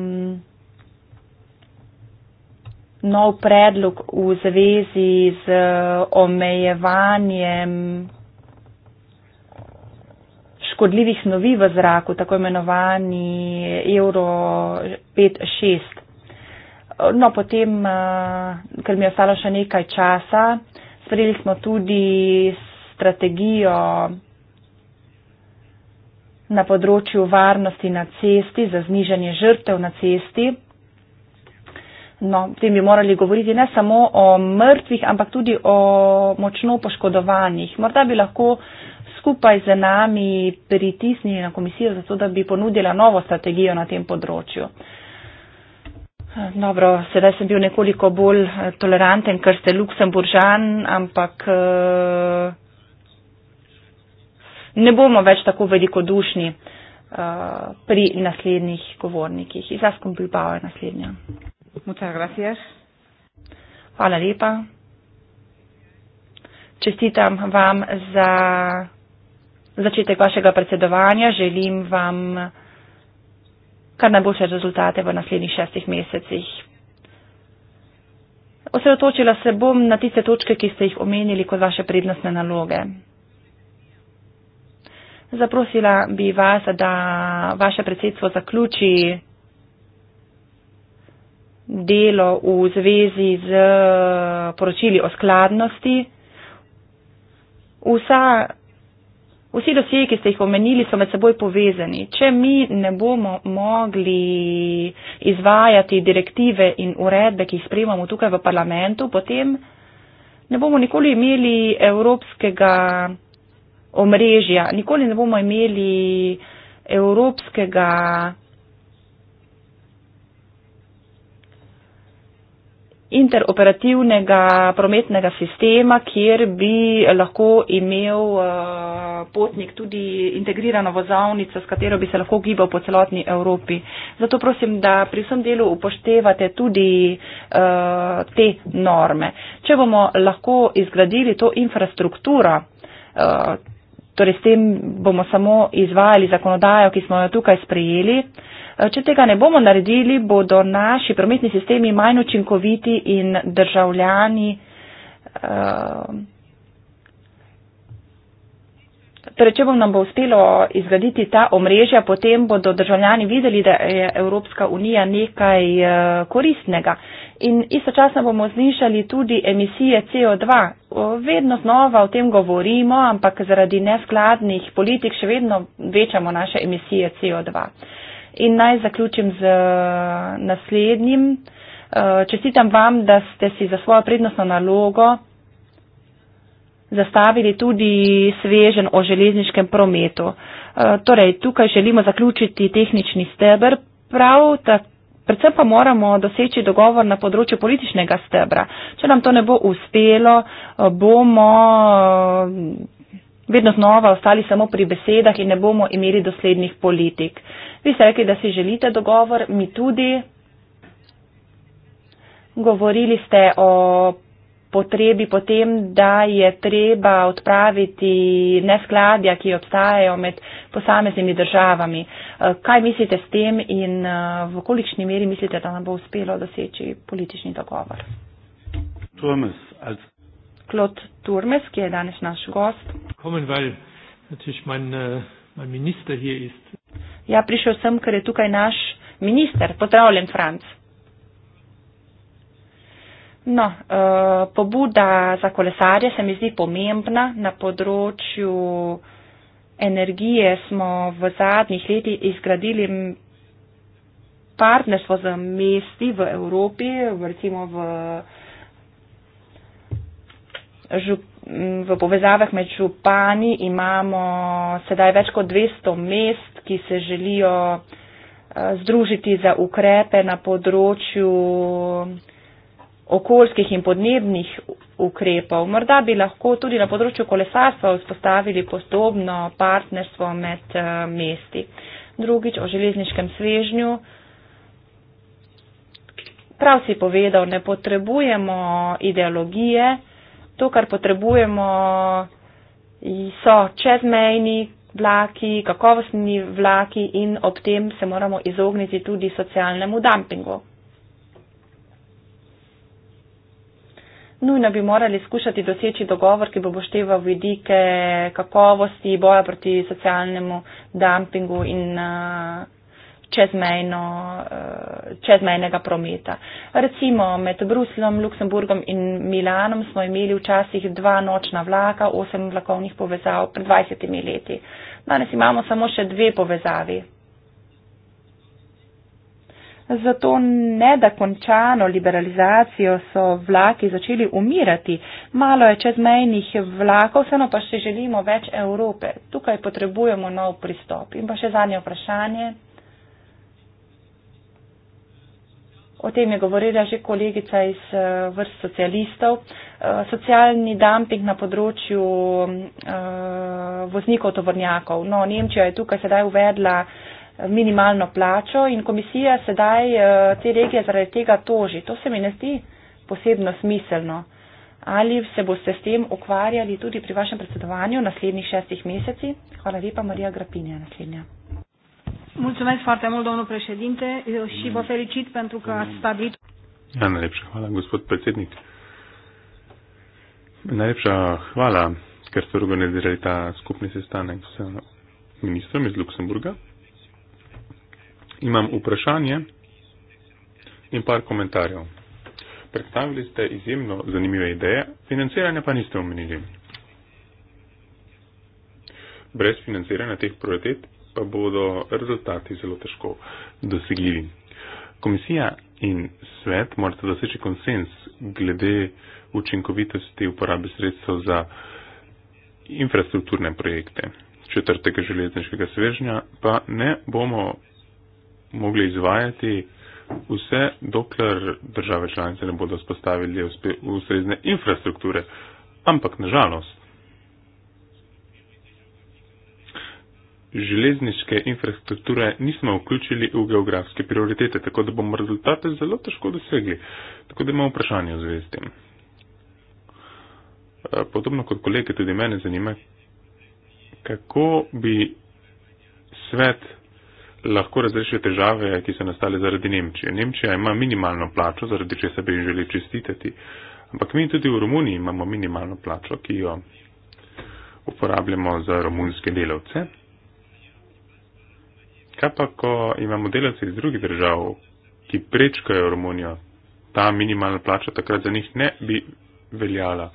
nov predlog v zvezi z eh, omejevanjem škodljivih snovi v zraku, tako imenovani Euro 5-6. No, potem, ker mi je ostalo še nekaj časa, sprejeli smo tudi strategijo na področju varnosti na cesti, za zniženje žrtev na cesti. No, potem bi morali govoriti ne samo o mrtvih, ampak tudi o močno poškodovanih. Morda bi lahko skupaj z nami pritisnili na komisijo, zato da bi ponudila novo strategijo na tem področju. Dobro, sedaj sem bil nekoliko bolj eh, toleranten, ker ste luksemburžan, ampak eh, ne bomo več tako velikodušni uh, pri naslednjih govornikih. Izaskom Bilbao je naslednja. Hvala lepa. Čestitam vam za začetek vašega predsedovanja. Želim vam kar najboljše rezultate v naslednjih šestih mesecih. Osredotočila se bom na tiste točke, ki ste jih omenili kot vaše prednostne naloge. Zaprosila bi vas, da vaše predsedstvo zaključi delo v zvezi z eh, poročili o skladnosti. Vsa, vsi dosije, ki ste jih omenili, so med seboj povezani. Če mi ne bomo mogli izvajati direktive in uredbe, ki jih sprejemamo tukaj v parlamentu, potem ne bomo nikoli imeli evropskega omrežja. Nikoli ne bomo imeli evropskega, interoperativnega prometnega sistema, kjer bi lahko imel uh, potnik tudi integrirano vozovnico, s katero bi se lahko gibal po celotni Evropi. Zato prosim, da pri vsem delu upoštevate tudi uh, te norme. Če bomo lahko izgradili to infrastrukturo, uh, Torej, s tem bomo samo izvajali zakonodajo, ki smo jo tukaj sprejeli. Eh, če tega ne bomo naredili, bodo naši prometni sistemi manj učinkoviti in državljani. Uh, torej, če bom nam bo uspelo izgraditi ta omrežja, potem bodo državljani videli, da je Evropska unija nekaj uh, koristnega. Uh, in istočasno bomo znišali tudi emisije CO2. Vedno znova o tem govorimo, ampak zaradi neskladnih politik še vedno večamo naše emisije CO2. In naj zaključim z eh, naslednjim. Eh, čestitam vam, da ste si za svojo prednostno nalogo zastavili tudi svežen o železniškem prometu. Eh, torej, tukaj želimo zaključiti tehnični steber. Prav tako. Predvsem pa moramo doseči dogovor na področju političnega stebra. Če nam to ne bo uspelo, eh, bomo eh, vedno znova ostali samo pri besedah in ne bomo imeli doslednih politik. Vi ste rekli, da si želite dogovor, mi tudi. Govorili ste o potrebi potem, da je treba odpraviti neskladja, ki obstajajo med posameznimi državami. Eh, kaj mislite s tem in eh, v kolikšni meri mislite, da nam bo uspelo doseči politični dogovor? Turmes, als... Klot Turmes, ki je danes naš gost. Kommen, weil, natürlich, mein, äh, mein minister hier ist. Ja, prišel sem, ker je tukaj naš minister. Pozdravljen, Franc. No, eh, pobuda za kolesarje se mi zdi pomembna. Na področju energije smo v zadnjih letih izgradili partnerstvo z mesti v Evropi, recimo v, v povezavah med župani imamo sedaj več kot 200 mest, ki se želijo eh, združiti za ukrepe na področju okoljskih in podnebnih ukrepov. Morda bi lahko tudi na področju kolesarstva vzpostavili podobno partnerstvo med eh, mesti. Drugič o železniškem svežnju. Prav si povedal, ne potrebujemo ideologije. To, kar potrebujemo, so čezmejni vlaki, kakovostni vlaki in ob tem se moramo izogniti tudi socialnemu dumpingu. Nujno bi morali skušati doseči dogovor, ki bo pošteval vidike kakovosti, boja proti socialnemu dumpingu in uh, čezmejno, uh, čezmejnega prometa. Recimo med Bruslom, Luksemburgom in Milanom smo imeli včasih dva nočna vlaka, osem vlakovnih povezav pred 20 leti. Danes imamo samo še dve povezavi. Zato ne da končano liberalizacijo so vlaki začeli umirati, malo je čezmejnih vlakov, vseeno pa še želimo več Evrope. Tukaj potrebujemo nov pristop. In pa še zadnje vprašanje. O tem je govorila že kolegica iz eh, vrst socialistov. Eh, socialni dumping na področju eh, voznikov tovornjakov. No, Nemčija je tukaj sedaj uvedla minimalno plačo in komisija sedaj eh, te regije zaradi tega toži. To se mi ne zdi posebno smiselno. Ali se boste s tem ukvarjali tudi pri vašem predsedovanju v naslednjih šestih meseci? Hvala lepa, Marija Grapinja, naslednja. Mulțumesc foarte mult, domnul președinte, și vă felicit pentru că ați stabilit. Da, najlepša hvala, gospod predsednik. Najlepša hvala, ker ste organizirali ta skupni sestanek s ministrom iz Luksemburga imam vprašanje in par komentarjev. Predstavili ste izjemno zanimive ideje, financiranja pa niste omenili. Brez financiranja teh prioritet pa bodo rezultati zelo težko dosegljivi. Komisija in svet morata doseči konsens glede učinkovitosti uporabe sredstev za infrastrukturne projekte. Četrtega železniškega svežnja pa ne bomo mogli izvajati vse, dokler države članice ne bodo spostavili ustrezne infrastrukture. Ampak nažalost, železniške infrastrukture nismo vključili v geografske prioritete, tako da bomo rezultate zelo težko dosegli. Tako da imamo vprašanje v zvezi s tem. Eh, podobno kot kolege, tudi mene zanima, kako bi svet lahko razrešijo težave, ki so nastale zaradi Nemčije. Nemčija ima minimalno plačo, zaradi če se bi želi čistiti. Ampak mi tudi v Romuniji imamo minimalno plačo, ki jo uporabljamo za romunske delavce. Kaj pa, ko imamo delavce iz drugih držav, ki prečkajo Romunijo, ta minimalna plača takrat za njih ne bi veljala.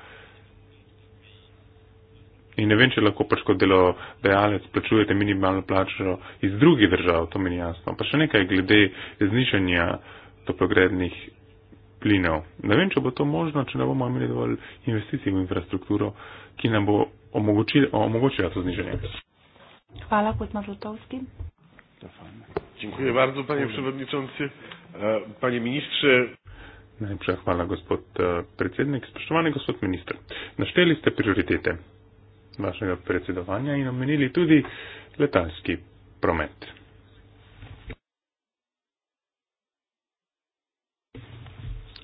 In ne vem, če lahko pač kot delodajalec plačujete minimalno plačo iz drugih držav, to mi ni jasno. Pa še nekaj glede znišanja toplogrednih plinov. Ne vem, če bo to možno, če ne bomo imeli dovolj investicij v infrastrukturo, ki nam bo omogočila, omogočila to znižanje. Hvala, gospod Zlotovski. Dziękuję bardzo, panie przewodniczący, e, panie ministrze. Najprej hvala, gospod e, predsednik. Spoštovani gospod minister, našteli ste prioritete vašega predsedovanja in omenili tudi letalski promet.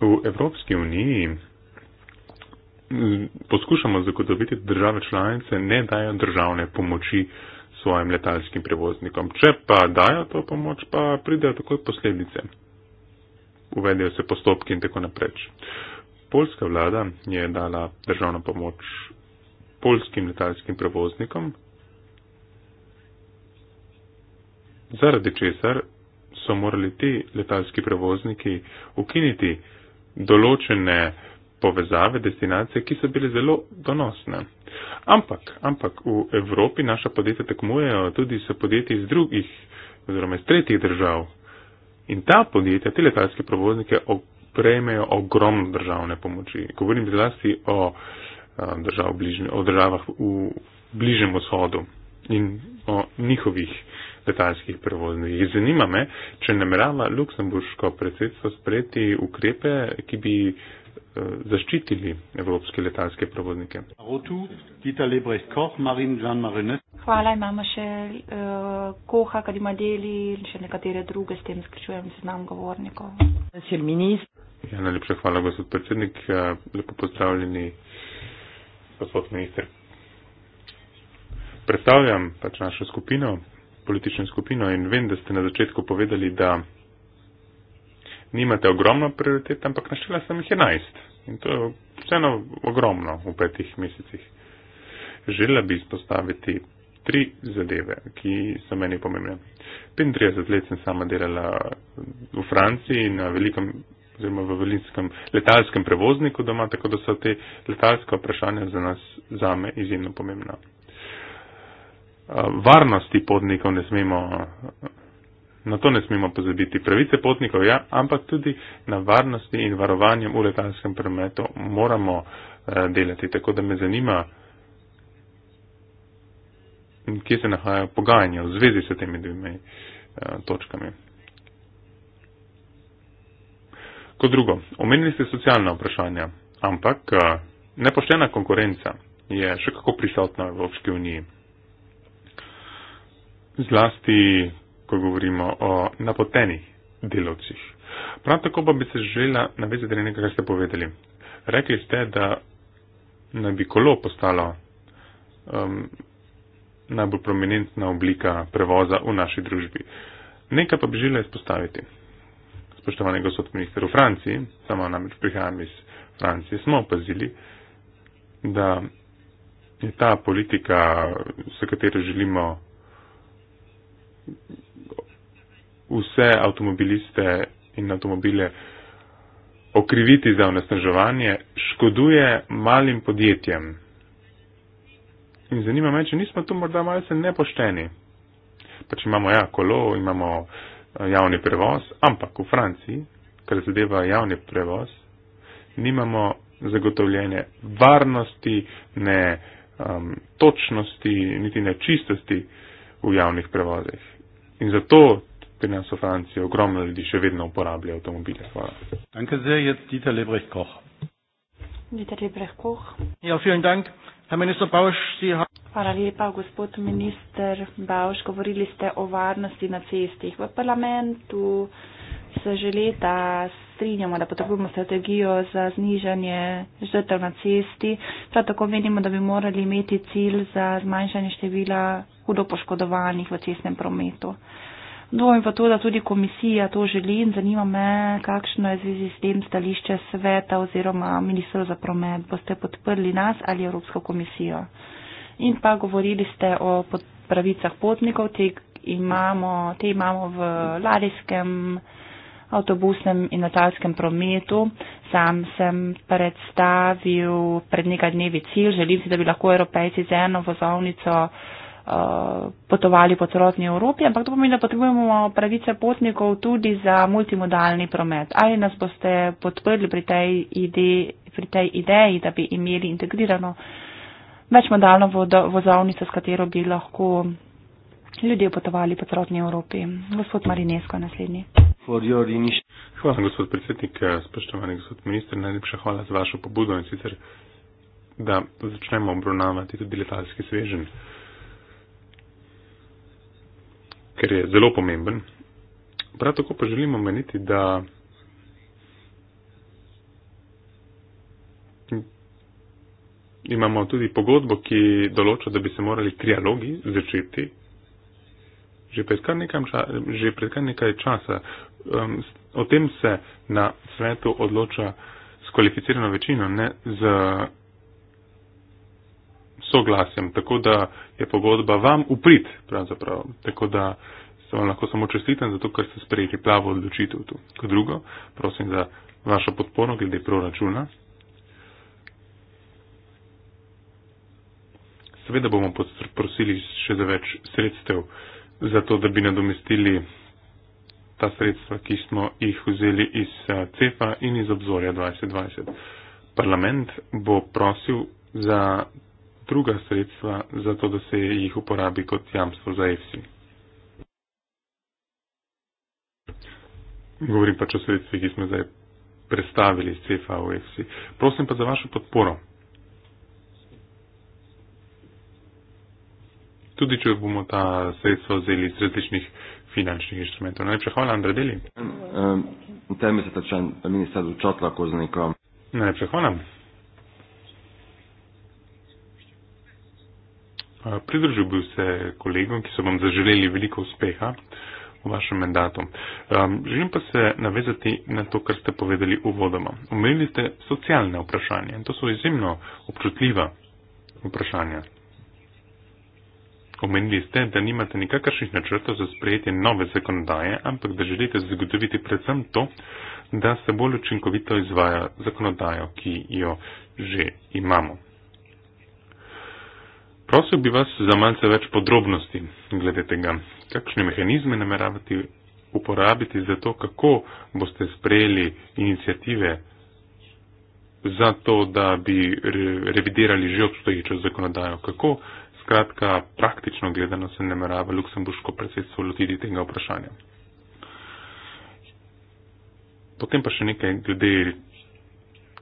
V Evropski uniji poskušamo zagotoviti, da države članice ne dajo državne pomoči svojim letalskim prevoznikom. Če pa dajo to pomoč, pa pridejo takoj posledice. Uvedejo se postopki in tako naprej. Poljska vlada je dala državno pomoč poljskim letalskim prevoznikom, zaradi česar so morali ti letalski prevozniki ukiniti določene povezave, destinacije, ki so bile zelo donosne. Ampak, ampak v Evropi naša podjetja tekmujejo tudi s podjetji iz drugih oziroma iz tretjih držav. In ta podjetja, te letalske prevoznike prejmejo ogromno državne pomoči. Govorim zlasti o uh, držav bližnje, o državah v bližnjem vzhodu in o njihovih letalskih prevoznih. Zanima me, če namerava Luksemburško predsedstvo sprejeti ukrepe, ki bi e, zaščitili evropske letalske prevoznike. Hvala, imamo še uh, Koha, Kadimadeli in še nekatere druge, s tem sključujem seznam govornikov. Ja, najlepša hvala, gospod predsednik. E, lepo pozdravljeni gospod minister. Predstavljam pač našo skupino, politično skupino in vem, da ste na začetku povedali, da nimate ogromno prioritet, ampak naštela sem jih enajst. In to je vseeno ogromno v petih mesecih. Želela bi izpostaviti tri zadeve, ki so meni pomembne. 35 let sem sama delala v Franciji na velikem oziroma v velinskem letalskem prevozniku doma, tako da so te letalske vprašanja za nas zame izjemno pomembna. Varnosti potnikov ne smemo, na to ne smemo pozabiti. Pravice potnikov, ja, ampak tudi na varnosti in varovanjem v letalskem prometu moramo delati. Tako da me zanima, kje se nahajajo pogajanja v zvezi s temi dvemi točkami. Kot drugo, omenili ste socialna vprašanja, ampak eh, nepoštena konkurenca je še kako prisotna v Evropski uniji. Zlasti, ko govorimo o napotenih delovcih. Prav tako pa bi se želela navezati na nekaj, kar ste povedali. Rekli ste, da naj bi kolo postalo um, najbolj prominentna oblika prevoza v naši družbi. Nekaj pa bi želela izpostaviti spoštovani gospod minister v Franciji, sama namreč prihajam iz Francije, smo opazili, da je ta politika, s katero želimo vse avtomobiliste in avtomobile okriviti za onesnaževanje, škoduje malim podjetjem. In zanima me, če nismo tu morda malce nepošteni. Pač imamo ja, kolo, imamo uh, Eh, javni prevoz, ampak v Franciji, kar zadeva javni prevoz, nimamo zagotovljene varnosti, ne um, točnosti, niti ne čistosti v javnih prevozih. In zato pri nas v Franciji ogromno ljudi še vedno uporablja avtomobile. Hvala. Dieter Lebrecht Koch. Ja, vielen Dank. Herr Minister Bausch, Sie haben. Hvala lepa, gospod minister Bavš. Govorili ste o varnosti na cestih. V parlamentu se že leta strinjamo, da potrebujemo strategijo za znižanje žrtev na cesti. Prav tako menimo, da bi morali imeti cilj za zmanjšanje števila hudo poškodovanih v cestnem prometu. Dvomim no, pa to, da tudi komisija to želi in zanima me, kakšno je zvezi s tem stališče sveta oziroma ministra za promet. Boste podprli nas ali Evropsko komisijo? in pa govorili ste o pravicah potnikov, te imamo, te imamo v ladijskem, avtobusnem in letalskem prometu. Sam sem predstavil pred nekaj dnevi cilj, želim si, da bi lahko evropejci z eno vozovnico uh, potovali po celotni Evropi, ampak to pomeni, da potrebujemo pravice potnikov tudi za multimodalni promet. Ali nas boste podprli pri tej ideji, pri tej ideji da bi imeli integrirano večmodalno vozovnico, s katero bi lahko ljudje potovali po celotni Evropi. Gospod Marinesko, naslednji. Hvala, gospod predsednik, spoštovani gospod minister, najlepša hvala za vašo pobudo in sicer, da začnemo obravnavati tudi letalski svežen, ker je zelo pomemben. Prav tako pa želimo meniti, da imamo tudi pogodbo, ki določa, da bi se morali trialogi začeti že pred kar, ča, že pred kar nekaj časa. Um, o tem se na svetu odloča s kvalificirano večino, ne z soglasjem, tako da je pogodba vam uprit pravzaprav. Tako da sem vam lahko samo čestitam za to, ker ste sprejeli plavo odločitev tu. Kot drugo, prosim za vašo podporo glede proračuna. seveda bomo prosili še za več sredstev, zato da bi nadomestili ta sredstva, ki smo jih vzeli iz eh, CEFA in iz obzorja 2020. Parlament bo prosil za druga sredstva, zato da se jih uporabi kot jamstvo za EFSI. Govorim pač o sredstvih, ki smo zdaj prestavili iz CEFA v EFSI. Prosim pa za vašo podporo. tudi če bomo ta sredstva vzeli iz različnih finančnih inštrumentov. Najlepša hvala, Andra Deli. Um, Temi se tačan, ministar Dučotla, ko zniko. Najlepša hvala. Pridružil bi se kolegom, ki so vam zaželeli veliko uspeha v vašem mandatu. Um, želim pa se navezati na to, kar ste povedali uvodoma. Omenili ste socialne vprašanja in to so izjemno občutljiva vprašanja. Omenili ste, da nimate nikakršnih načrtov za sprejetje nove zakonodaje, ampak da želite zagotoviti predvsem to, da se bolj učinkovito izvaja zakonodajo, ki jo že imamo. Prosil bi vas za malce več podrobnosti glede tega, kakšne mehanizme nameravate uporabiti za to, kako boste sprejeli inicijative za to, da bi revidirali že obstoječo zakonodajo, kako Skratka, praktično gledano se ne merava Luksemburško predsedstvo lotiti tega vprašanja. Potem pa še nekaj glede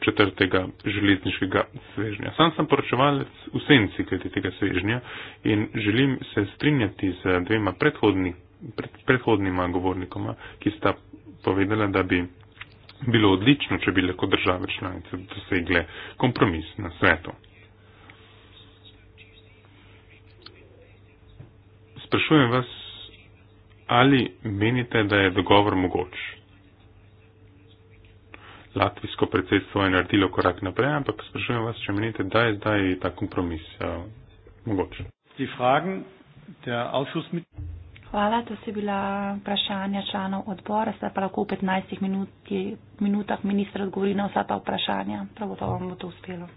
četrtega železniškega svežnja. Sam sem poročevalec v senci glede tega svežnja in želim se strinjati z dvema predhodni, pred, predhodnima govornikoma, ki sta povedala, da bi bilo odlično, če bi lahko države članice dosegle kompromis na svetu. sprašujem vas, ali menite, da je dogovor mogoč? Latvijsko predsedstvo je naredilo korak naprej, ampak sprašujem vas, če menite, da je zdaj ta kompromis uh, mogoč. Hvala, to so bila vprašanja članov odbora, zdaj pa lahko v 15 minuti, minutah minister odgovori na vsa ta vprašanja. Prav gotovo vam bo to uspelo.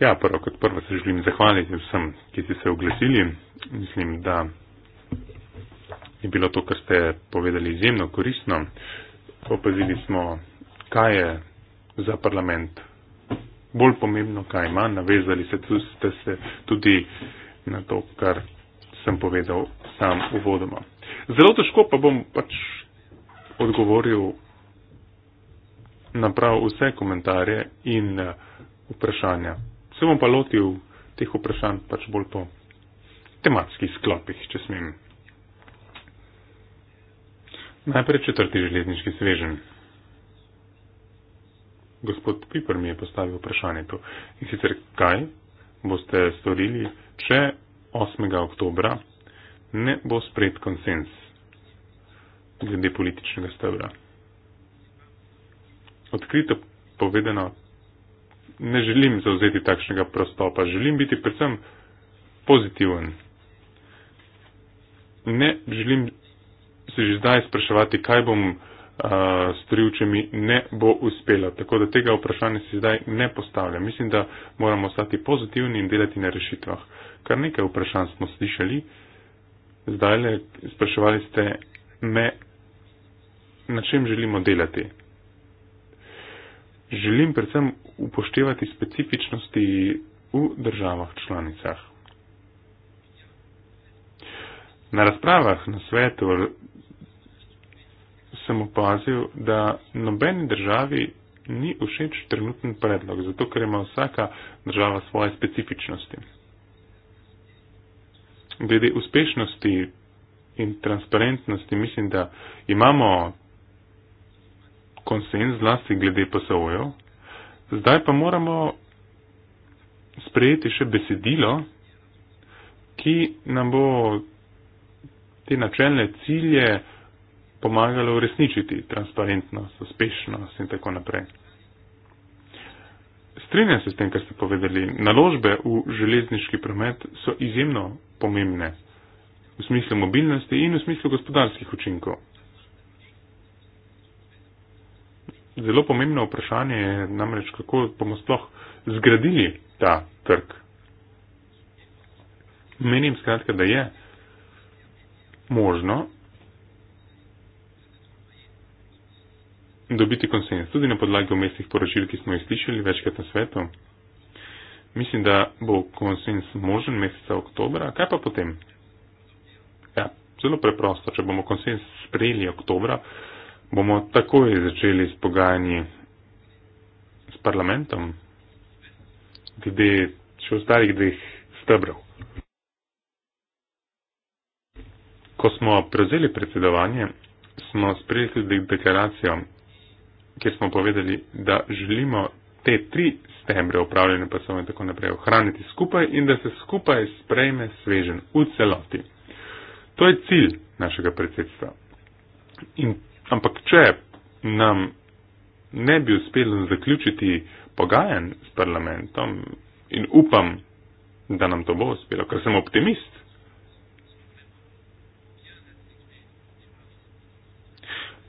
Ja, prvo kot prvo se želim zahvaliti vsem, ki ste se oglasili. Mislim, da je bilo to, kar ste povedali, izjemno koristno. Opazili smo, kaj je za parlament bolj pomembno, kaj ima. Navezali se, ste se tudi na to, kar sem povedal sam uvodoma. Zelo težko pa bom pač odgovoril na prav vse komentarje in eh, vprašanja se bom pa lotil teh vprašanj pač bolj po tematskih sklopih, če smem. Najprej četrti železniški svežen. Gospod Piper mi je postavil vprašanje tu. In sicer kaj boste storili, če 8. oktobra ne bo spred konsens glede političnega stebra? Odkrito povedano, ne želim zauzeti takšnega prostopa, želim biti predvsem pozitiven. Ne želim se že zdaj spraševati, kaj bom uh, storil, če mi ne bo uspelo. Tako da tega vprašanja si zdaj ne postavljam. Mislim, da moramo ostati pozitivni in delati na rešitvah. Kar nekaj vprašanj smo slišali, zdaj le spraševali ste me, na čem želimo delati. Želim predvsem upoštevati specifičnosti v državah članicah. Na razpravah na svetu sem opazil, da nobeni državi ni všeč trenutni predlog, zato ker ima vsaka država svoje specifičnosti. Glede uspešnosti in transparentnosti mislim, da imamo konsens zlasti glede posojev, Zdaj pa moramo sprejeti še besedilo, ki nam bo te načelne cilje pomagalo uresničiti transparentnost, uspešnost in tako naprej. Strinjam se s tem, kar ste povedali. Naložbe v železniški promet so izjemno pomembne v smislu mobilnosti in v smislu gospodarskih učinkov. zelo pomembno vprašanje je namreč, kako bomo sploh zgradili ta trg. Menim skratka, da je možno dobiti konsens tudi na podlagi umestnih poročil, ki smo jih slišali večkrat na svetu. Mislim, da bo konsens možen meseca oktobra. Kaj pa potem? Ja, zelo preprosto, če bomo konsens sprejeli oktobra, bomo takoj začeli s pogajanji s parlamentom glede še ostalih dveh stebrov. Ko smo prevzeli predsedovanje, smo sprejeli tudi deklaracijo, kjer smo povedali, da želimo te tri stebre upravljene pasove in tako naprej ohraniti skupaj in da se skupaj sprejme svežen v celoti. To je cilj našega predsedstva. In Ampak če nam ne bi uspelo zaključiti pogajan s parlamentom in upam, da nam to bo uspelo, ker sem optimist.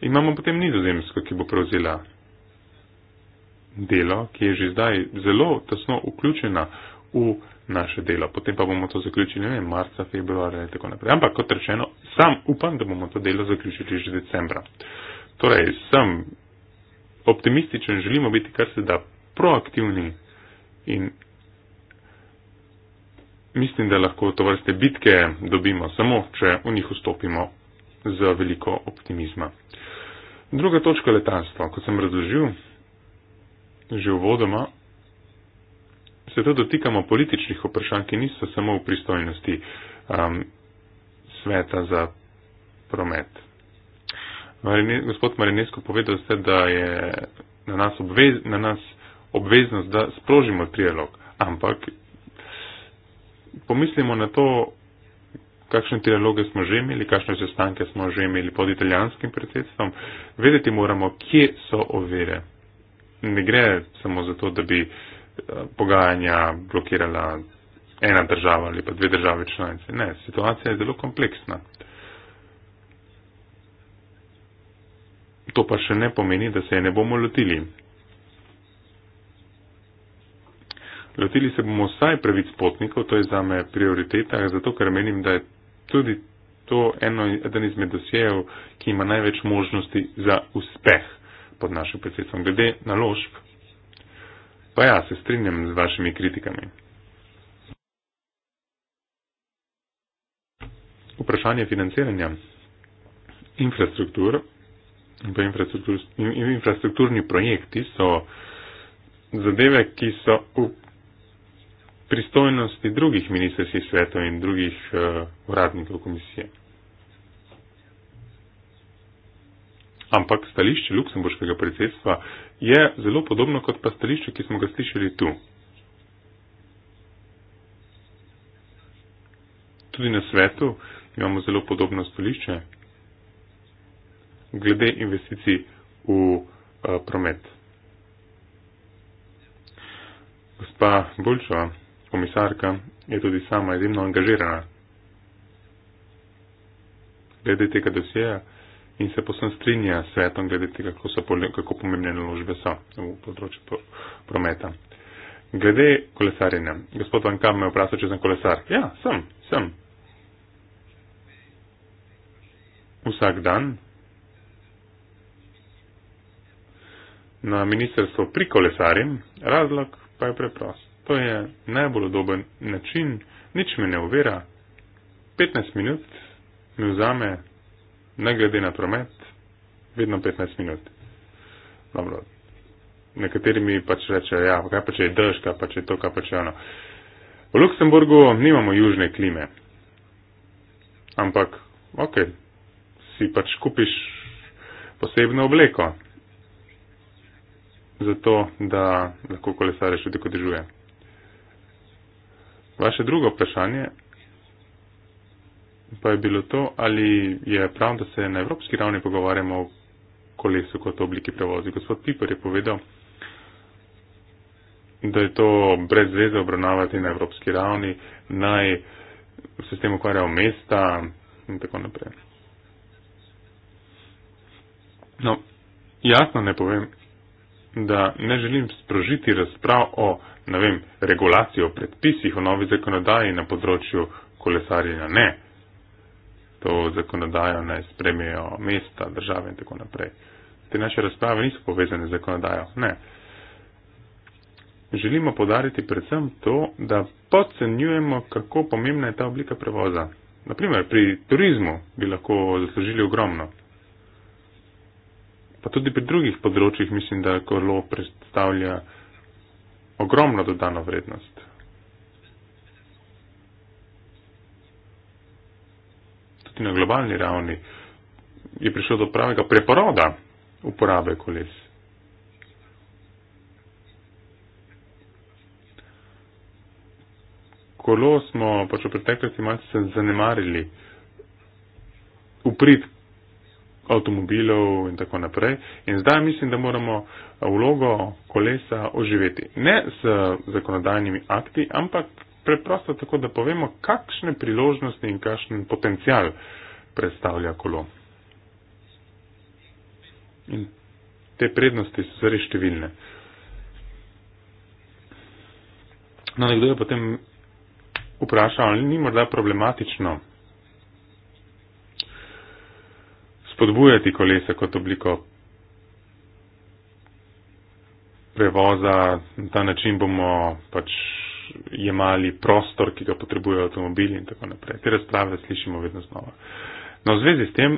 Imamo potem nizozemsko, ki bo prevzela delo, ki je že zdaj zelo tesno vključena v naše delo. Potem pa bomo to zaključili, ne vem, marca, februarja in tako naprej. Ampak kot rečeno, sam upam, da bomo to delo zaključili že decembra. Torej, sem optimističen, želimo biti kar se da proaktivni in mislim, da lahko to vrste bitke dobimo samo, če v njih vstopimo z veliko optimizma. Druga točka letalstva, kot sem razložil že uvodoma, se tu dotikamo političnih vprašanj, ki niso samo v pristojnosti um, sveta za promet. Marine, gospod Marinesko, povedal ste, da je na nas, obvez, na nas obveznost, da sprožimo trialog, ampak pomislimo na to, kakšne trialoge smo že imeli, kakšne sestanke smo že imeli pod italijanskim predsedstvom. Vedeti moramo, kje so ovire. Ne gre samo za to, da bi uh, pogajanja blokirala ena država ali pa dve države članice. Ne, situacija je zelo kompleksna. To pa še ne pomeni, da se je ne bomo lotili. Lotili se bomo vsaj pravic potnikov, to je za me prioriteta, zato ker menim, da je tudi to eno, eden izmed dosjejev, ki ima največ možnosti za uspeh pod našim predsedstvom. Glede naložb, Pa ja, se strinjam z vašimi kritikami. Vprašanje financiranja. Infrastruktur, infrastruktur, in, infrastrukturni projekti so zadeve, ki so v pristojnosti drugih ministerskih svetov in drugih uh, uradnikov komisije. Ampak stališče luksemburškega predsedstva je zelo podobno kot pa stališče, ki smo ga slišali tu. Tudi na svetu imamo zelo podobno stališče glede investicij v uh, promet. Gospa Bulčova, komisarka, je tudi sama izjemno angažirana glede tega dosjeja in se posem strinja s svetom glede tega, kako, so, kako pomembne naložbe so v področju prometa. Glede kolesarjenja. Gospod Van Kam me je vprašal, če sem kolesar. Ja, sem, sem. Vsak dan na ministrstvo pri kolesarju, razlog pa je preprost. To je najbolj odoben način, nič me ne uvira. 15 minut mi vzame ne glede na promet, vedno 15 minut. Dobro. Nekateri mi pač rečejo, ja, kaj pa če je dež, kaj pa če je to, kaj pa če je ono. V Luksemburgu nimamo južne klime, ampak ok, si pač kupiš posebno obleko, zato da lahko kolesare še tako držuje. Vaše drugo vprašanje pa je bilo to, ali je prav, da se na evropski ravni pogovarjamo o kolesu kot obliki prevozi. Gospod Piper je povedal, da je to brez veze obravnavati na evropski ravni, naj se s tem ukvarjajo mesta in tako naprej. No, jasno ne povem, da ne želim sprožiti razprav o, ne vem, regulaciji, o predpisih, o novi zakonodaji na področju kolesarjenja. Ne to zakonodajo ne spremijo mesta, države in tako naprej. Te naše razprave niso povezane z zakonodajo. Ne. Želimo podariti predvsem to, da podcenjujemo, kako pomembna je ta oblika prevoza. Naprimer, pri turizmu bi lahko zaslužili ogromno. Pa tudi pri drugih področjih mislim, da kolo predstavlja ogromno dodano vrednost. tudi na globalni ravni, je prišlo do pravega preporoda uporabe koles. Kolo smo pač v preteklosti malce se zanemarili uprit avtomobilov in tako naprej. In zdaj mislim, da moramo vlogo kolesa oživeti. Ne z zakonodajnimi akti, ampak preprosto tako, da povemo, kakšne priložnosti in kakšen potencial predstavlja kolo. In te prednosti so res številne. No, nekdo je potem vprašal, ali ni morda problematično spodbujati kolesa kot obliko prevoza, na ta način bomo pač jemali prostor, ki ga potrebujejo avtomobili in tako naprej. Te razprave slišimo vedno znova. No, v zvezi s tem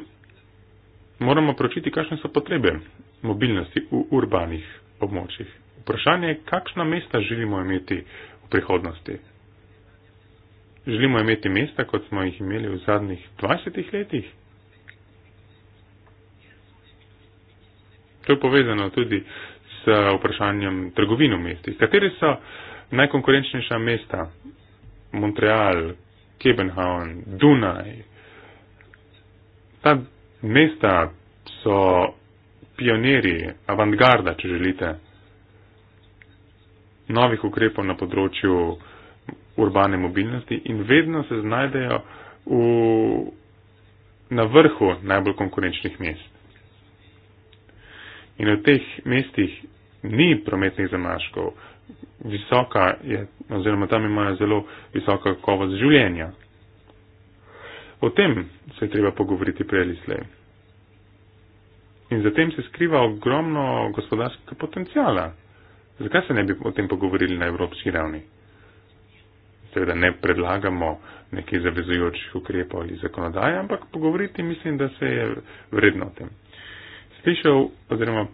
moramo pročiti, kakšne so potrebe mobilnosti v urbanih območjih. Vprašanje je, kakšna mesta želimo imeti v prihodnosti. Želimo imeti mesta, kot smo jih imeli v zadnjih 20 letih. To je povezano tudi s vprašanjem trgovin v mestih. Katere so najkonkurenčnejša mesta, Montreal, Kebenhavn, Dunaj, ta mesta so pioniri, avangarda, če želite, novih ukrepov na področju urbane mobilnosti in vedno se znajdejo v, na vrhu najbolj konkurenčnih mest. In v teh mestih ni prometnih zamaškov, visoka je, oziroma tam imajo zelo visoka kakovost življenja. O tem se je treba pogovoriti prej ali slej. In za tem se skriva ogromno gospodarskega potencijala. Zakaj se ne bi o tem pogovorili na evropski ravni? Seveda ne predlagamo nekih zavezujočih ukrepov ali zakonodaje, ampak pogovoriti mislim, da se je vredno o tem. Slišal oziroma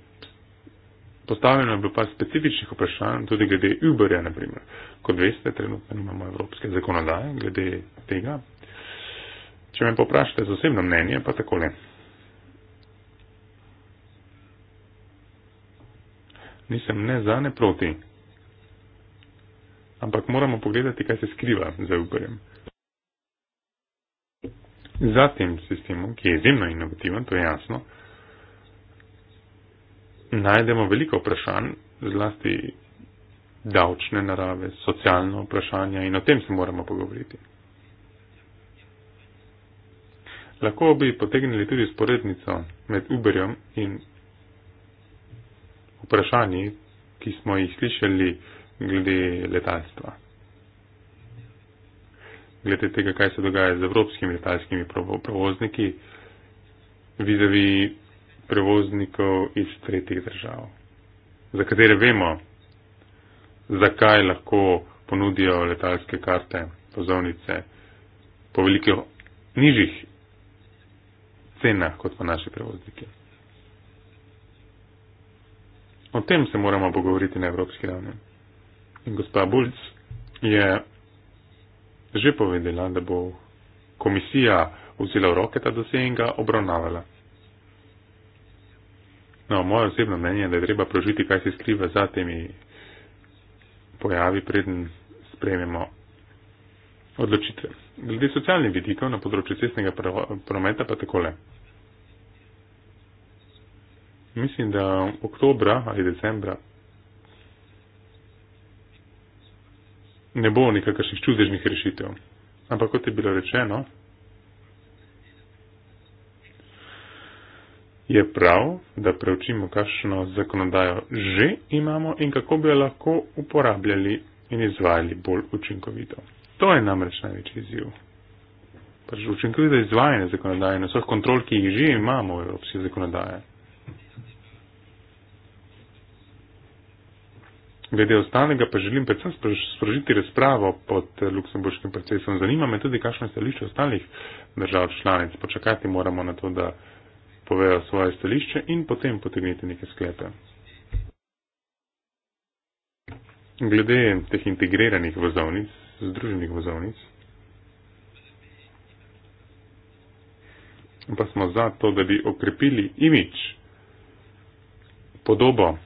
Postavljeno je bilo par specifičnih vprašanj, tudi glede Uberja, naprimer. Kot veste, trenutno imamo evropske zakonodaje glede tega. Če me poprašate z osebno mnenje, pa takole. Nisem ne za, ne proti. Ampak moramo pogledati, kaj se skriva za Uberjem. Za tem sistemom, ki je izjemno inovativen, to je jasno, najdemo veliko vprašanj, zlasti davčne narave, socialno vprašanje in o tem se moramo pogovoriti. Lahko bi potegnili tudi sporednico med Uberjem in vprašanji, ki smo jih slišali glede letalstva. Glede tega, kaj se dogaja z evropskimi letalskimi provozniki, vizavi prevoznikov iz tretjih držav, za katere vemo, zakaj lahko ponudijo letalske karte, pozovnice po velikih nižjih cenah kot pa naši prevozniki. O tem se moramo pogovoriti na evropski ravni. In gospa Bulc je že povedala, da bo komisija vzela v roke ta dosej in ga obravnavala. No, moje osebno mnenje je, da je treba prožiti, kaj se skriva za temi pojavi, preden sprejmemo odločitve. Glede socialnih vidikov na področju cestnega prometa pa takole. Mislim, da oktobra ali decembra ne bo nekakšnih čudežnih rešitev. Ampak kot je bilo rečeno, je prav, da preučimo, kakšno zakonodajo že imamo in kako bi jo lahko uporabljali in izvajali bolj učinkovito. To je namreč največji izziv. Pač učinkovito izvajanje zakonodaje na vseh kontrol, ki jih že imamo v evropski zakonodaje. Glede ostalega pa želim predvsem sprožiti razpravo pod luksemburškim procesom. Zanima me tudi, kakšno je stališče ostalih držav članic. Počakati moramo na to, da povejo svoje stališče in potem potegnete neke sklepe. Glede teh integriranih vozovnic, združenih vozovnic, pa smo za to, da bi okrepili imič, podobo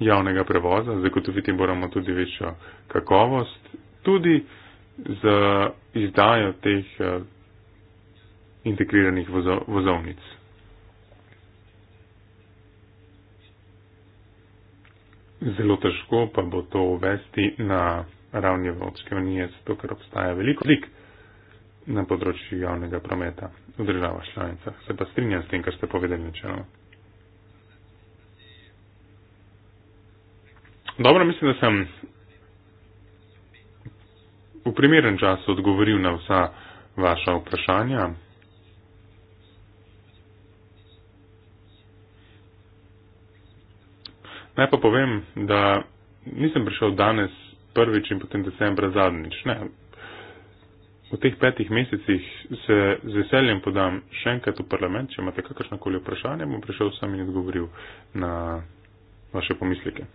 javnega prevoza, zagotoviti moramo tudi večjo kakovost, tudi z izdajo teh eh, integriranih vozo vozovnic. Zelo težko pa bo to uvesti na ravni Evropske unije, zato ker obstaja veliko slik na področju javnega prometa v državah članicah. Se pa strinjam s tem, kar ste povedali načelo. Dobro, mislim, da sem v primeren čas odgovoril na vsa vaša vprašanja. Naj pa povem, da nisem prišel danes prvič in potem decembra zadnjič. Ne. V teh petih mesecih se z veseljem podam še enkrat v parlament, če imate kakršnakoli vprašanje, bom prišel sam in odgovoril na vaše pomislike.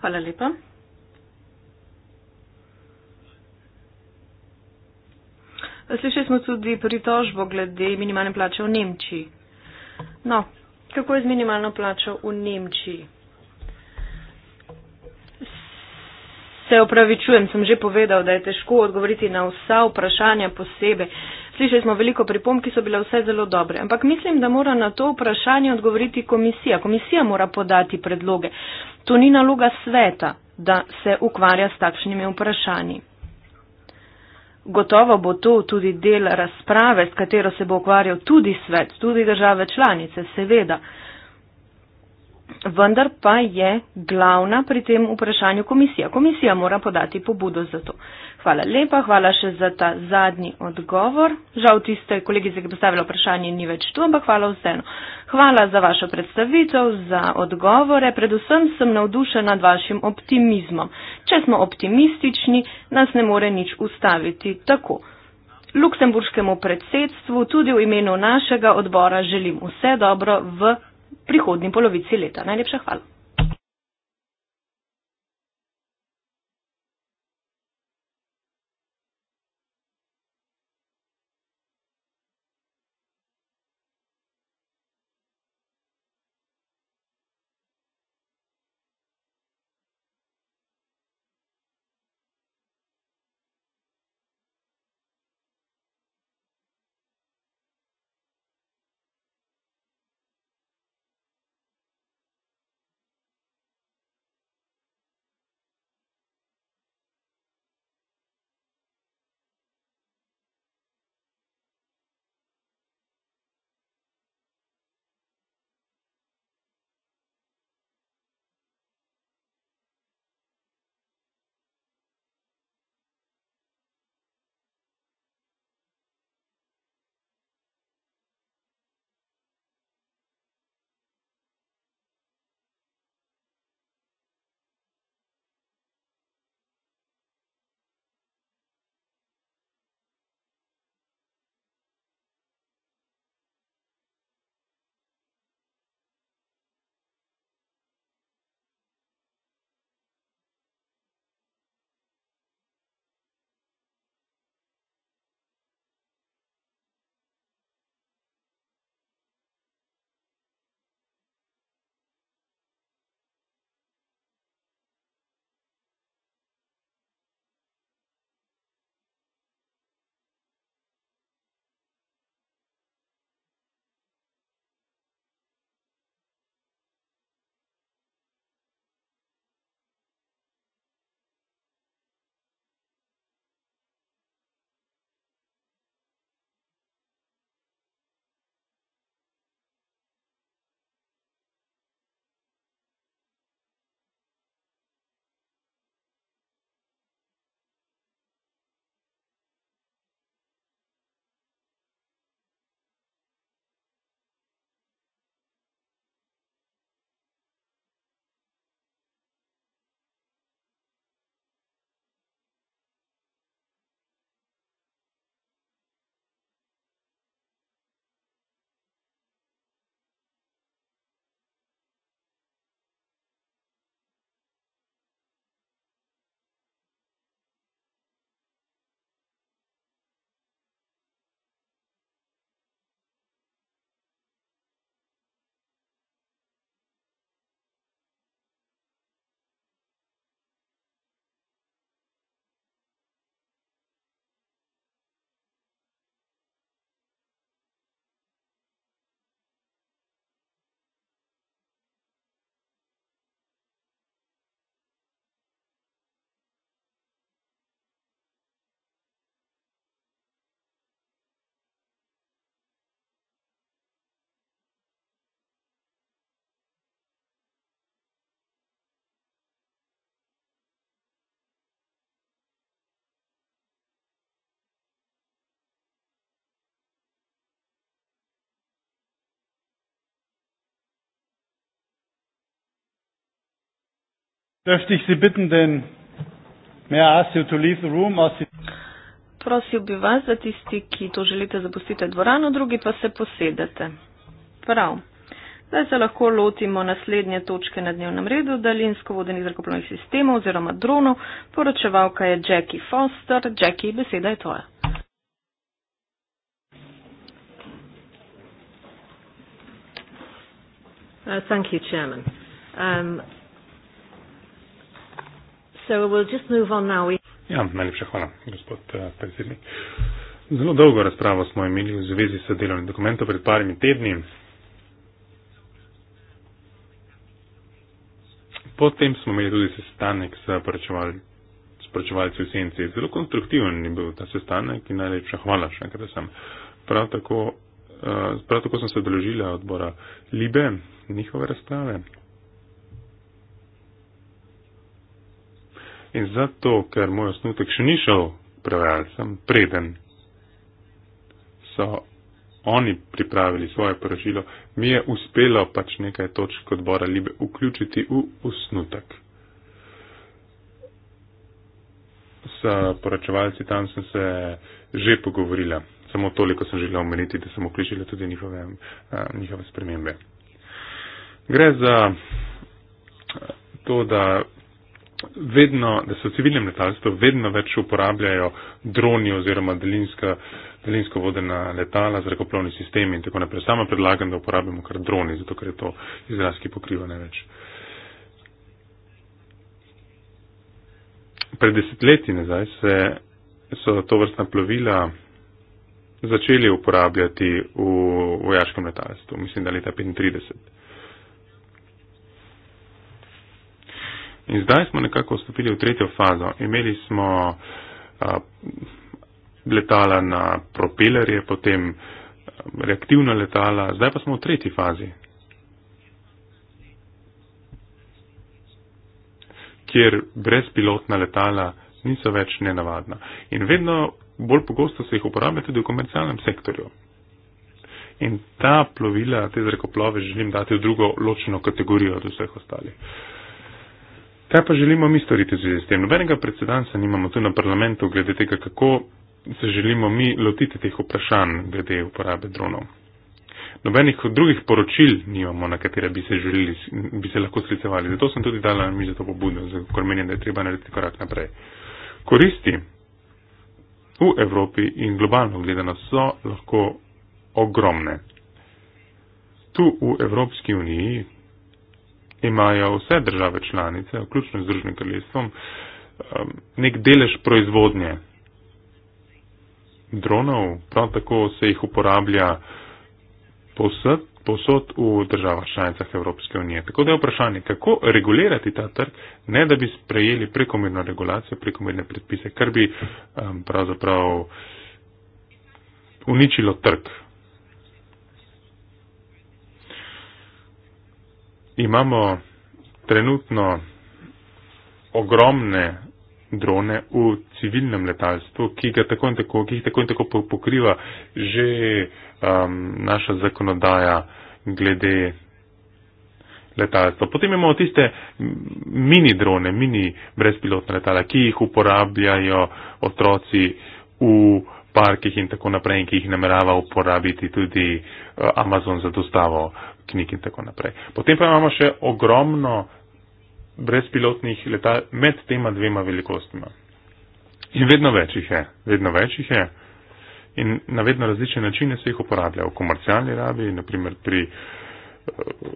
Hvala lepa. Slišali smo tudi pritožbo glede minimalne plače v Nemčiji. No, Kako je z minimalno plačo v Nemčiji? Se opravičujem, sem že povedal, da je težko odgovoriti na vsa vprašanja posebej. Slišali smo veliko pripomb, ki so bile vse zelo dobre, ampak mislim, da mora na to vprašanje odgovoriti komisija. Komisija mora podati predloge. To ni naloga sveta, da se ukvarja s takšnimi vprašanji gotovo bo to tudi del razprave, s katero se bo ukvarjal tudi svet, tudi države članice, seveda. Vendar pa je glavna pri tem vprašanju komisija. Komisija mora podati pobudo za to. Uh, Hvala lepa, hvala še za ta zadnji odgovor. Žal tiste kolegice, ki je postavila vprašanje, ni več tu, ampak hvala vseeno. Hvala za vašo predstavitev, za odgovore. Predvsem sem navdušena nad vašim optimizmom. Če smo optimistični, nas ne more nič ustaviti tako. Luksemburškemu predsedstvu tudi v imenu našega odbora želim vse dobro v prihodnji polovici leta. Najlepša hvala. Dürfte ich Sie bitten, den May I ask you to leave the room? Prosil bi vas, da tisti, ki to želite, zapustite dvorano, drugi pa se posedete. Prav. Zdaj se lahko lotimo naslednje točke na dnevnem redu, daljinsko vodenih zrakoplovnih sistemov oziroma dronov. Poročevalka je Jackie Foster. Jackie, beseda je tvoja. Uh, thank you, Chairman. Um, Ja, najlepša hvala, gospod eh, predsednik. Zelo dolgo razpravo smo imeli v zvezi s delovnim dokumentom pred parimi tedni. Potem smo imeli tudi sestanek s poročevalci v senci. Zelo konstruktiven je bil ta sestanek in najlepša hvala še enkrat sem. Prav tako, eh, prav tako sem se odložila odbora Libe, njihove razprave, In zato, ker moj osnutek še ni šel prevajalcem, preden so oni pripravili svoje poročilo, mi je uspelo pač nekaj točk odbora Libe vključiti v osnutek. S poročevalci tam sem se že pogovorila, samo toliko sem želela omeniti, da sem vključila tudi njihove, njihove spremembe. Gre za to, da vedno, da se v civilnem letalstvu vedno več uporabljajo droni oziroma delinska, delinsko vodena letala, zrakoplovni sistemi in tako naprej. Sama predlagam, da uporabimo kar droni, zato ker je to izraz, ki pokriva največ. Pred desetletji nazaj se, so to vrstna plovila začeli uporabljati v vojaškem letalstvu, mislim, da leta 1935. In zdaj smo nekako vstopili v tretjo fazo. Imeli smo uh, letala na propelerje, potem reaktivna letala, zdaj pa smo v tretji fazi, kjer brezpilotna letala niso več nenavadna. In vedno bolj pogosto se jih uporablja tudi v komercialnem sektorju. In ta plovila, te zrakoplove želim dati v drugo ločeno kategorijo od vseh ostalih. Uh, Kaj pa želimo mi storiti v zvezi s tem? Nobenega predsedanca nimamo tu na parlamentu glede tega, kako se želimo mi lotiti teh vprašanj glede uporabe dronov. Nobenih drugih poročil nimamo, na katere bi se, želili, bi se lahko sklicevali. Zato sem tudi dala mi za to pobudo, ker menim, da je treba narediti korak naprej. Koristi v Evropi in globalno gledano so lahko ogromne. Tu v Evropski uniji, imajo vse države članice, vključno z Združenim kraljestvom, um, nek delež proizvodnje dronov, prav tako se jih uporablja posod, posod v državah članicah Evropske unije. Tako da je vprašanje, kako regulirati ta trg, ne da bi sprejeli prekomerno regulacijo, prekomerne predpise, kar bi um, pravzaprav uničilo trg. imamo trenutno ogromne drone v civilnem letalstvu, ki, tako tako, ki jih tako in tako pokriva že um, naša zakonodaja glede letalstva. Potem imamo tiste mini drone, mini brezpilotna letala, ki jih uporabljajo otroci v parkih in tako naprej, in ki jih namerava uporabiti tudi uh, Amazon za dostavo uh, knjig in tako naprej. Potem pa imamo še ogromno brezpilotnih letal med tema dvema velikostima. In vedno več jih je, vedno več jih je. In na vedno različne načine se jih uporablja v komercialni rabi, naprimer pri eh,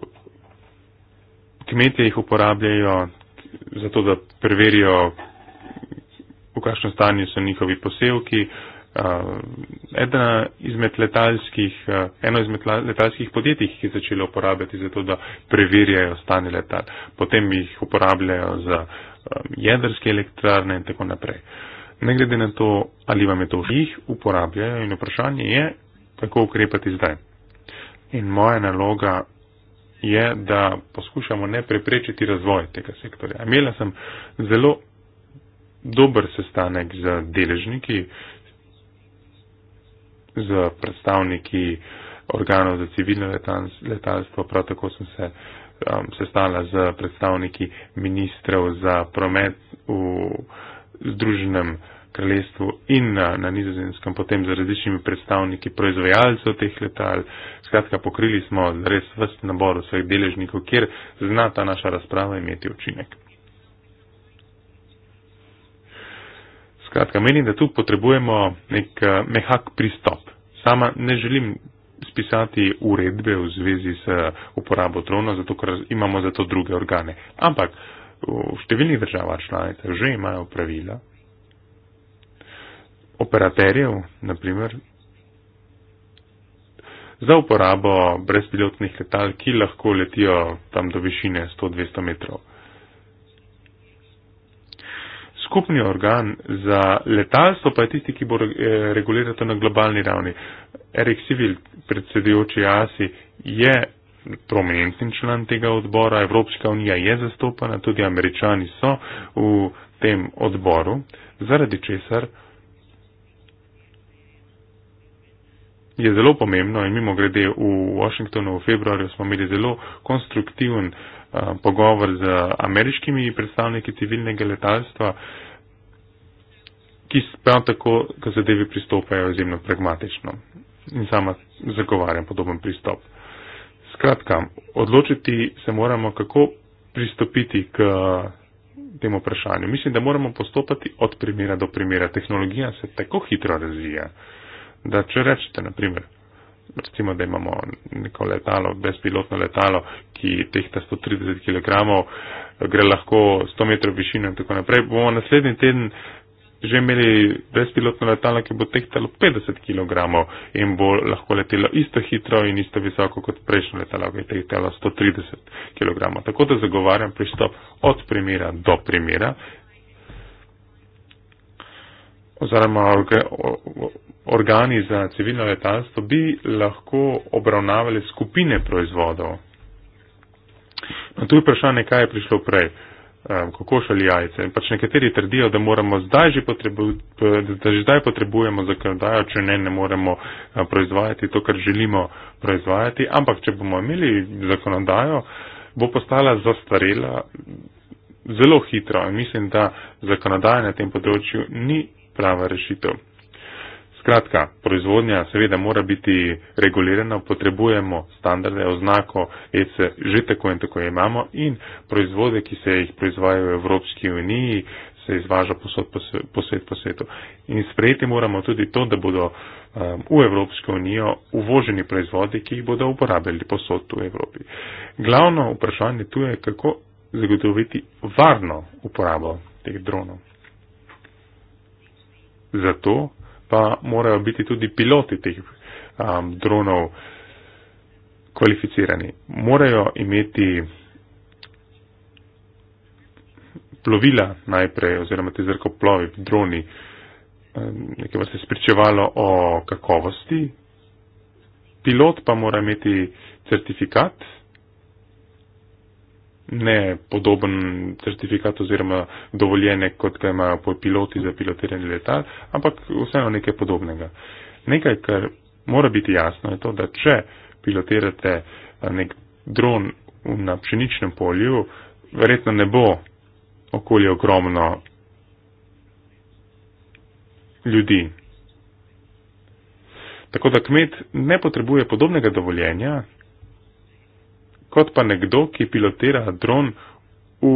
kmetje jih uporabljajo zato, da preverijo, v kakšnem stanju so njihovi posevki, uh, ena izmed letalskih, eno izmed letalskih podjetij, ki je začelo uporabljati za to, da preverjajo stanje letal. Potem jih uporabljajo za jedrske elektrarne in tako naprej. Ne glede na to, ali vam je to všeč, uporabljajo in vprašanje je, kako ukrepati zdaj. In moja naloga je, da poskušamo ne preprečiti razvoj tega sektorja. Imela sem zelo dober sestanek z deležniki, uh, z predstavniki organov za civilno letalstvo, prav tako sem se um, sestala z predstavniki ministrov za promet v Združenem kraljestvu in na, na nizozemskem, potem z različnimi predstavniki proizvajalcev teh letal. Skratka, pokrili smo res vrst nabor vseh deležnikov, kjer zna ta naša razprava imeti učinek. Skratka, menim, da tu potrebujemo nek eh, mehak pristop. Sama ne želim spisati uredbe v zvezi s eh, uporabo trona, zato ker imamo za to druge organe. Ampak v številnih državah članicah že imajo pravila operaterjev, naprimer, za uporabo brezpilotnih letal, ki lahko letijo tam do višine 100-200 metrov skupni organ za letalstvo, pa je tisti, ki bo eh, reguliral to na globalni ravni. Erik Sivil, predsedujoči Asi, je prominentni član tega odbora, Evropska unija je zastopana, tudi američani so v tem odboru, zaradi česar. Je zelo pomembno in mimo grede v Washingtonu v februarju smo imeli zelo konstruktiven uh, pogovor z ameriškimi predstavniki civilnega letalstva, ki prav tako k zadevi pristopajo izjemno pragmatično. In sama zagovarjam podoben pristop. Skratka, odločiti se moramo, kako pristopiti k temu vprašanju. Mislim, da moramo postopati od primera do primera. Tehnologija se tako hitro razvija, da če rečete, naprimer, recimo, da imamo neko letalo, brezpilotno letalo, ki tehta 130 kg, gre lahko 100 metrov višino in tako naprej, bomo naslednji teden že imeli brezpilotno letalo, ki bo tehtalo 50 kg in bo lahko letelo isto hitro in isto visoko kot prejšnjo letalo, ki je tehtalo 130 kg. Tako da zagovarjam pristop od primera do primera, oziroma organi za civilno letalstvo bi lahko obravnavali skupine proizvodov. Tu je vprašanje, kaj je prišlo prej, eh, kokoš ali jajce. Pač nekateri trdijo, da, zdaj že da že zdaj potrebujemo zakonodajo, če ne, ne moremo eh, proizvajati to, kar želimo proizvajati. Ampak, če bomo imeli zakonodajo, bo postala zastarela zelo hitro. In mislim, da zakonodaja na tem področju ni prava rešitev. Skratka, proizvodnja seveda mora biti regulirana, potrebujemo standarde, oznako EC že tako in tako imamo in proizvode, ki se jih proizvaja v Evropski uniji, se izvaža posod po svetu. Po svet, po in sprejeti moramo tudi to, da bodo um, v Evropsko unijo uvoženi proizvodi, ki jih bodo uporabljali posod v Evropi. Glavno vprašanje tu je, kako zagotoviti varno uporabo teh dronov zato pa morajo biti tudi piloti teh um, dronov kvalificirani. Morajo imeti plovila najprej oziroma te zrkoplovi, droni, um, nekaj vas je spričevalo o kakovosti. Pilot pa mora imeti certifikat ne podoben certifikat oziroma dovoljene, kot ga imajo piloti za pilotiranje letal, ampak vseeno nekaj podobnega. Nekaj, kar mora biti jasno, je to, da če pilotirate eh, nek dron na pšeničnem polju, verjetno ne bo okolje ogromno ljudi. Tako da kmet ne potrebuje podobnega dovoljenja, kot pa nekdo, ki pilotira dron v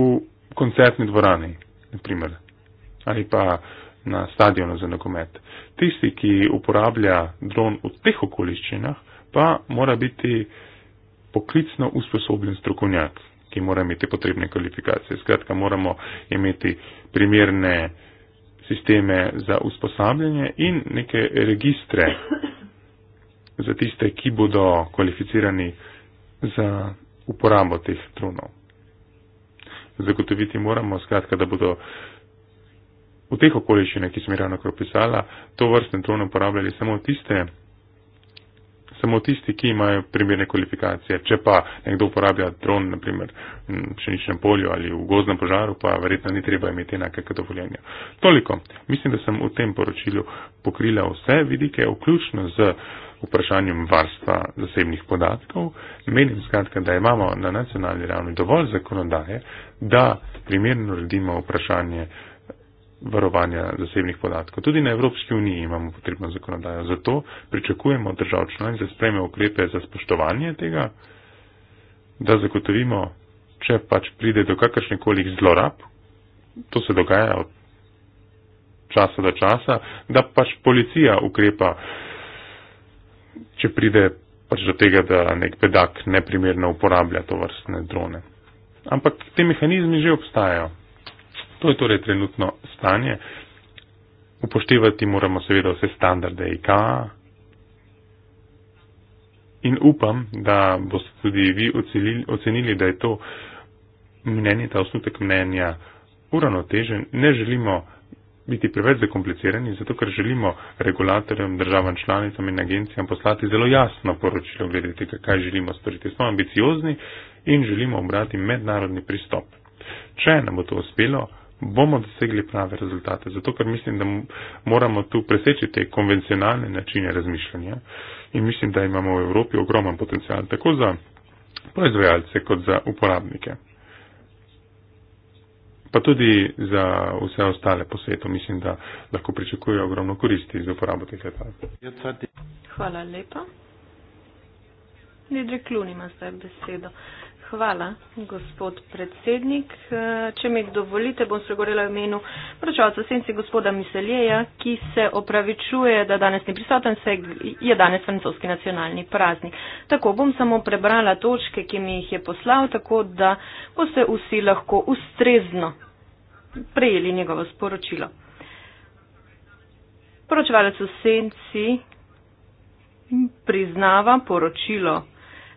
koncertni dvorani, naprimer, ali pa na stadionu za nogomet. Tisti, ki uporablja dron v teh okoliščinah, pa mora biti poklicno usposobljen strokovnjak, ki mora imeti potrebne kvalifikacije. Skratka, moramo imeti primerne sisteme za usposabljanje in neke registre za tiste, ki bodo kvalificirani za uporabo teh trunov. Zagotoviti moramo, skratka, da bodo v teh okoliščinah, ki sem jih ravno kar opisala, to vrstne trune uporabljali samo tiste, samo tisti, ki imajo primerne kvalifikacije. Če pa nekdo uporablja dron, naprimer, v pšeničnem polju ali v gozdnem požaru, pa verjetno ni treba imeti enakega dovoljenja. Toliko. Mislim, da sem v tem poročilu pokrila vse vidike, vključno z uh, vprašanjem varstva zasebnih podatkov. Menim skratka, da imamo na nacionalni ravni dovolj zakonodaje, da primerno uredimo vprašanje varovanja zasebnih podatkov. Tudi na Evropski uniji imamo potrebno zakonodajo. Zato pričakujemo od držav članic, da sprejme ukrepe za spoštovanje tega, da zagotovimo, če pač pride do kakršnekoli zlorab, to se dogaja od časa do časa, da pač policija ukrepa če pride pač do tega, da nek bedak neprimerno uporablja to vrstne drone. Ampak te mehanizmi že obstajajo. To je torej trenutno stanje. Upoštevati moramo seveda vse standarde IKA. In upam, da boste tudi vi ocenili, ocenili da je to mnenje, ta osnutek mnenja uravnotežen. Ne želimo biti preveč zakomplicirani, zato ker želimo regulatorjem, državam, članicam in agencijam poslati zelo jasno poročilo glede tega, kaj želimo storiti. Smo ambiciozni in želimo obrati mednarodni pristop. Če nam bo to uspelo, bomo dosegli prave rezultate, zato ker mislim, da moramo tu preseči te konvencionalne načine razmišljanja in mislim, da imamo v Evropi ogromen potencial tako za proizvajalce kot za uporabnike pa tudi za vse ostale po svetu. Mislim, da lahko pričakujejo ogromno koristi iz uporabo teh letal. Hvala lepa. Lidri Klun ima zdaj besedo. Uh, Hvala, gospod predsednik. Eh, Če mi dovolite, bom spregovorila v imenu vračalca senci gospoda Miseljeja, ki se opravičuje, da danes ni prisoten, se je danes francoski nacionalni praznik. Tako bom samo prebrala točke, ki mi jih je poslal, tako da boste vsi lahko ustrezno prejeli njegovo sporočilo. Poročevalec v senci priznava poročilo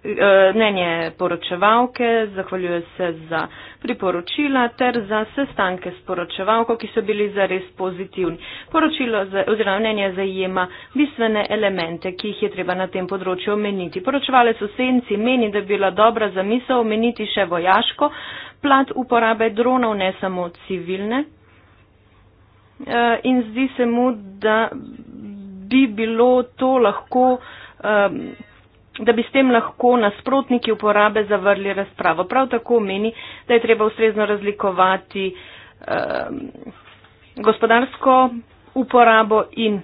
Eh, mnenje poročevalke, zahvaljuje se za priporočila ter za sestanke s poročevalko, ki so bili zares pozitivni. Poročilo za, oziroma mnenje zajema bistvene elemente, ki jih je treba na tem področju omeniti. Poročevalec v senci meni, da bi bila dobra zamisel omeniti še vojaško plat uporabe dronov, ne samo civilne. Eh, in zdi se mu, da bi bilo to lahko um, da bi s tem lahko nasprotniki uporabe zavrli razpravo. Prav tako meni, da je treba ustrezno razlikovati eh, gospodarsko uporabo in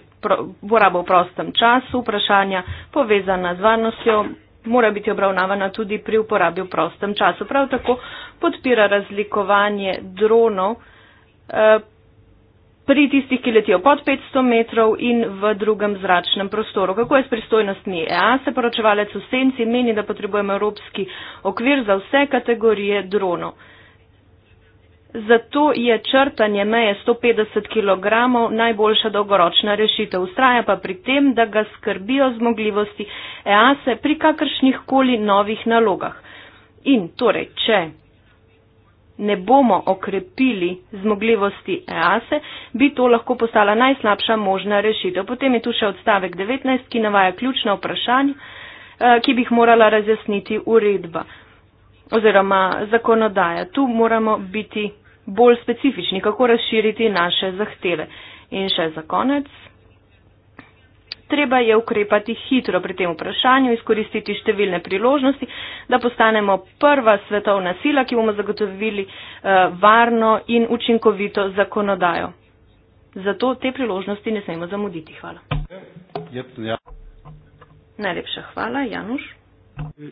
uporabo v prostem času. Vprašanja povezana z varnostjo mora biti obravnavana tudi pri uporabi v prostem času. Prav tako podpira razlikovanje dronov. Eh, pri tistih, ki letijo pod 500 metrov in v drugem zračnem prostoru. Kako je s pristojnostmi EASA? Poročevalec v senci meni, da potrebujemo evropski okvir za vse kategorije dronov. Zato je črtanje meje 150 kg najboljša dolgoročna rešitev. Ustraja pa pri tem, da ga skrbijo zmogljivosti EASA pri kakršnih koli novih nalogah. In torej, če ne bomo okrepili zmogljivosti EASE, bi to lahko postala najslabša možna rešitev. Potem je tu še odstavek 19, ki navaja ključna vprašanja, eh, ki bi jih morala razjasniti uredba oziroma zakonodaja. Tu moramo biti bolj specifični, kako razširiti naše zahteve. In še za konec, Treba je ukrepati hitro pri tem vprašanju, izkoristiti številne priložnosti, da postanemo prva svetovna sila, ki bomo zagotovili uh, varno in učinkovito zakonodajo. Zato te priložnosti ne smemo zamuditi. Hvala. Yep, ja. Najlepša hvala, Januš.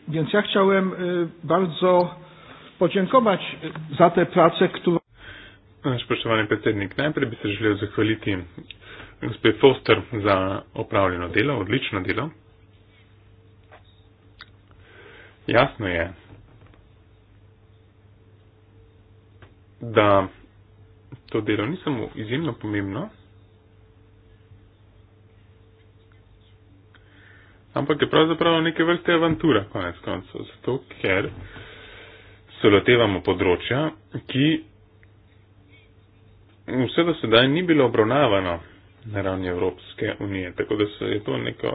Więc ja chciałem e, bardzo podziękować e, za tę pracę, którą. Szanowny Panie Przewodniczący, najpierw by się zachwalić gospe Foster za opravljeno delo, odlično delo. Jasno je, da to delo ni samo izjemno pomembno, ampak je pravzaprav neke vrste avantura, konec koncev, zato ker se lotevamo področja, ki vse do sedaj ni bilo obravnavano na ravni Evropske unije. Tako da se je to neko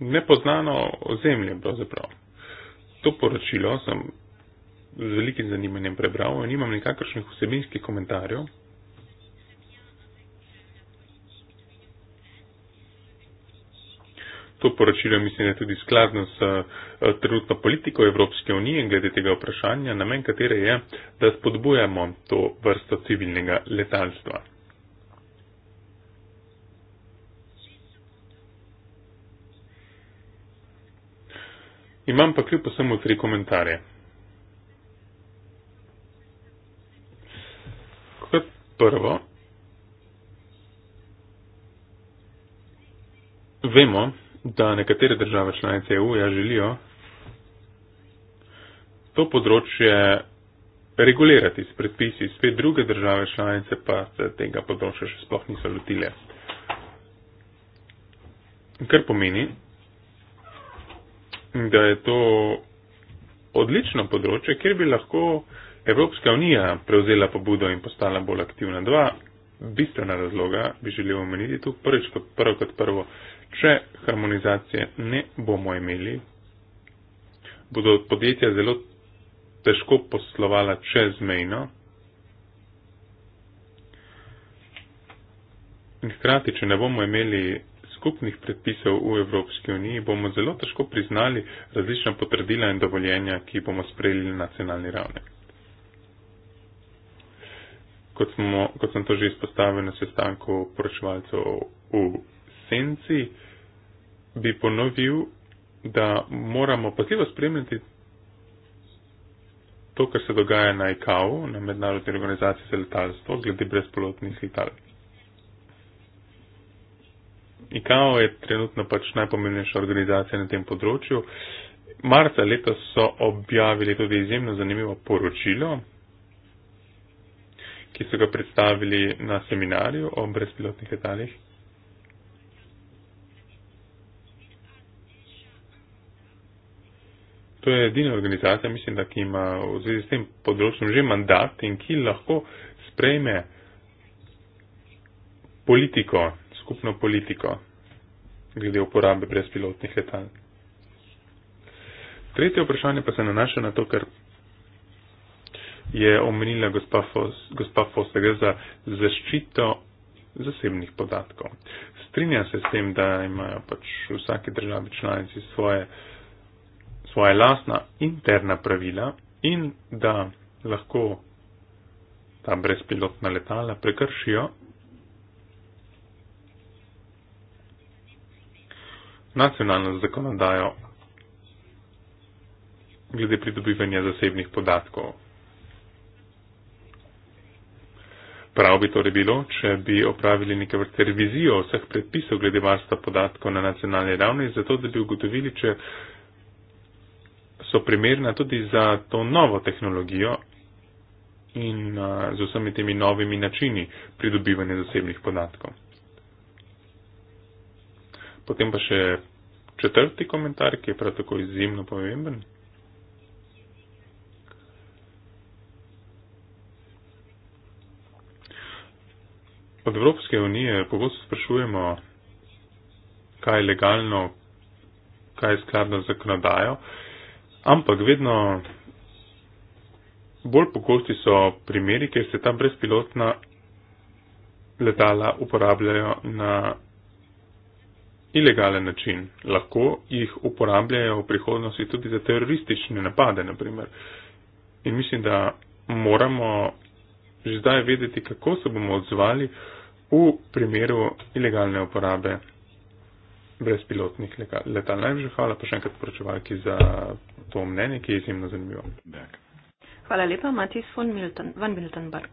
nepoznano ozemlje pravzaprav. To poročilo sem z velikim zanimanjem prebral in nimam nekakršnih vsebinskih komentarjev. To poročilo mislim, da je tudi skladno s eh, trenutno politiko Evropske unije glede tega vprašanja, namen katere je, da spodbujamo to vrsto civilnega letalstva. Imam pa kljub vsemu tri komentarje. Kot prvo, vemo, da nekatere države članice EU ja želijo to področje regulirati s predpisi, spet druge države članice pa se tega področja še sploh niso lotile. Kar pomeni, da je to odlično področje, kjer bi lahko Evropska unija prevzela pobudo in postala bolj aktivna. Dva bistvena razloga bi želel omeniti tu. Prvič kot prvo, kot prvo, če harmonizacije ne bomo imeli, bodo podjetja zelo težko poslovala čezmejno. In hkrati, če ne bomo imeli skupnih predpisov v Evropski uniji, bomo zelo težko priznali različna potrdila in dovoljenja, ki bomo sprejeli na nacionalni ravni. Kot, smo, kot sem to že izpostavil na sestanku poročevalcev v Senci, bi ponovil, da moramo pazljivo spremljati to, kar se dogaja na ICAO, na Mednarodni organizaciji za letalstvo, glede brezpilotnih letal. ICAO je trenutno pač najpomembnejša organizacija na tem področju. Marca leta so objavili tudi izjemno zanimivo poročilo, ki so ga predstavili na seminarju o brezpilotnih letalih. To je edina organizacija, mislim, da ki ima v zvezi s tem področjem že mandat in ki lahko sprejme politiko skupno politiko glede uporabe brezpilotnih letal. Tretje vprašanje pa se nanaša na to, kar je omenila gospa Fos, gre za zaščito zasebnih podatkov. Strinja se s tem, da imajo pač vsake države članici svoje, svoje lasna interna pravila in da lahko ta brezpilotna letala prekršijo nacionalno zakonodajo glede pridobivanja zasebnih podatkov. Prav bi torej bilo, če bi opravili neke vrste revizijo vseh predpisov glede varstva podatkov na nacionalni ravni, zato da bi ugotovili, če so primerna tudi za to novo tehnologijo in uh, z vsemi temi novimi načini pridobivanja zasebnih podatkov. Potem pa še četrti komentar, ki je prav tako izjemno pomemben. Od Evropske unije pogosto sprašujemo, kaj je legalno, kaj je skladno z zakonodajo, ampak vedno bolj pogosti so primeri, kjer se ta brezpilotna letala uporabljajo na ilegalen način. Lahko jih uporabljajo v prihodnosti tudi za teroristične napade, naprimer. In mislim, da moramo že zdaj vedeti, kako se bomo odzvali v primeru ilegalne uporabe brezpilotnih letal. Najlepša hvala pa še enkrat poročevalki za to mnenje, ki je izjemno zanimivo. Hvala lepa, Matis von Milton, van Miltenberg.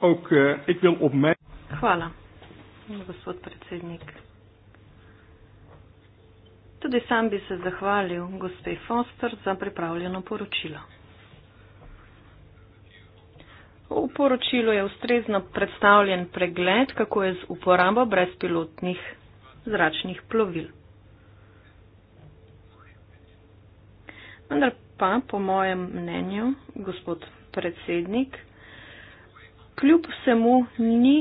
Ok, eh, ik wil opmerken. Hvala, gospod predsednik. Tudi sam bi se zahvalil gospe Foster za pripravljeno poročilo. V poročilu je ustrezno predstavljen pregled, kako je z uporabo brezpilotnih zračnih plovil. Vendar pa, po mojem mnenju, gospod predsednik, kljub vsemu ni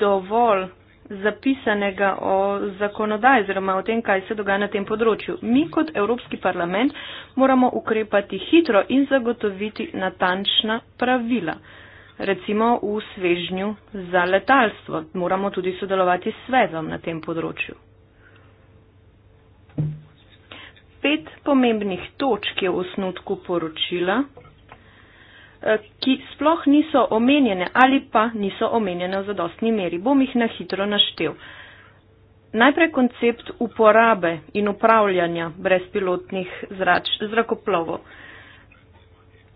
dovolj zapisanega o zakonodaji oziroma o tem, kaj se dogaja na tem področju. Mi kot Evropski parlament moramo ukrepati hitro in zagotoviti natančna pravila. Recimo v svežnju za letalstvo. Moramo tudi sodelovati s svezom na tem področju. Pet pomembnih točk je v osnutku poročila. Eh, ki sploh niso omenjene ali pa niso omenjene v zadostni meri. Bom jih na hitro naštel. Najprej koncept uporabe in upravljanja brezpilotnih zrač, zrakoplovov.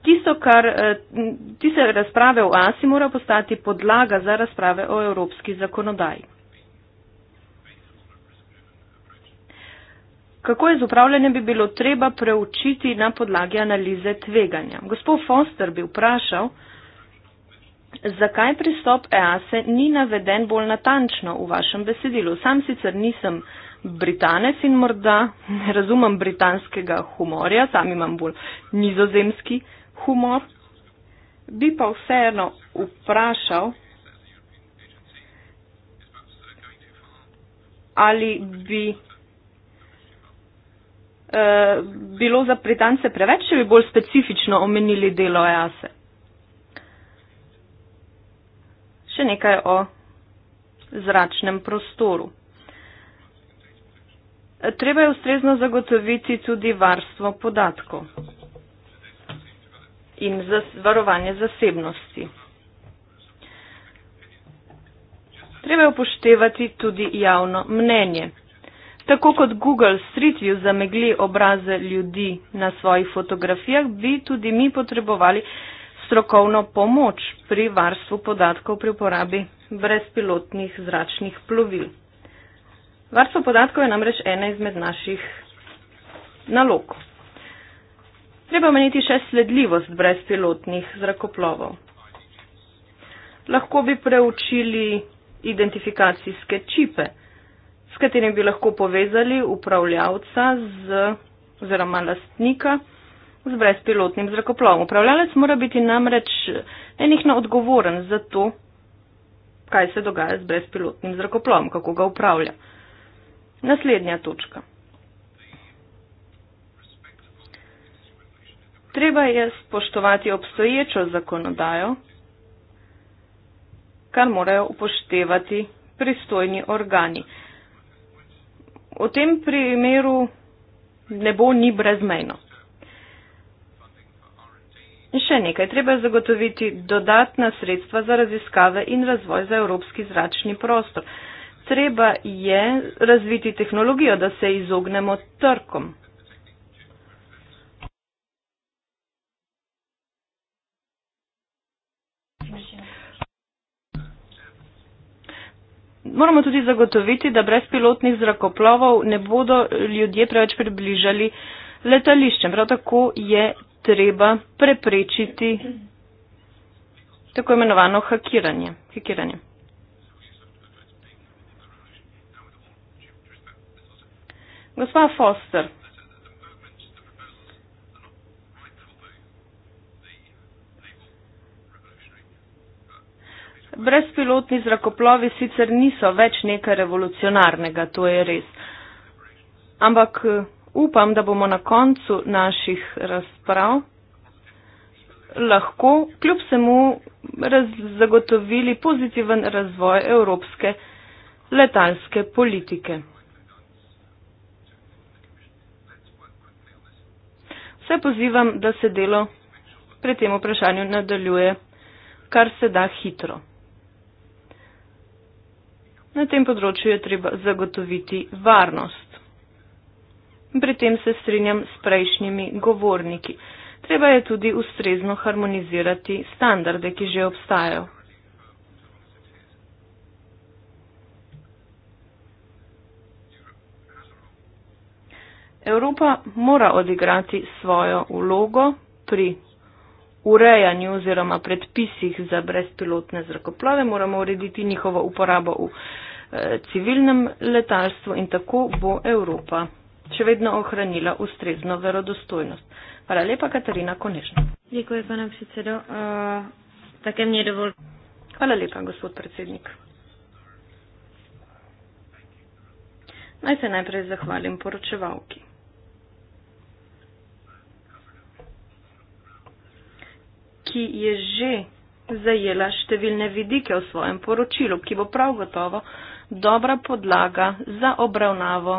Tisto, kar eh, tiste razprave v Asi mora postati podlaga za razprave o evropski zakonodaji. kako je z upravljanjem bi bilo treba preučiti na podlagi analize tveganja. Gospod Foster bi vprašal, zakaj pristop EASE e ni naveden bolj natančno v vašem besedilu. Sam sicer nisem Britanec in morda ne razumem britanskega humorja, sam imam bolj nizozemski humor, bi pa vseeno vprašal, ali bi Eh, bilo za Britance preveč, če bi bolj specifično omenili delo EASE. Še nekaj o zračnem prostoru. Treba je ustrezno zagotoviti tudi varstvo podatkov in varovanje zasebnosti. Treba je upoštevati tudi javno mnenje. Tako kot Google Street View zamegli obraze ljudi na svojih fotografijah, bi tudi mi potrebovali strokovno pomoč pri varstvu podatkov pri uporabi brezpilotnih zračnih plovil. Varstvo podatkov je namreč ena izmed naših nalog. Treba omeniti še sledljivost brezpilotnih zrakoplovov. Lahko bi preučili identifikacijske čipe s katerim bi lahko povezali upravljavca z, oziroma lastnika z brezpilotnim zrakoplovom. Upravljalec mora biti namreč enihno odgovoren za to, kaj se dogaja z brezpilotnim zrakoplovom, kako ga upravlja. Naslednja točka. Treba je spoštovati obstoječo zakonodajo, kar morajo upoštevati pristojni organi v tem primeru nebo ni brezmejno. In še nekaj, treba je zagotoviti dodatna sredstva za raziskave in razvoj za evropski zračni prostor. Treba je razviti tehnologijo, da se izognemo trkom. Moramo tudi zagotoviti, da brezpilotnih zrakoplovov ne bodo ljudje preveč približali letališčem. Prav tako je treba preprečiti tako imenovano hakiranje. hakiranje. Gospa Foster. brezpilotni zrakoplovi sicer niso več nekaj revolucionarnega, to je res. Ampak eh, upam, da bomo na koncu naših razprav lahko kljub semu zagotovili pozitiven razvoj evropske letalske politike. Vse pozivam, da se delo pri tem vprašanju nadaljuje kar se da hitro. Na tem področju je treba zagotoviti varnost. Pri tem se strinjam s prejšnjimi govorniki. Treba je tudi ustrezno harmonizirati standarde, ki že obstajajo. Evropa mora odigrati svojo vlogo pri urejanju oziroma predpisih za brezpilotne zrakoplove, moramo urediti njihovo uporabo v eh, civilnem letalstvu in tako bo Evropa še vedno ohranila ustrezno verodostojnost. Hvala lepa, Katarina Konežna. Dziękuję panu przedsedo. Uh, eh, také mě dovol. Hvala lepa, gospod predsednik. Naj se najprej zahvalim poročevalki. ki je že zajela številne vidike v svojem poročilu, ki bo prav gotovo dobra podlaga za obravnavo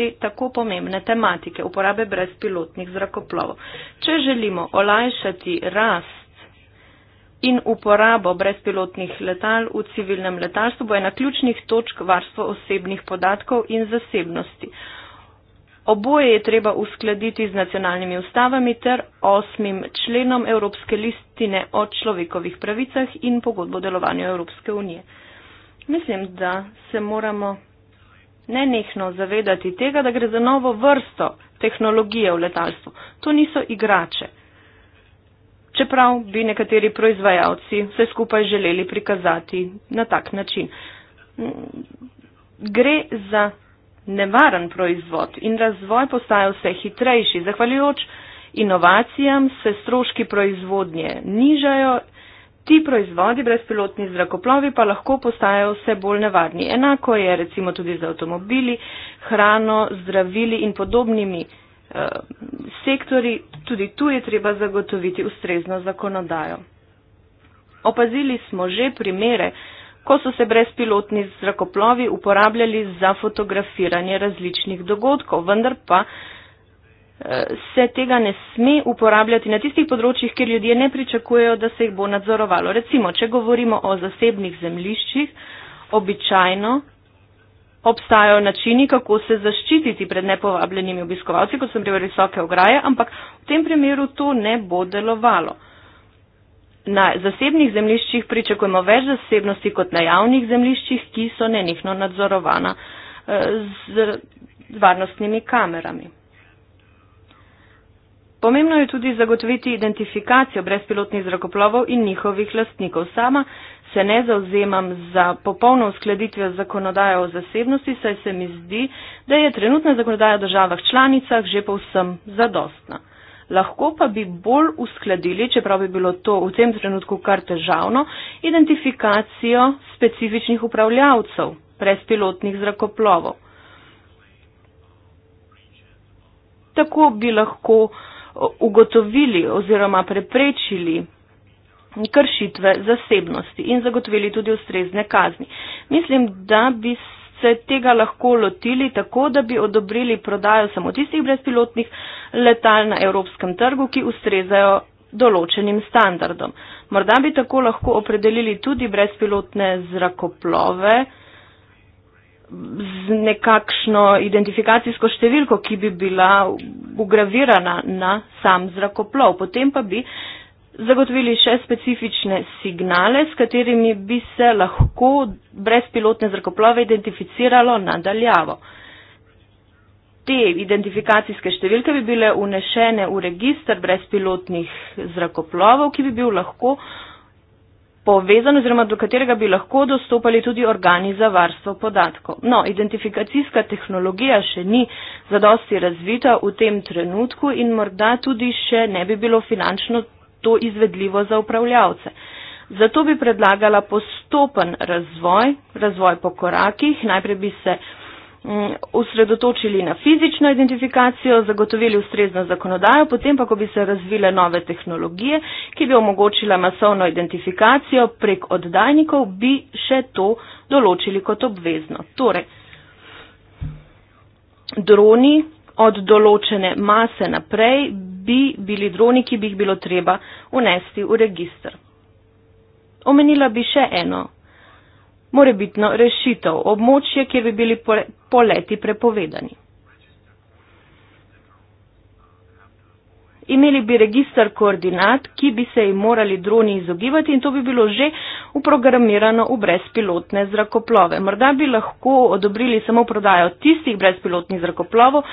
te tako pomembne tematike uporabe brezpilotnih zrakoplovov. Če želimo olajšati rast in uporabo brezpilotnih letal v civilnem letalstvu, bo ena ključnih točk varstvo osebnih podatkov in zasebnosti. Oboje je treba uskladiti z nacionalnimi ustavami ter osmim členom Evropske listine o človekovih pravicah in pogodbo o delovanju Evropske unije. Mislim, da se moramo nenehno zavedati tega, da gre za novo vrsto tehnologije v letalstvu. To niso igrače. Čeprav bi nekateri proizvajalci vse skupaj želeli prikazati na tak način. Gre za nevaren proizvod in razvoj postaja vse hitrejši. Zahvaljujoč inovacijam se stroški proizvodnje nižajo, ti proizvodi brezpilotni zrakoplovi pa lahko postajajo vse bolj nevarni. Enako je recimo tudi z avtomobili, hrano, zdravili in podobnimi eh, sektori, tudi tu je treba zagotoviti ustrezno zakonodajo. Opazili smo že primere, ko so se brezpilotni zrakoplovi uporabljali za fotografiranje različnih dogodkov, vendar pa eh, se tega ne sme uporabljati na tistih področjih, kjer ljudje ne pričakujejo, da se jih bo nadzorovalo. Recimo, če govorimo o zasebnih zemliščih, običajno obstajajo načini, kako se zaščititi pred nepovabljenimi obiskovalci, kot sem prijel visoke ograje, ampak v tem primeru to ne bo delovalo. Na zasebnih zemljiščih pričakujemo več zasebnosti kot na javnih zemljiščih, ki so nenehno nadzorovana eh, z varnostnimi kamerami. Pomembno je tudi zagotoviti identifikacijo brezpilotnih zrakoplovov in njihovih lastnikov. Sama se ne zauzemam za popolno uskladitve zakonodaje o zasebnosti, saj se mi zdi, da je trenutna zakonodaja v državah članicah že povsem zadostna lahko pa bi bolj uskladili, čeprav bi bilo to v tem trenutku kar težavno, identifikacijo specifičnih upravljavcev brezpilotnih zrakoplovov. Tako bi lahko ugotovili oziroma preprečili kršitve zasebnosti in zagotovili tudi ustrezne kazni. Mislim, da bi se se tega lahko lotili tako, da bi odobrili prodajo samo tistih brezpilotnih letal na evropskem trgu, ki ustrezajo določenim standardom. Morda bi tako lahko opredelili tudi brezpilotne zrakoplove z nekakšno identifikacijsko številko, ki bi bila ugravirana na sam zrakoplov. Potem pa bi zagotovili še specifične signale, s katerimi bi se lahko brezpilotne zrakoplove identificiralo nadaljavo. Te identifikacijske številke bi bile unešene v registr brezpilotnih zrakoplovov, ki bi bil lahko povezan oziroma do katerega bi lahko dostopali tudi organi za varstvo podatkov. No, identifikacijska tehnologija še ni zadosti razvita v tem trenutku in morda tudi še ne bi bilo finančno to izvedljivo za upravljavce. Zato bi predlagala postopen razvoj, razvoj po korakih. Najprej bi se mm, osredotočili na fizično identifikacijo, zagotovili ustrezno zakonodajo, potem pa, ko bi se razvile nove tehnologije, ki bi omogočila masovno identifikacijo prek oddajnikov, bi še to določili kot obvezno. Torej, droni od določene mase naprej bi bili droni, ki bi jih bilo treba unesti v registr. Omenila bi še eno. Morebitno rešitev območje, kjer bi bili poleti prepovedani. imeli bi registr koordinat, ki bi se jim morali droni izogibati in to bi bilo že uprogramirano v brezpilotne zrakoplove. Morda bi lahko odobrili samo prodajo tistih brezpilotnih zrakoplovov,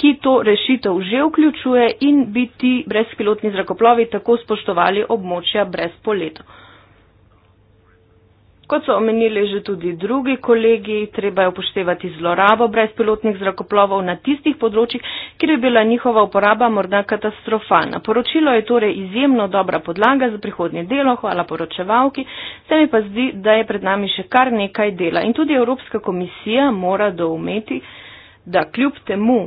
ki to rešitev že vključuje in bi ti brezpilotni zrakoplovi tako spoštovali območja brez poletov. Kot so omenili že tudi drugi kolegi, treba je upoštevati zlorabo brezpilotnih zrakoplovov na tistih področjih, kjer je bila njihova uporaba morda katastrofalna. Poročilo je torej izjemno dobra podlaga za prihodnje delo, hvala poročevalki, se mi pa zdi, da je pred nami še kar nekaj dela in tudi Evropska komisija mora doumeti, da kljub temu,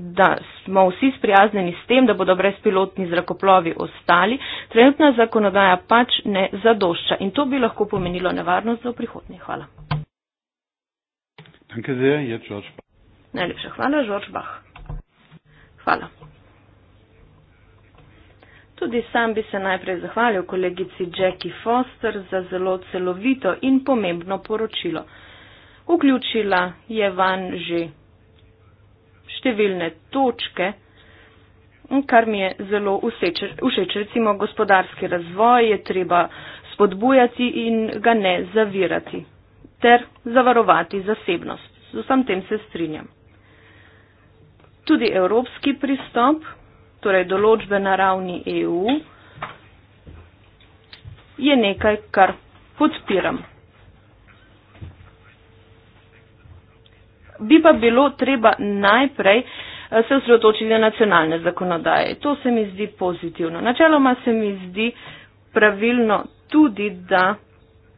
da smo vsi sprijaznjeni s tem, da bodo brezpilotni zrakoplovi ostali, trenutna zakonodaja pač ne zadošča in to bi lahko pomenilo nevarnost za prihodnje. Hvala. Najlepša hvala, George Bach. Hvala. Tudi sam bi se najprej zahvalil kolegici Jackie Foster za zelo celovito in pomembno poročilo. Vključila je van že številne točke, kar mi je zelo všeč. Všeč recimo gospodarski razvoj je treba spodbujati in ga ne zavirati ter zavarovati zasebnost. Z vsem tem se strinjam. Tudi evropski pristop, torej določbe na ravni EU, je nekaj, kar podpiram. bi pa bilo treba najprej eh, se osredotočiti na nacionalne zakonodaje. To se mi zdi pozitivno. Načeloma se mi zdi pravilno tudi, da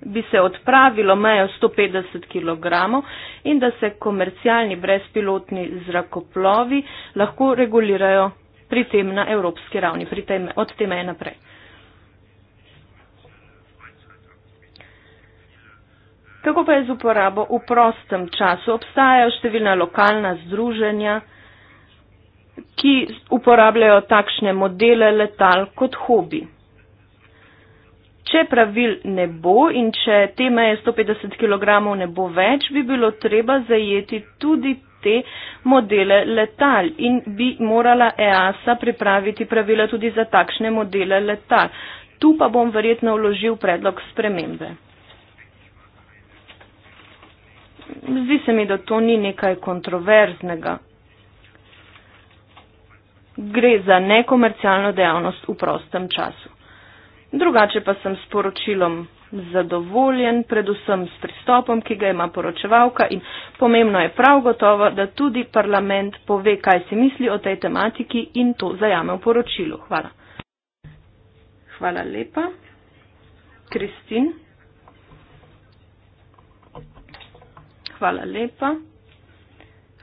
bi se odpravilo mejo 150 kg in da se komercialni brezpilotni zrakoplovi lahko regulirajo pri tem na evropski ravni, tem, od teme naprej. Kako pa je z uporabo v prostem času? Obstajajo številna lokalna združenja, ki uporabljajo takšne modele letal kot hobi. Če pravil ne bo in če te meje 150 kg ne bo več, bi bilo treba zajeti tudi te modele letal in bi morala EASA pripraviti pravila tudi za takšne modele letal. Tu pa bom verjetno vložil predlog spremembe zdi se mi, da to ni nekaj kontroverznega. Gre za nekomercialno dejavnost v prostem času. Drugače pa sem s poročilom zadovoljen, predvsem s pristopom, ki ga ima poročevalka in pomembno je prav gotovo, da tudi parlament pove, kaj si misli o tej tematiki in to zajame v poročilu. Hvala. Hvala lepa. Kristin. hvala lepa.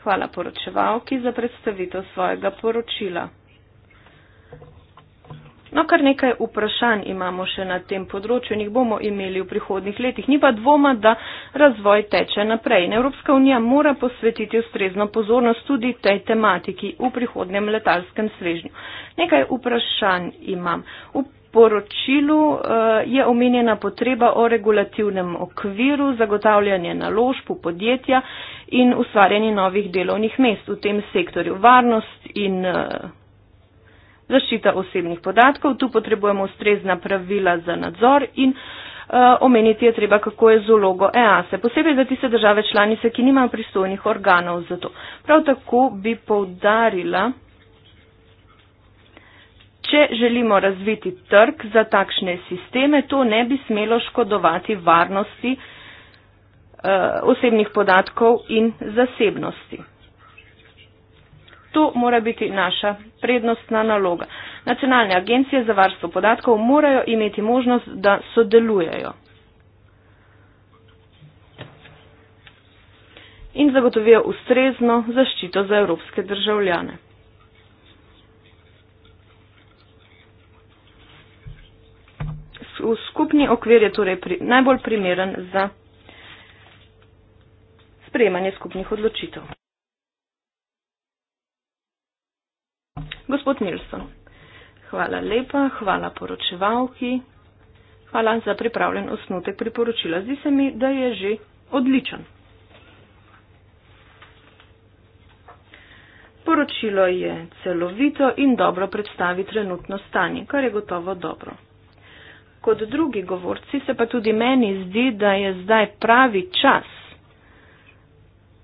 Hvala poročevalki za predstavitev svojega poročila. No, kar nekaj vprašanj imamo še na tem področju in jih bomo imeli v prihodnih letih. Ni pa dvoma, da razvoj teče naprej. In Evropska unija mora posvetiti ustrezno pozornost tudi tej tematiki v prihodnem letalskem svežnju. Nekaj vprašanj imam. V poročilu eh, je omenjena potreba o regulativnem okviru, zagotavljanje naložb v podjetja in ustvarjanje novih delovnih mest v tem sektorju. Varnost in eh, zaščita osebnih podatkov, tu potrebujemo ustrezna pravila za nadzor in eh, omeniti je treba, kako je z ulogo EASE, posebej za tiste države članice, ki nimajo pristojnih organov za to. Prav tako bi poudarila, Če želimo razviti trg za takšne sisteme, to ne bi smelo škodovati varnosti eh, osebnih podatkov in zasebnosti. To mora biti naša prednostna naloga. Nacionalne agencije za varstvo podatkov morajo imeti možnost, da sodelujejo in zagotovijo ustrezno zaščito za evropske državljane. v skupni okvir je torej pri, najbolj primeren za sprejemanje skupnih odločitev. Gospod Nilsson, hvala lepa, hvala poročevalki, hvala za pripravljen osnutek priporočila. Zdi se mi, da je že odličen. Poročilo je celovito in dobro predstavi trenutno stanje, kar je gotovo dobro kot drugi govorci, se pa tudi meni zdi, da je zdaj pravi čas,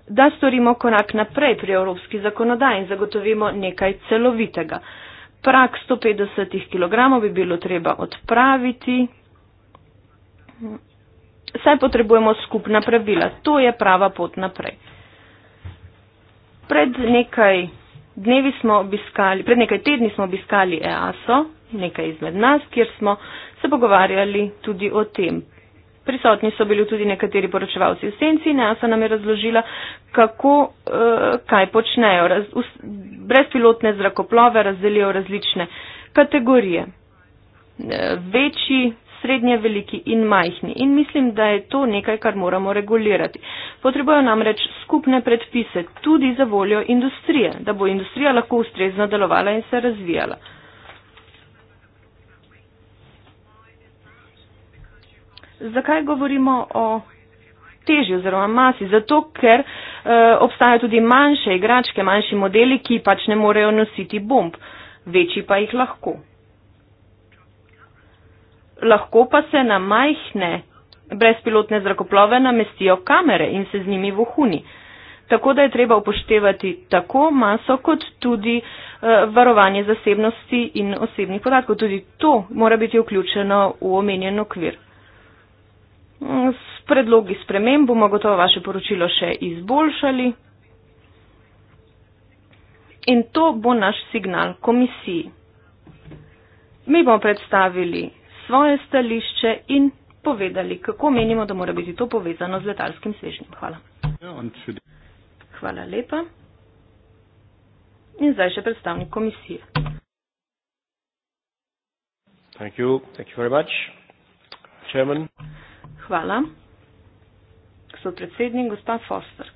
da storimo korak naprej pri evropski zakonodaji in zagotovimo nekaj celovitega. Prak 150 kg bi bilo treba odpraviti, saj potrebujemo skupna pravila. To je prava pot naprej. Pred nekaj, smo obiskali, pred nekaj tedni smo obiskali EASO, nekaj izmed nas, kjer smo se pogovarjali tudi o tem. Prisotni so bili tudi nekateri poročevalci v senci in Asa nam je razložila, kako, eh, kaj počnejo. Raz, us, brezpilotne zrakoplove razdelijo različne kategorije. Eh, večji, srednje veliki in majhni. In mislim, da je to nekaj, kar moramo regulirati. Potrebujo namreč skupne predpise tudi za voljo industrije, da bo industrija lahko ustrezno delovala in se razvijala. Zakaj govorimo o težji oziroma masi? Zato, ker e, obstajajo tudi manjše igračke, manjši modeli, ki pač ne morejo nositi bomb, večji pa jih lahko. Lahko pa se na majhne brezpilotne zrakoplove namestijo kamere in se z njimi vohuni. Tako da je treba upoštevati tako maso, kot tudi uh, varovanje zasebnosti in osebnih podatkov. Tudi to mora biti vključeno v omenjen okvir. Mm, s predlogi spremem bomo gotovo vaše poročilo še izboljšali. In to bo naš signal komisiji. Mi bomo predstavili svoje stališče in povedali, kako menimo, da mora biti to povezano z letalskim svežnjem. Hvala. Hvala lepa. In zdaj še predstavnik komisije. Thank you. Thank you very much. Chairman. Hvala. Gospod predsednik, gospod Foster.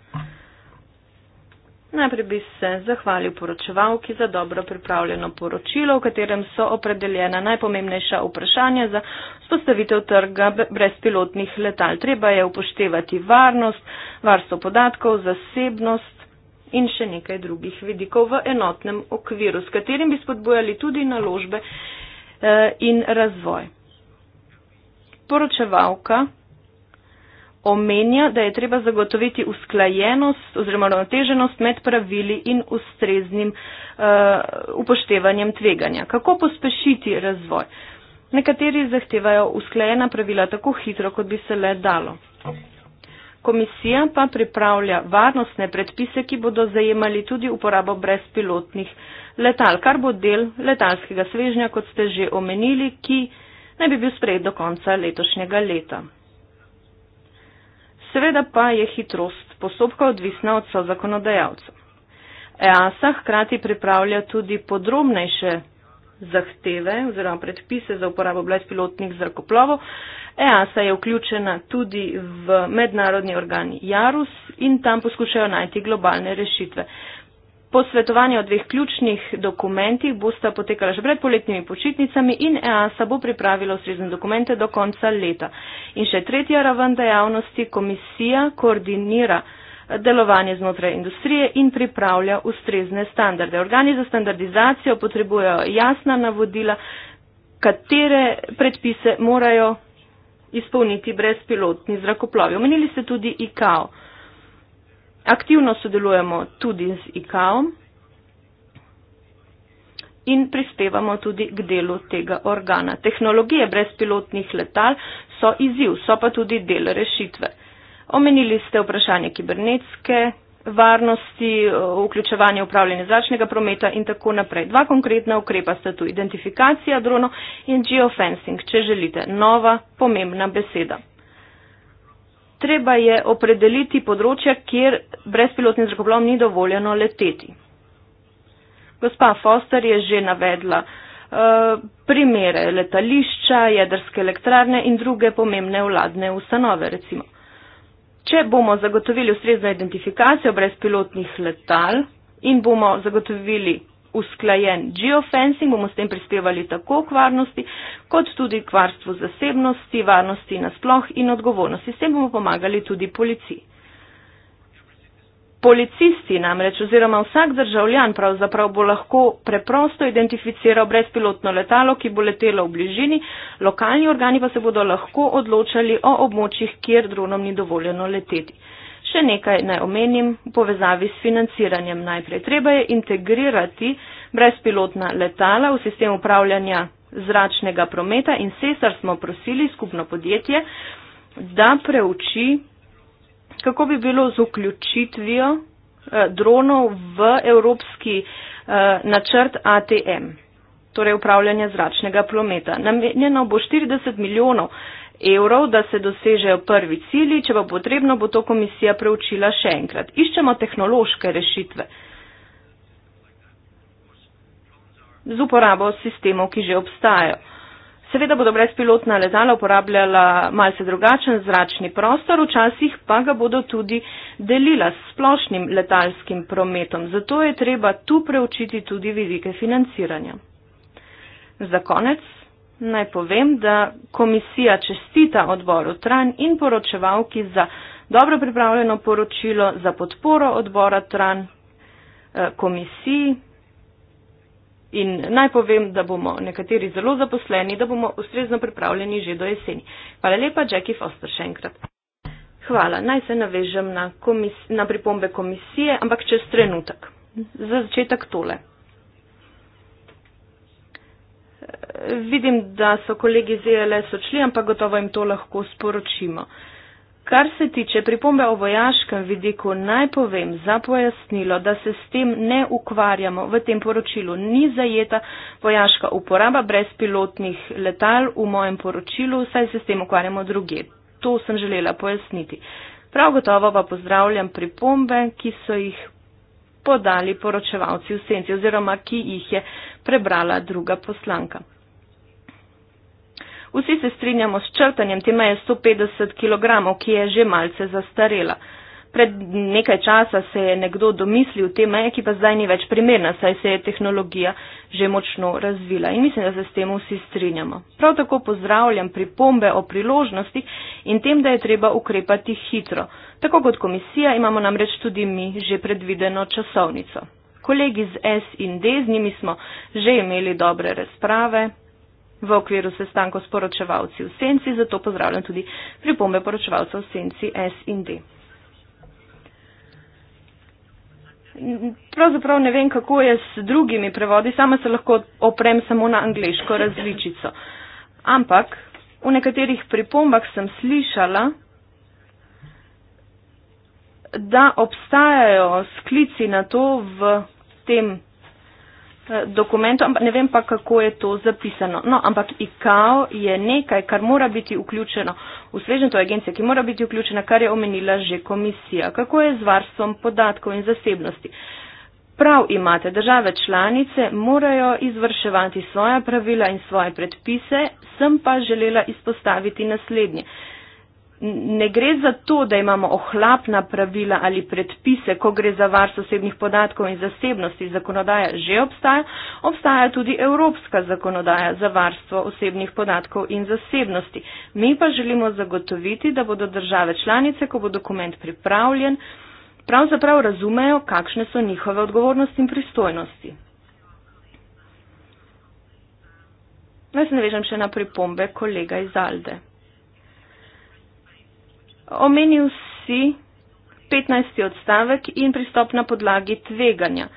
Najprej bi se zahvalil poročevalki za dobro pripravljeno poročilo, v katerem so opredeljena najpomembnejša vprašanja za spostavitev trga brezpilotnih letal. Treba je upoštevati varnost, varstvo podatkov, zasebnost in še nekaj drugih vidikov v enotnem okviru, s katerim bi spodbojali tudi naložbe eh, in razvoj poročevalka omenja, da je treba zagotoviti usklajenost oziroma ravnoteženost med pravili in ustreznim uh, upoštevanjem tveganja. Kako pospešiti razvoj? Nekateri zahtevajo usklajena pravila tako hitro, kot bi se le dalo. Komisija pa pripravlja varnostne predpise, ki bodo zajemali tudi uporabo brezpilotnih letal, kar bo del letalskega svežnja, kot ste že omenili, ki naj bi bil sprejet do konca letošnjega leta. Seveda pa je hitrost postopka odvisna od so zakonodajalcev. EASA hkrati pripravlja tudi podrobnejše zahteve oziroma predpise za uporabo brezpilotnih zrakoplovov. EASA je vključena tudi v mednarodni organ JARUS in tam poskušajo najti globalne rešitve. Posvetovanje o dveh ključnih dokumentih bosta potekala še pred poletnimi počitnicami in EASA bo pripravila ustrezne dokumente do konca leta. In še tretja raven dejavnosti, komisija koordinira eh, delovanje znotraj industrije in pripravlja ustrezne standarde. Organi za standardizacijo potrebujejo jasna navodila, katere predpise morajo izpolniti brezpilotni zrakoplovi. Omenili ste tudi ICAO. Aktivno sodelujemo tudi z IKAOM in prispevamo tudi k delu tega organa. Tehnologije brezpilotnih letal so izziv, so pa tudi del rešitve. Omenili ste vprašanje kibernetske varnosti, vključevanje upravljanja zračnega prometa in tako naprej. Dva konkretna ukrepa sta tu identifikacija dronov in geofencing, če želite, nova pomembna beseda treba je opredeliti področja, kjer brezpilotni zrakoplov ni dovoljeno leteti. Gospa Foster je že navedla uh, primere letališča, jedrske elektrarne in druge pomembne vladne ustanove. Recimo. Če bomo zagotovili ustrezno identifikacijo brezpilotnih letal in bomo zagotovili usklajen geofencing, bomo s tem prispevali tako k varnosti, kot tudi k varstvu zasebnosti, varnosti nasploh in odgovornosti. S tem bomo pomagali tudi policiji. Policisti namreč oziroma vsak državljan pravzaprav bo lahko preprosto identificiral brezpilotno letalo, ki bo letelo v bližini, lokalni organi pa se bodo lahko odločali o območjih, kjer dronom ni dovoljeno leteti. Še nekaj naj omenim v povezavi s financiranjem. Najprej treba je integrirati brezpilotna letala v sistem upravljanja zračnega prometa in sesar smo prosili skupno podjetje, da preuči, kako bi bilo z vključitvijo eh, dronov v evropski eh, načrt ATM, torej upravljanje zračnega prometa. Namenjeno bo 40 milijonov evrov, da se dosežejo prvi cilji, če pa potrebno, bo to komisija preučila še enkrat. Iščemo tehnološke rešitve z uporabo sistemov, ki že obstajajo. Seveda bodo brezpilotna letala uporabljala malce drugačen zračni prostor, včasih pa ga bodo tudi delila s splošnim letalskim prometom. Zato je treba tu preučiti tudi vidike financiranja. Za konec. Naj povem, da komisija čestita odboru Tran in poročevalki za dobro pripravljeno poročilo za podporo odbora Tran eh, komisiji. In naj povem, da bomo nekateri zelo zaposleni, da bomo ustrezno pripravljeni že do jeseni. Hvala lepa, Jackie Foster, še enkrat. Hvala, naj se navežem na, komis na pripombe komisije, ampak čez trenutek. Za začetek tole vidim, da so kolegi iz ELS odšli, ampak gotovo jim to lahko sporočimo. Kar se tiče pripombe o vojaškem vidiku, naj povem za pojasnilo, da se s tem ne ukvarjamo. V tem poročilu ni zajeta vojaška uporaba brezpilotnih letal v mojem poročilu, saj se s tem ukvarjamo druge. To sem želela pojasniti. Prav gotovo pa pozdravljam pripombe, ki so jih podali poročevalci v senci oziroma ki jih je prebrala druga poslanka. Vsi se strinjamo s črtanjem te meje 150 kg, ki je že malce zastarela pred nekaj časa se je nekdo domislil te meje, ki pa zdaj ni več primerna, saj se je tehnologija že močno razvila in mislim, da se s tem vsi strinjamo. Prav tako pozdravljam pripombe o priložnostih in tem, da je treba ukrepati hitro. Tako kot komisija imamo namreč tudi mi že predvideno časovnico. Kolegi z S in D, z njimi smo že imeli dobre razprave v okviru sestanko s poročevalci v Senci, zato pozdravljam tudi pripombe poročevalcev v Senci S in D. pravzaprav ne vem, kako je s drugimi prevodi, sama se lahko oprem samo na angliško različico. Ampak v nekaterih pripombah sem slišala, da obstajajo sklici na to v tem dokumentu, ampak ne vem pa, kako je to zapisano. No, ampak ICAO je nekaj, kar mora biti vključeno v svežen, to je agencija, ki mora biti vključena, kar je omenila že komisija. Kako je z varstvom podatkov in zasebnosti? Prav imate, države članice morajo izvrševati svoja pravila in svoje predpise, sem pa želela izpostaviti naslednje ne gre za to, da imamo ohlapna pravila ali predpise, ko gre za varstvo osebnih podatkov in zasebnosti. Zakonodaja že obstaja, obstaja tudi evropska zakonodaja za varstvo osebnih podatkov in zasebnosti. Mi pa želimo zagotoviti, da bodo države članice, ko bo dokument pripravljen, pravzaprav razumejo, kakšne so njihove odgovornosti in pristojnosti. Naj se navežem še na pripombe kolega iz Alde omenil si 15. odstavek in pristop na podlagi tveganja.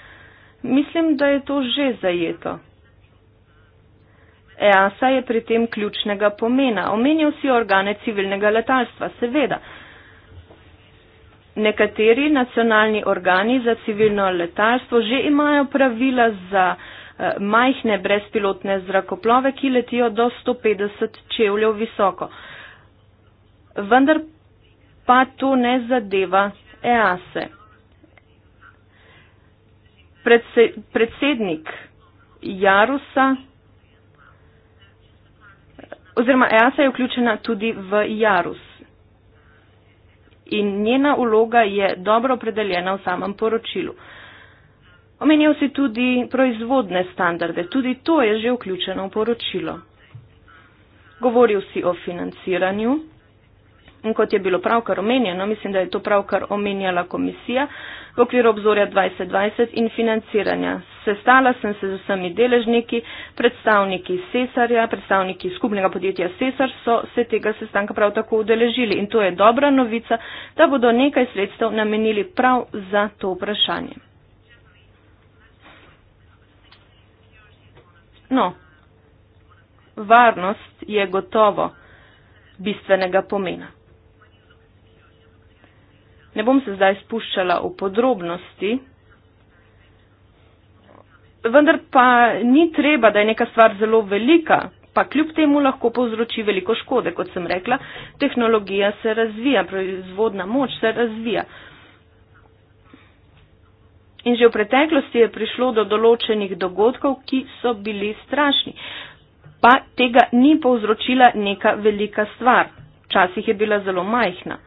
Mislim, da je to že zajeto. EASA je pri tem ključnega pomena. Omenil si organe civilnega letalstva, seveda. Nekateri nacionalni organi za civilno letalstvo že imajo pravila za eh, majhne brezpilotne zrakoplove, ki letijo do 150 čevljev visoko. Vendar pa to ne zadeva EASE. E. Predse, predsednik Jarusa oziroma EASA e je vključena tudi v Jarus. In njena uloga je dobro opredeljena v samem poročilu. Omenjal si tudi proizvodne standarde, tudi to je že vključeno v poročilo. Govoril si o financiranju. In kot je bilo pravkar omenjeno, mislim, da je to pravkar omenjala komisija v okviru obzorja 2020 in financiranja. Sestala sem se z vsemi deležniki, predstavniki Cesarja, predstavniki skupnega podjetja Cesar so se tega sestanka prav tako udeležili in to je dobra novica, da bodo nekaj sredstev namenili prav za to vprašanje. No, varnost je gotovo bistvenega pomena. Ne bom se zdaj spuščala v podrobnosti, vendar pa ni treba, da je neka stvar zelo velika, pa kljub temu lahko povzroči veliko škode. Kot sem rekla, tehnologija se razvija, proizvodna moč se razvija. In že v preteklosti je prišlo do določenih dogodkov, ki so bili strašni, pa tega ni povzročila neka velika stvar. Včasih je bila zelo majhna.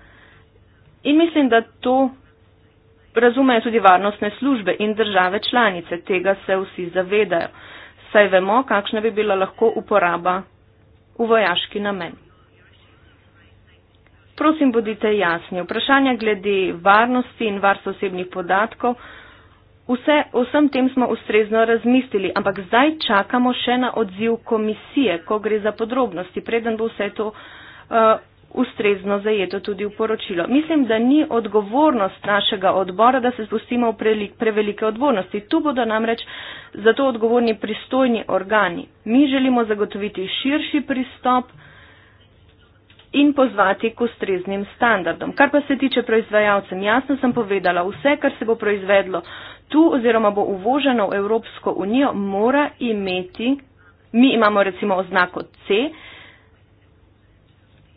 In mislim, da to razumejo tudi varnostne službe in države članice, tega se vsi zavedajo, saj vemo, kakšna bi bila lahko uporaba v vojaški namen. Prosim, bodite jasni. Vprašanja glede varnosti in varstva osebnih podatkov, vse, vsem tem smo ustrezno razmislili, ampak zdaj čakamo še na odziv komisije, ko gre za podrobnosti, preden bo vse to. Uh, ustrezno zajeto tudi v poročilo. Mislim, da ni odgovornost našega odbora, da se spustimo v prevelike odgovornosti. Tu bodo namreč zato odgovorni pristojni organi. Mi želimo zagotoviti širši pristop in pozvati k ustreznim standardom. Kar pa se tiče proizvajalcem, jasno sem povedala, vse, kar se bo proizvedlo tu oziroma bo uvoženo v Evropsko unijo, mora imeti, mi imamo recimo oznako C,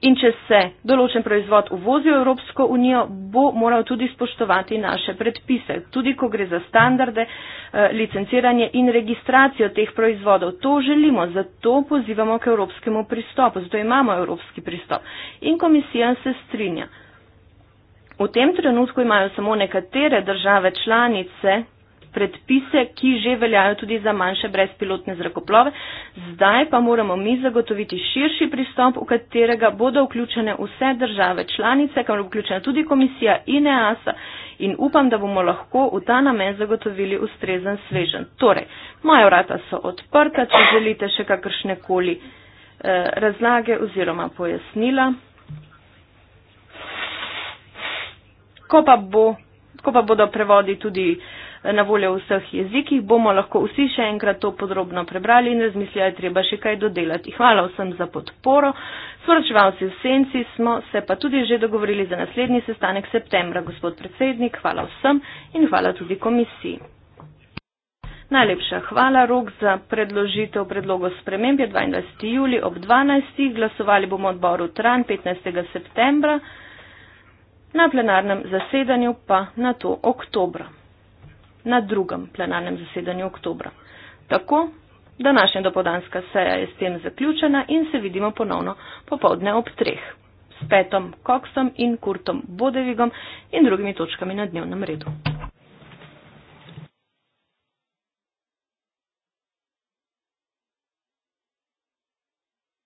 In če se določen proizvod uvozi v Evropsko unijo, bo moral tudi spoštovati naše predpise, tudi ko gre za standarde, eh, licenciranje in registracijo teh proizvodov. To želimo, zato pozivamo k evropskemu pristopu, zato imamo evropski pristop. In komisija se strinja. V tem trenutku imajo samo nekatere države članice predpise, ki že veljajo tudi za manjše brezpilotne zrakoplove. Zdaj pa moramo mi zagotoviti širši pristop, v katerega bodo vključene vse države članice, kamor vključena tudi komisija in EASA. In upam, da bomo lahko v ta namen zagotovili ustrezen svežen. Torej, moja vrata so odprta, če želite še kakršne koli eh, razlage oziroma pojasnila. Ko pa, bo, ko pa bodo prevodi tudi eh, na voljo v vseh jezikih, bomo lahko vsi še enkrat to podrobno prebrali in razmislili, ali je treba še kaj dodelati. Hvala vsem za podporo. Sporočevalci v senci smo se pa tudi že dogovorili za naslednji sestanek septembra. Gospod predsednik, hvala vsem in hvala tudi komisiji. Najlepša hvala. Rok za predložitev predlogo sprememb je 22. juli ob 12. Glasovali bomo odboru Tran 15. septembra, na plenarnem zasedanju pa na to oktobra na drugem plenarnem zasedanju oktobra. Tako, današnja dopodanska seja je s tem zaključena in se vidimo ponovno popovdne ob treh s Petom Koksom in Kurtom Bodevigom in drugimi točkami na dnevnem redu.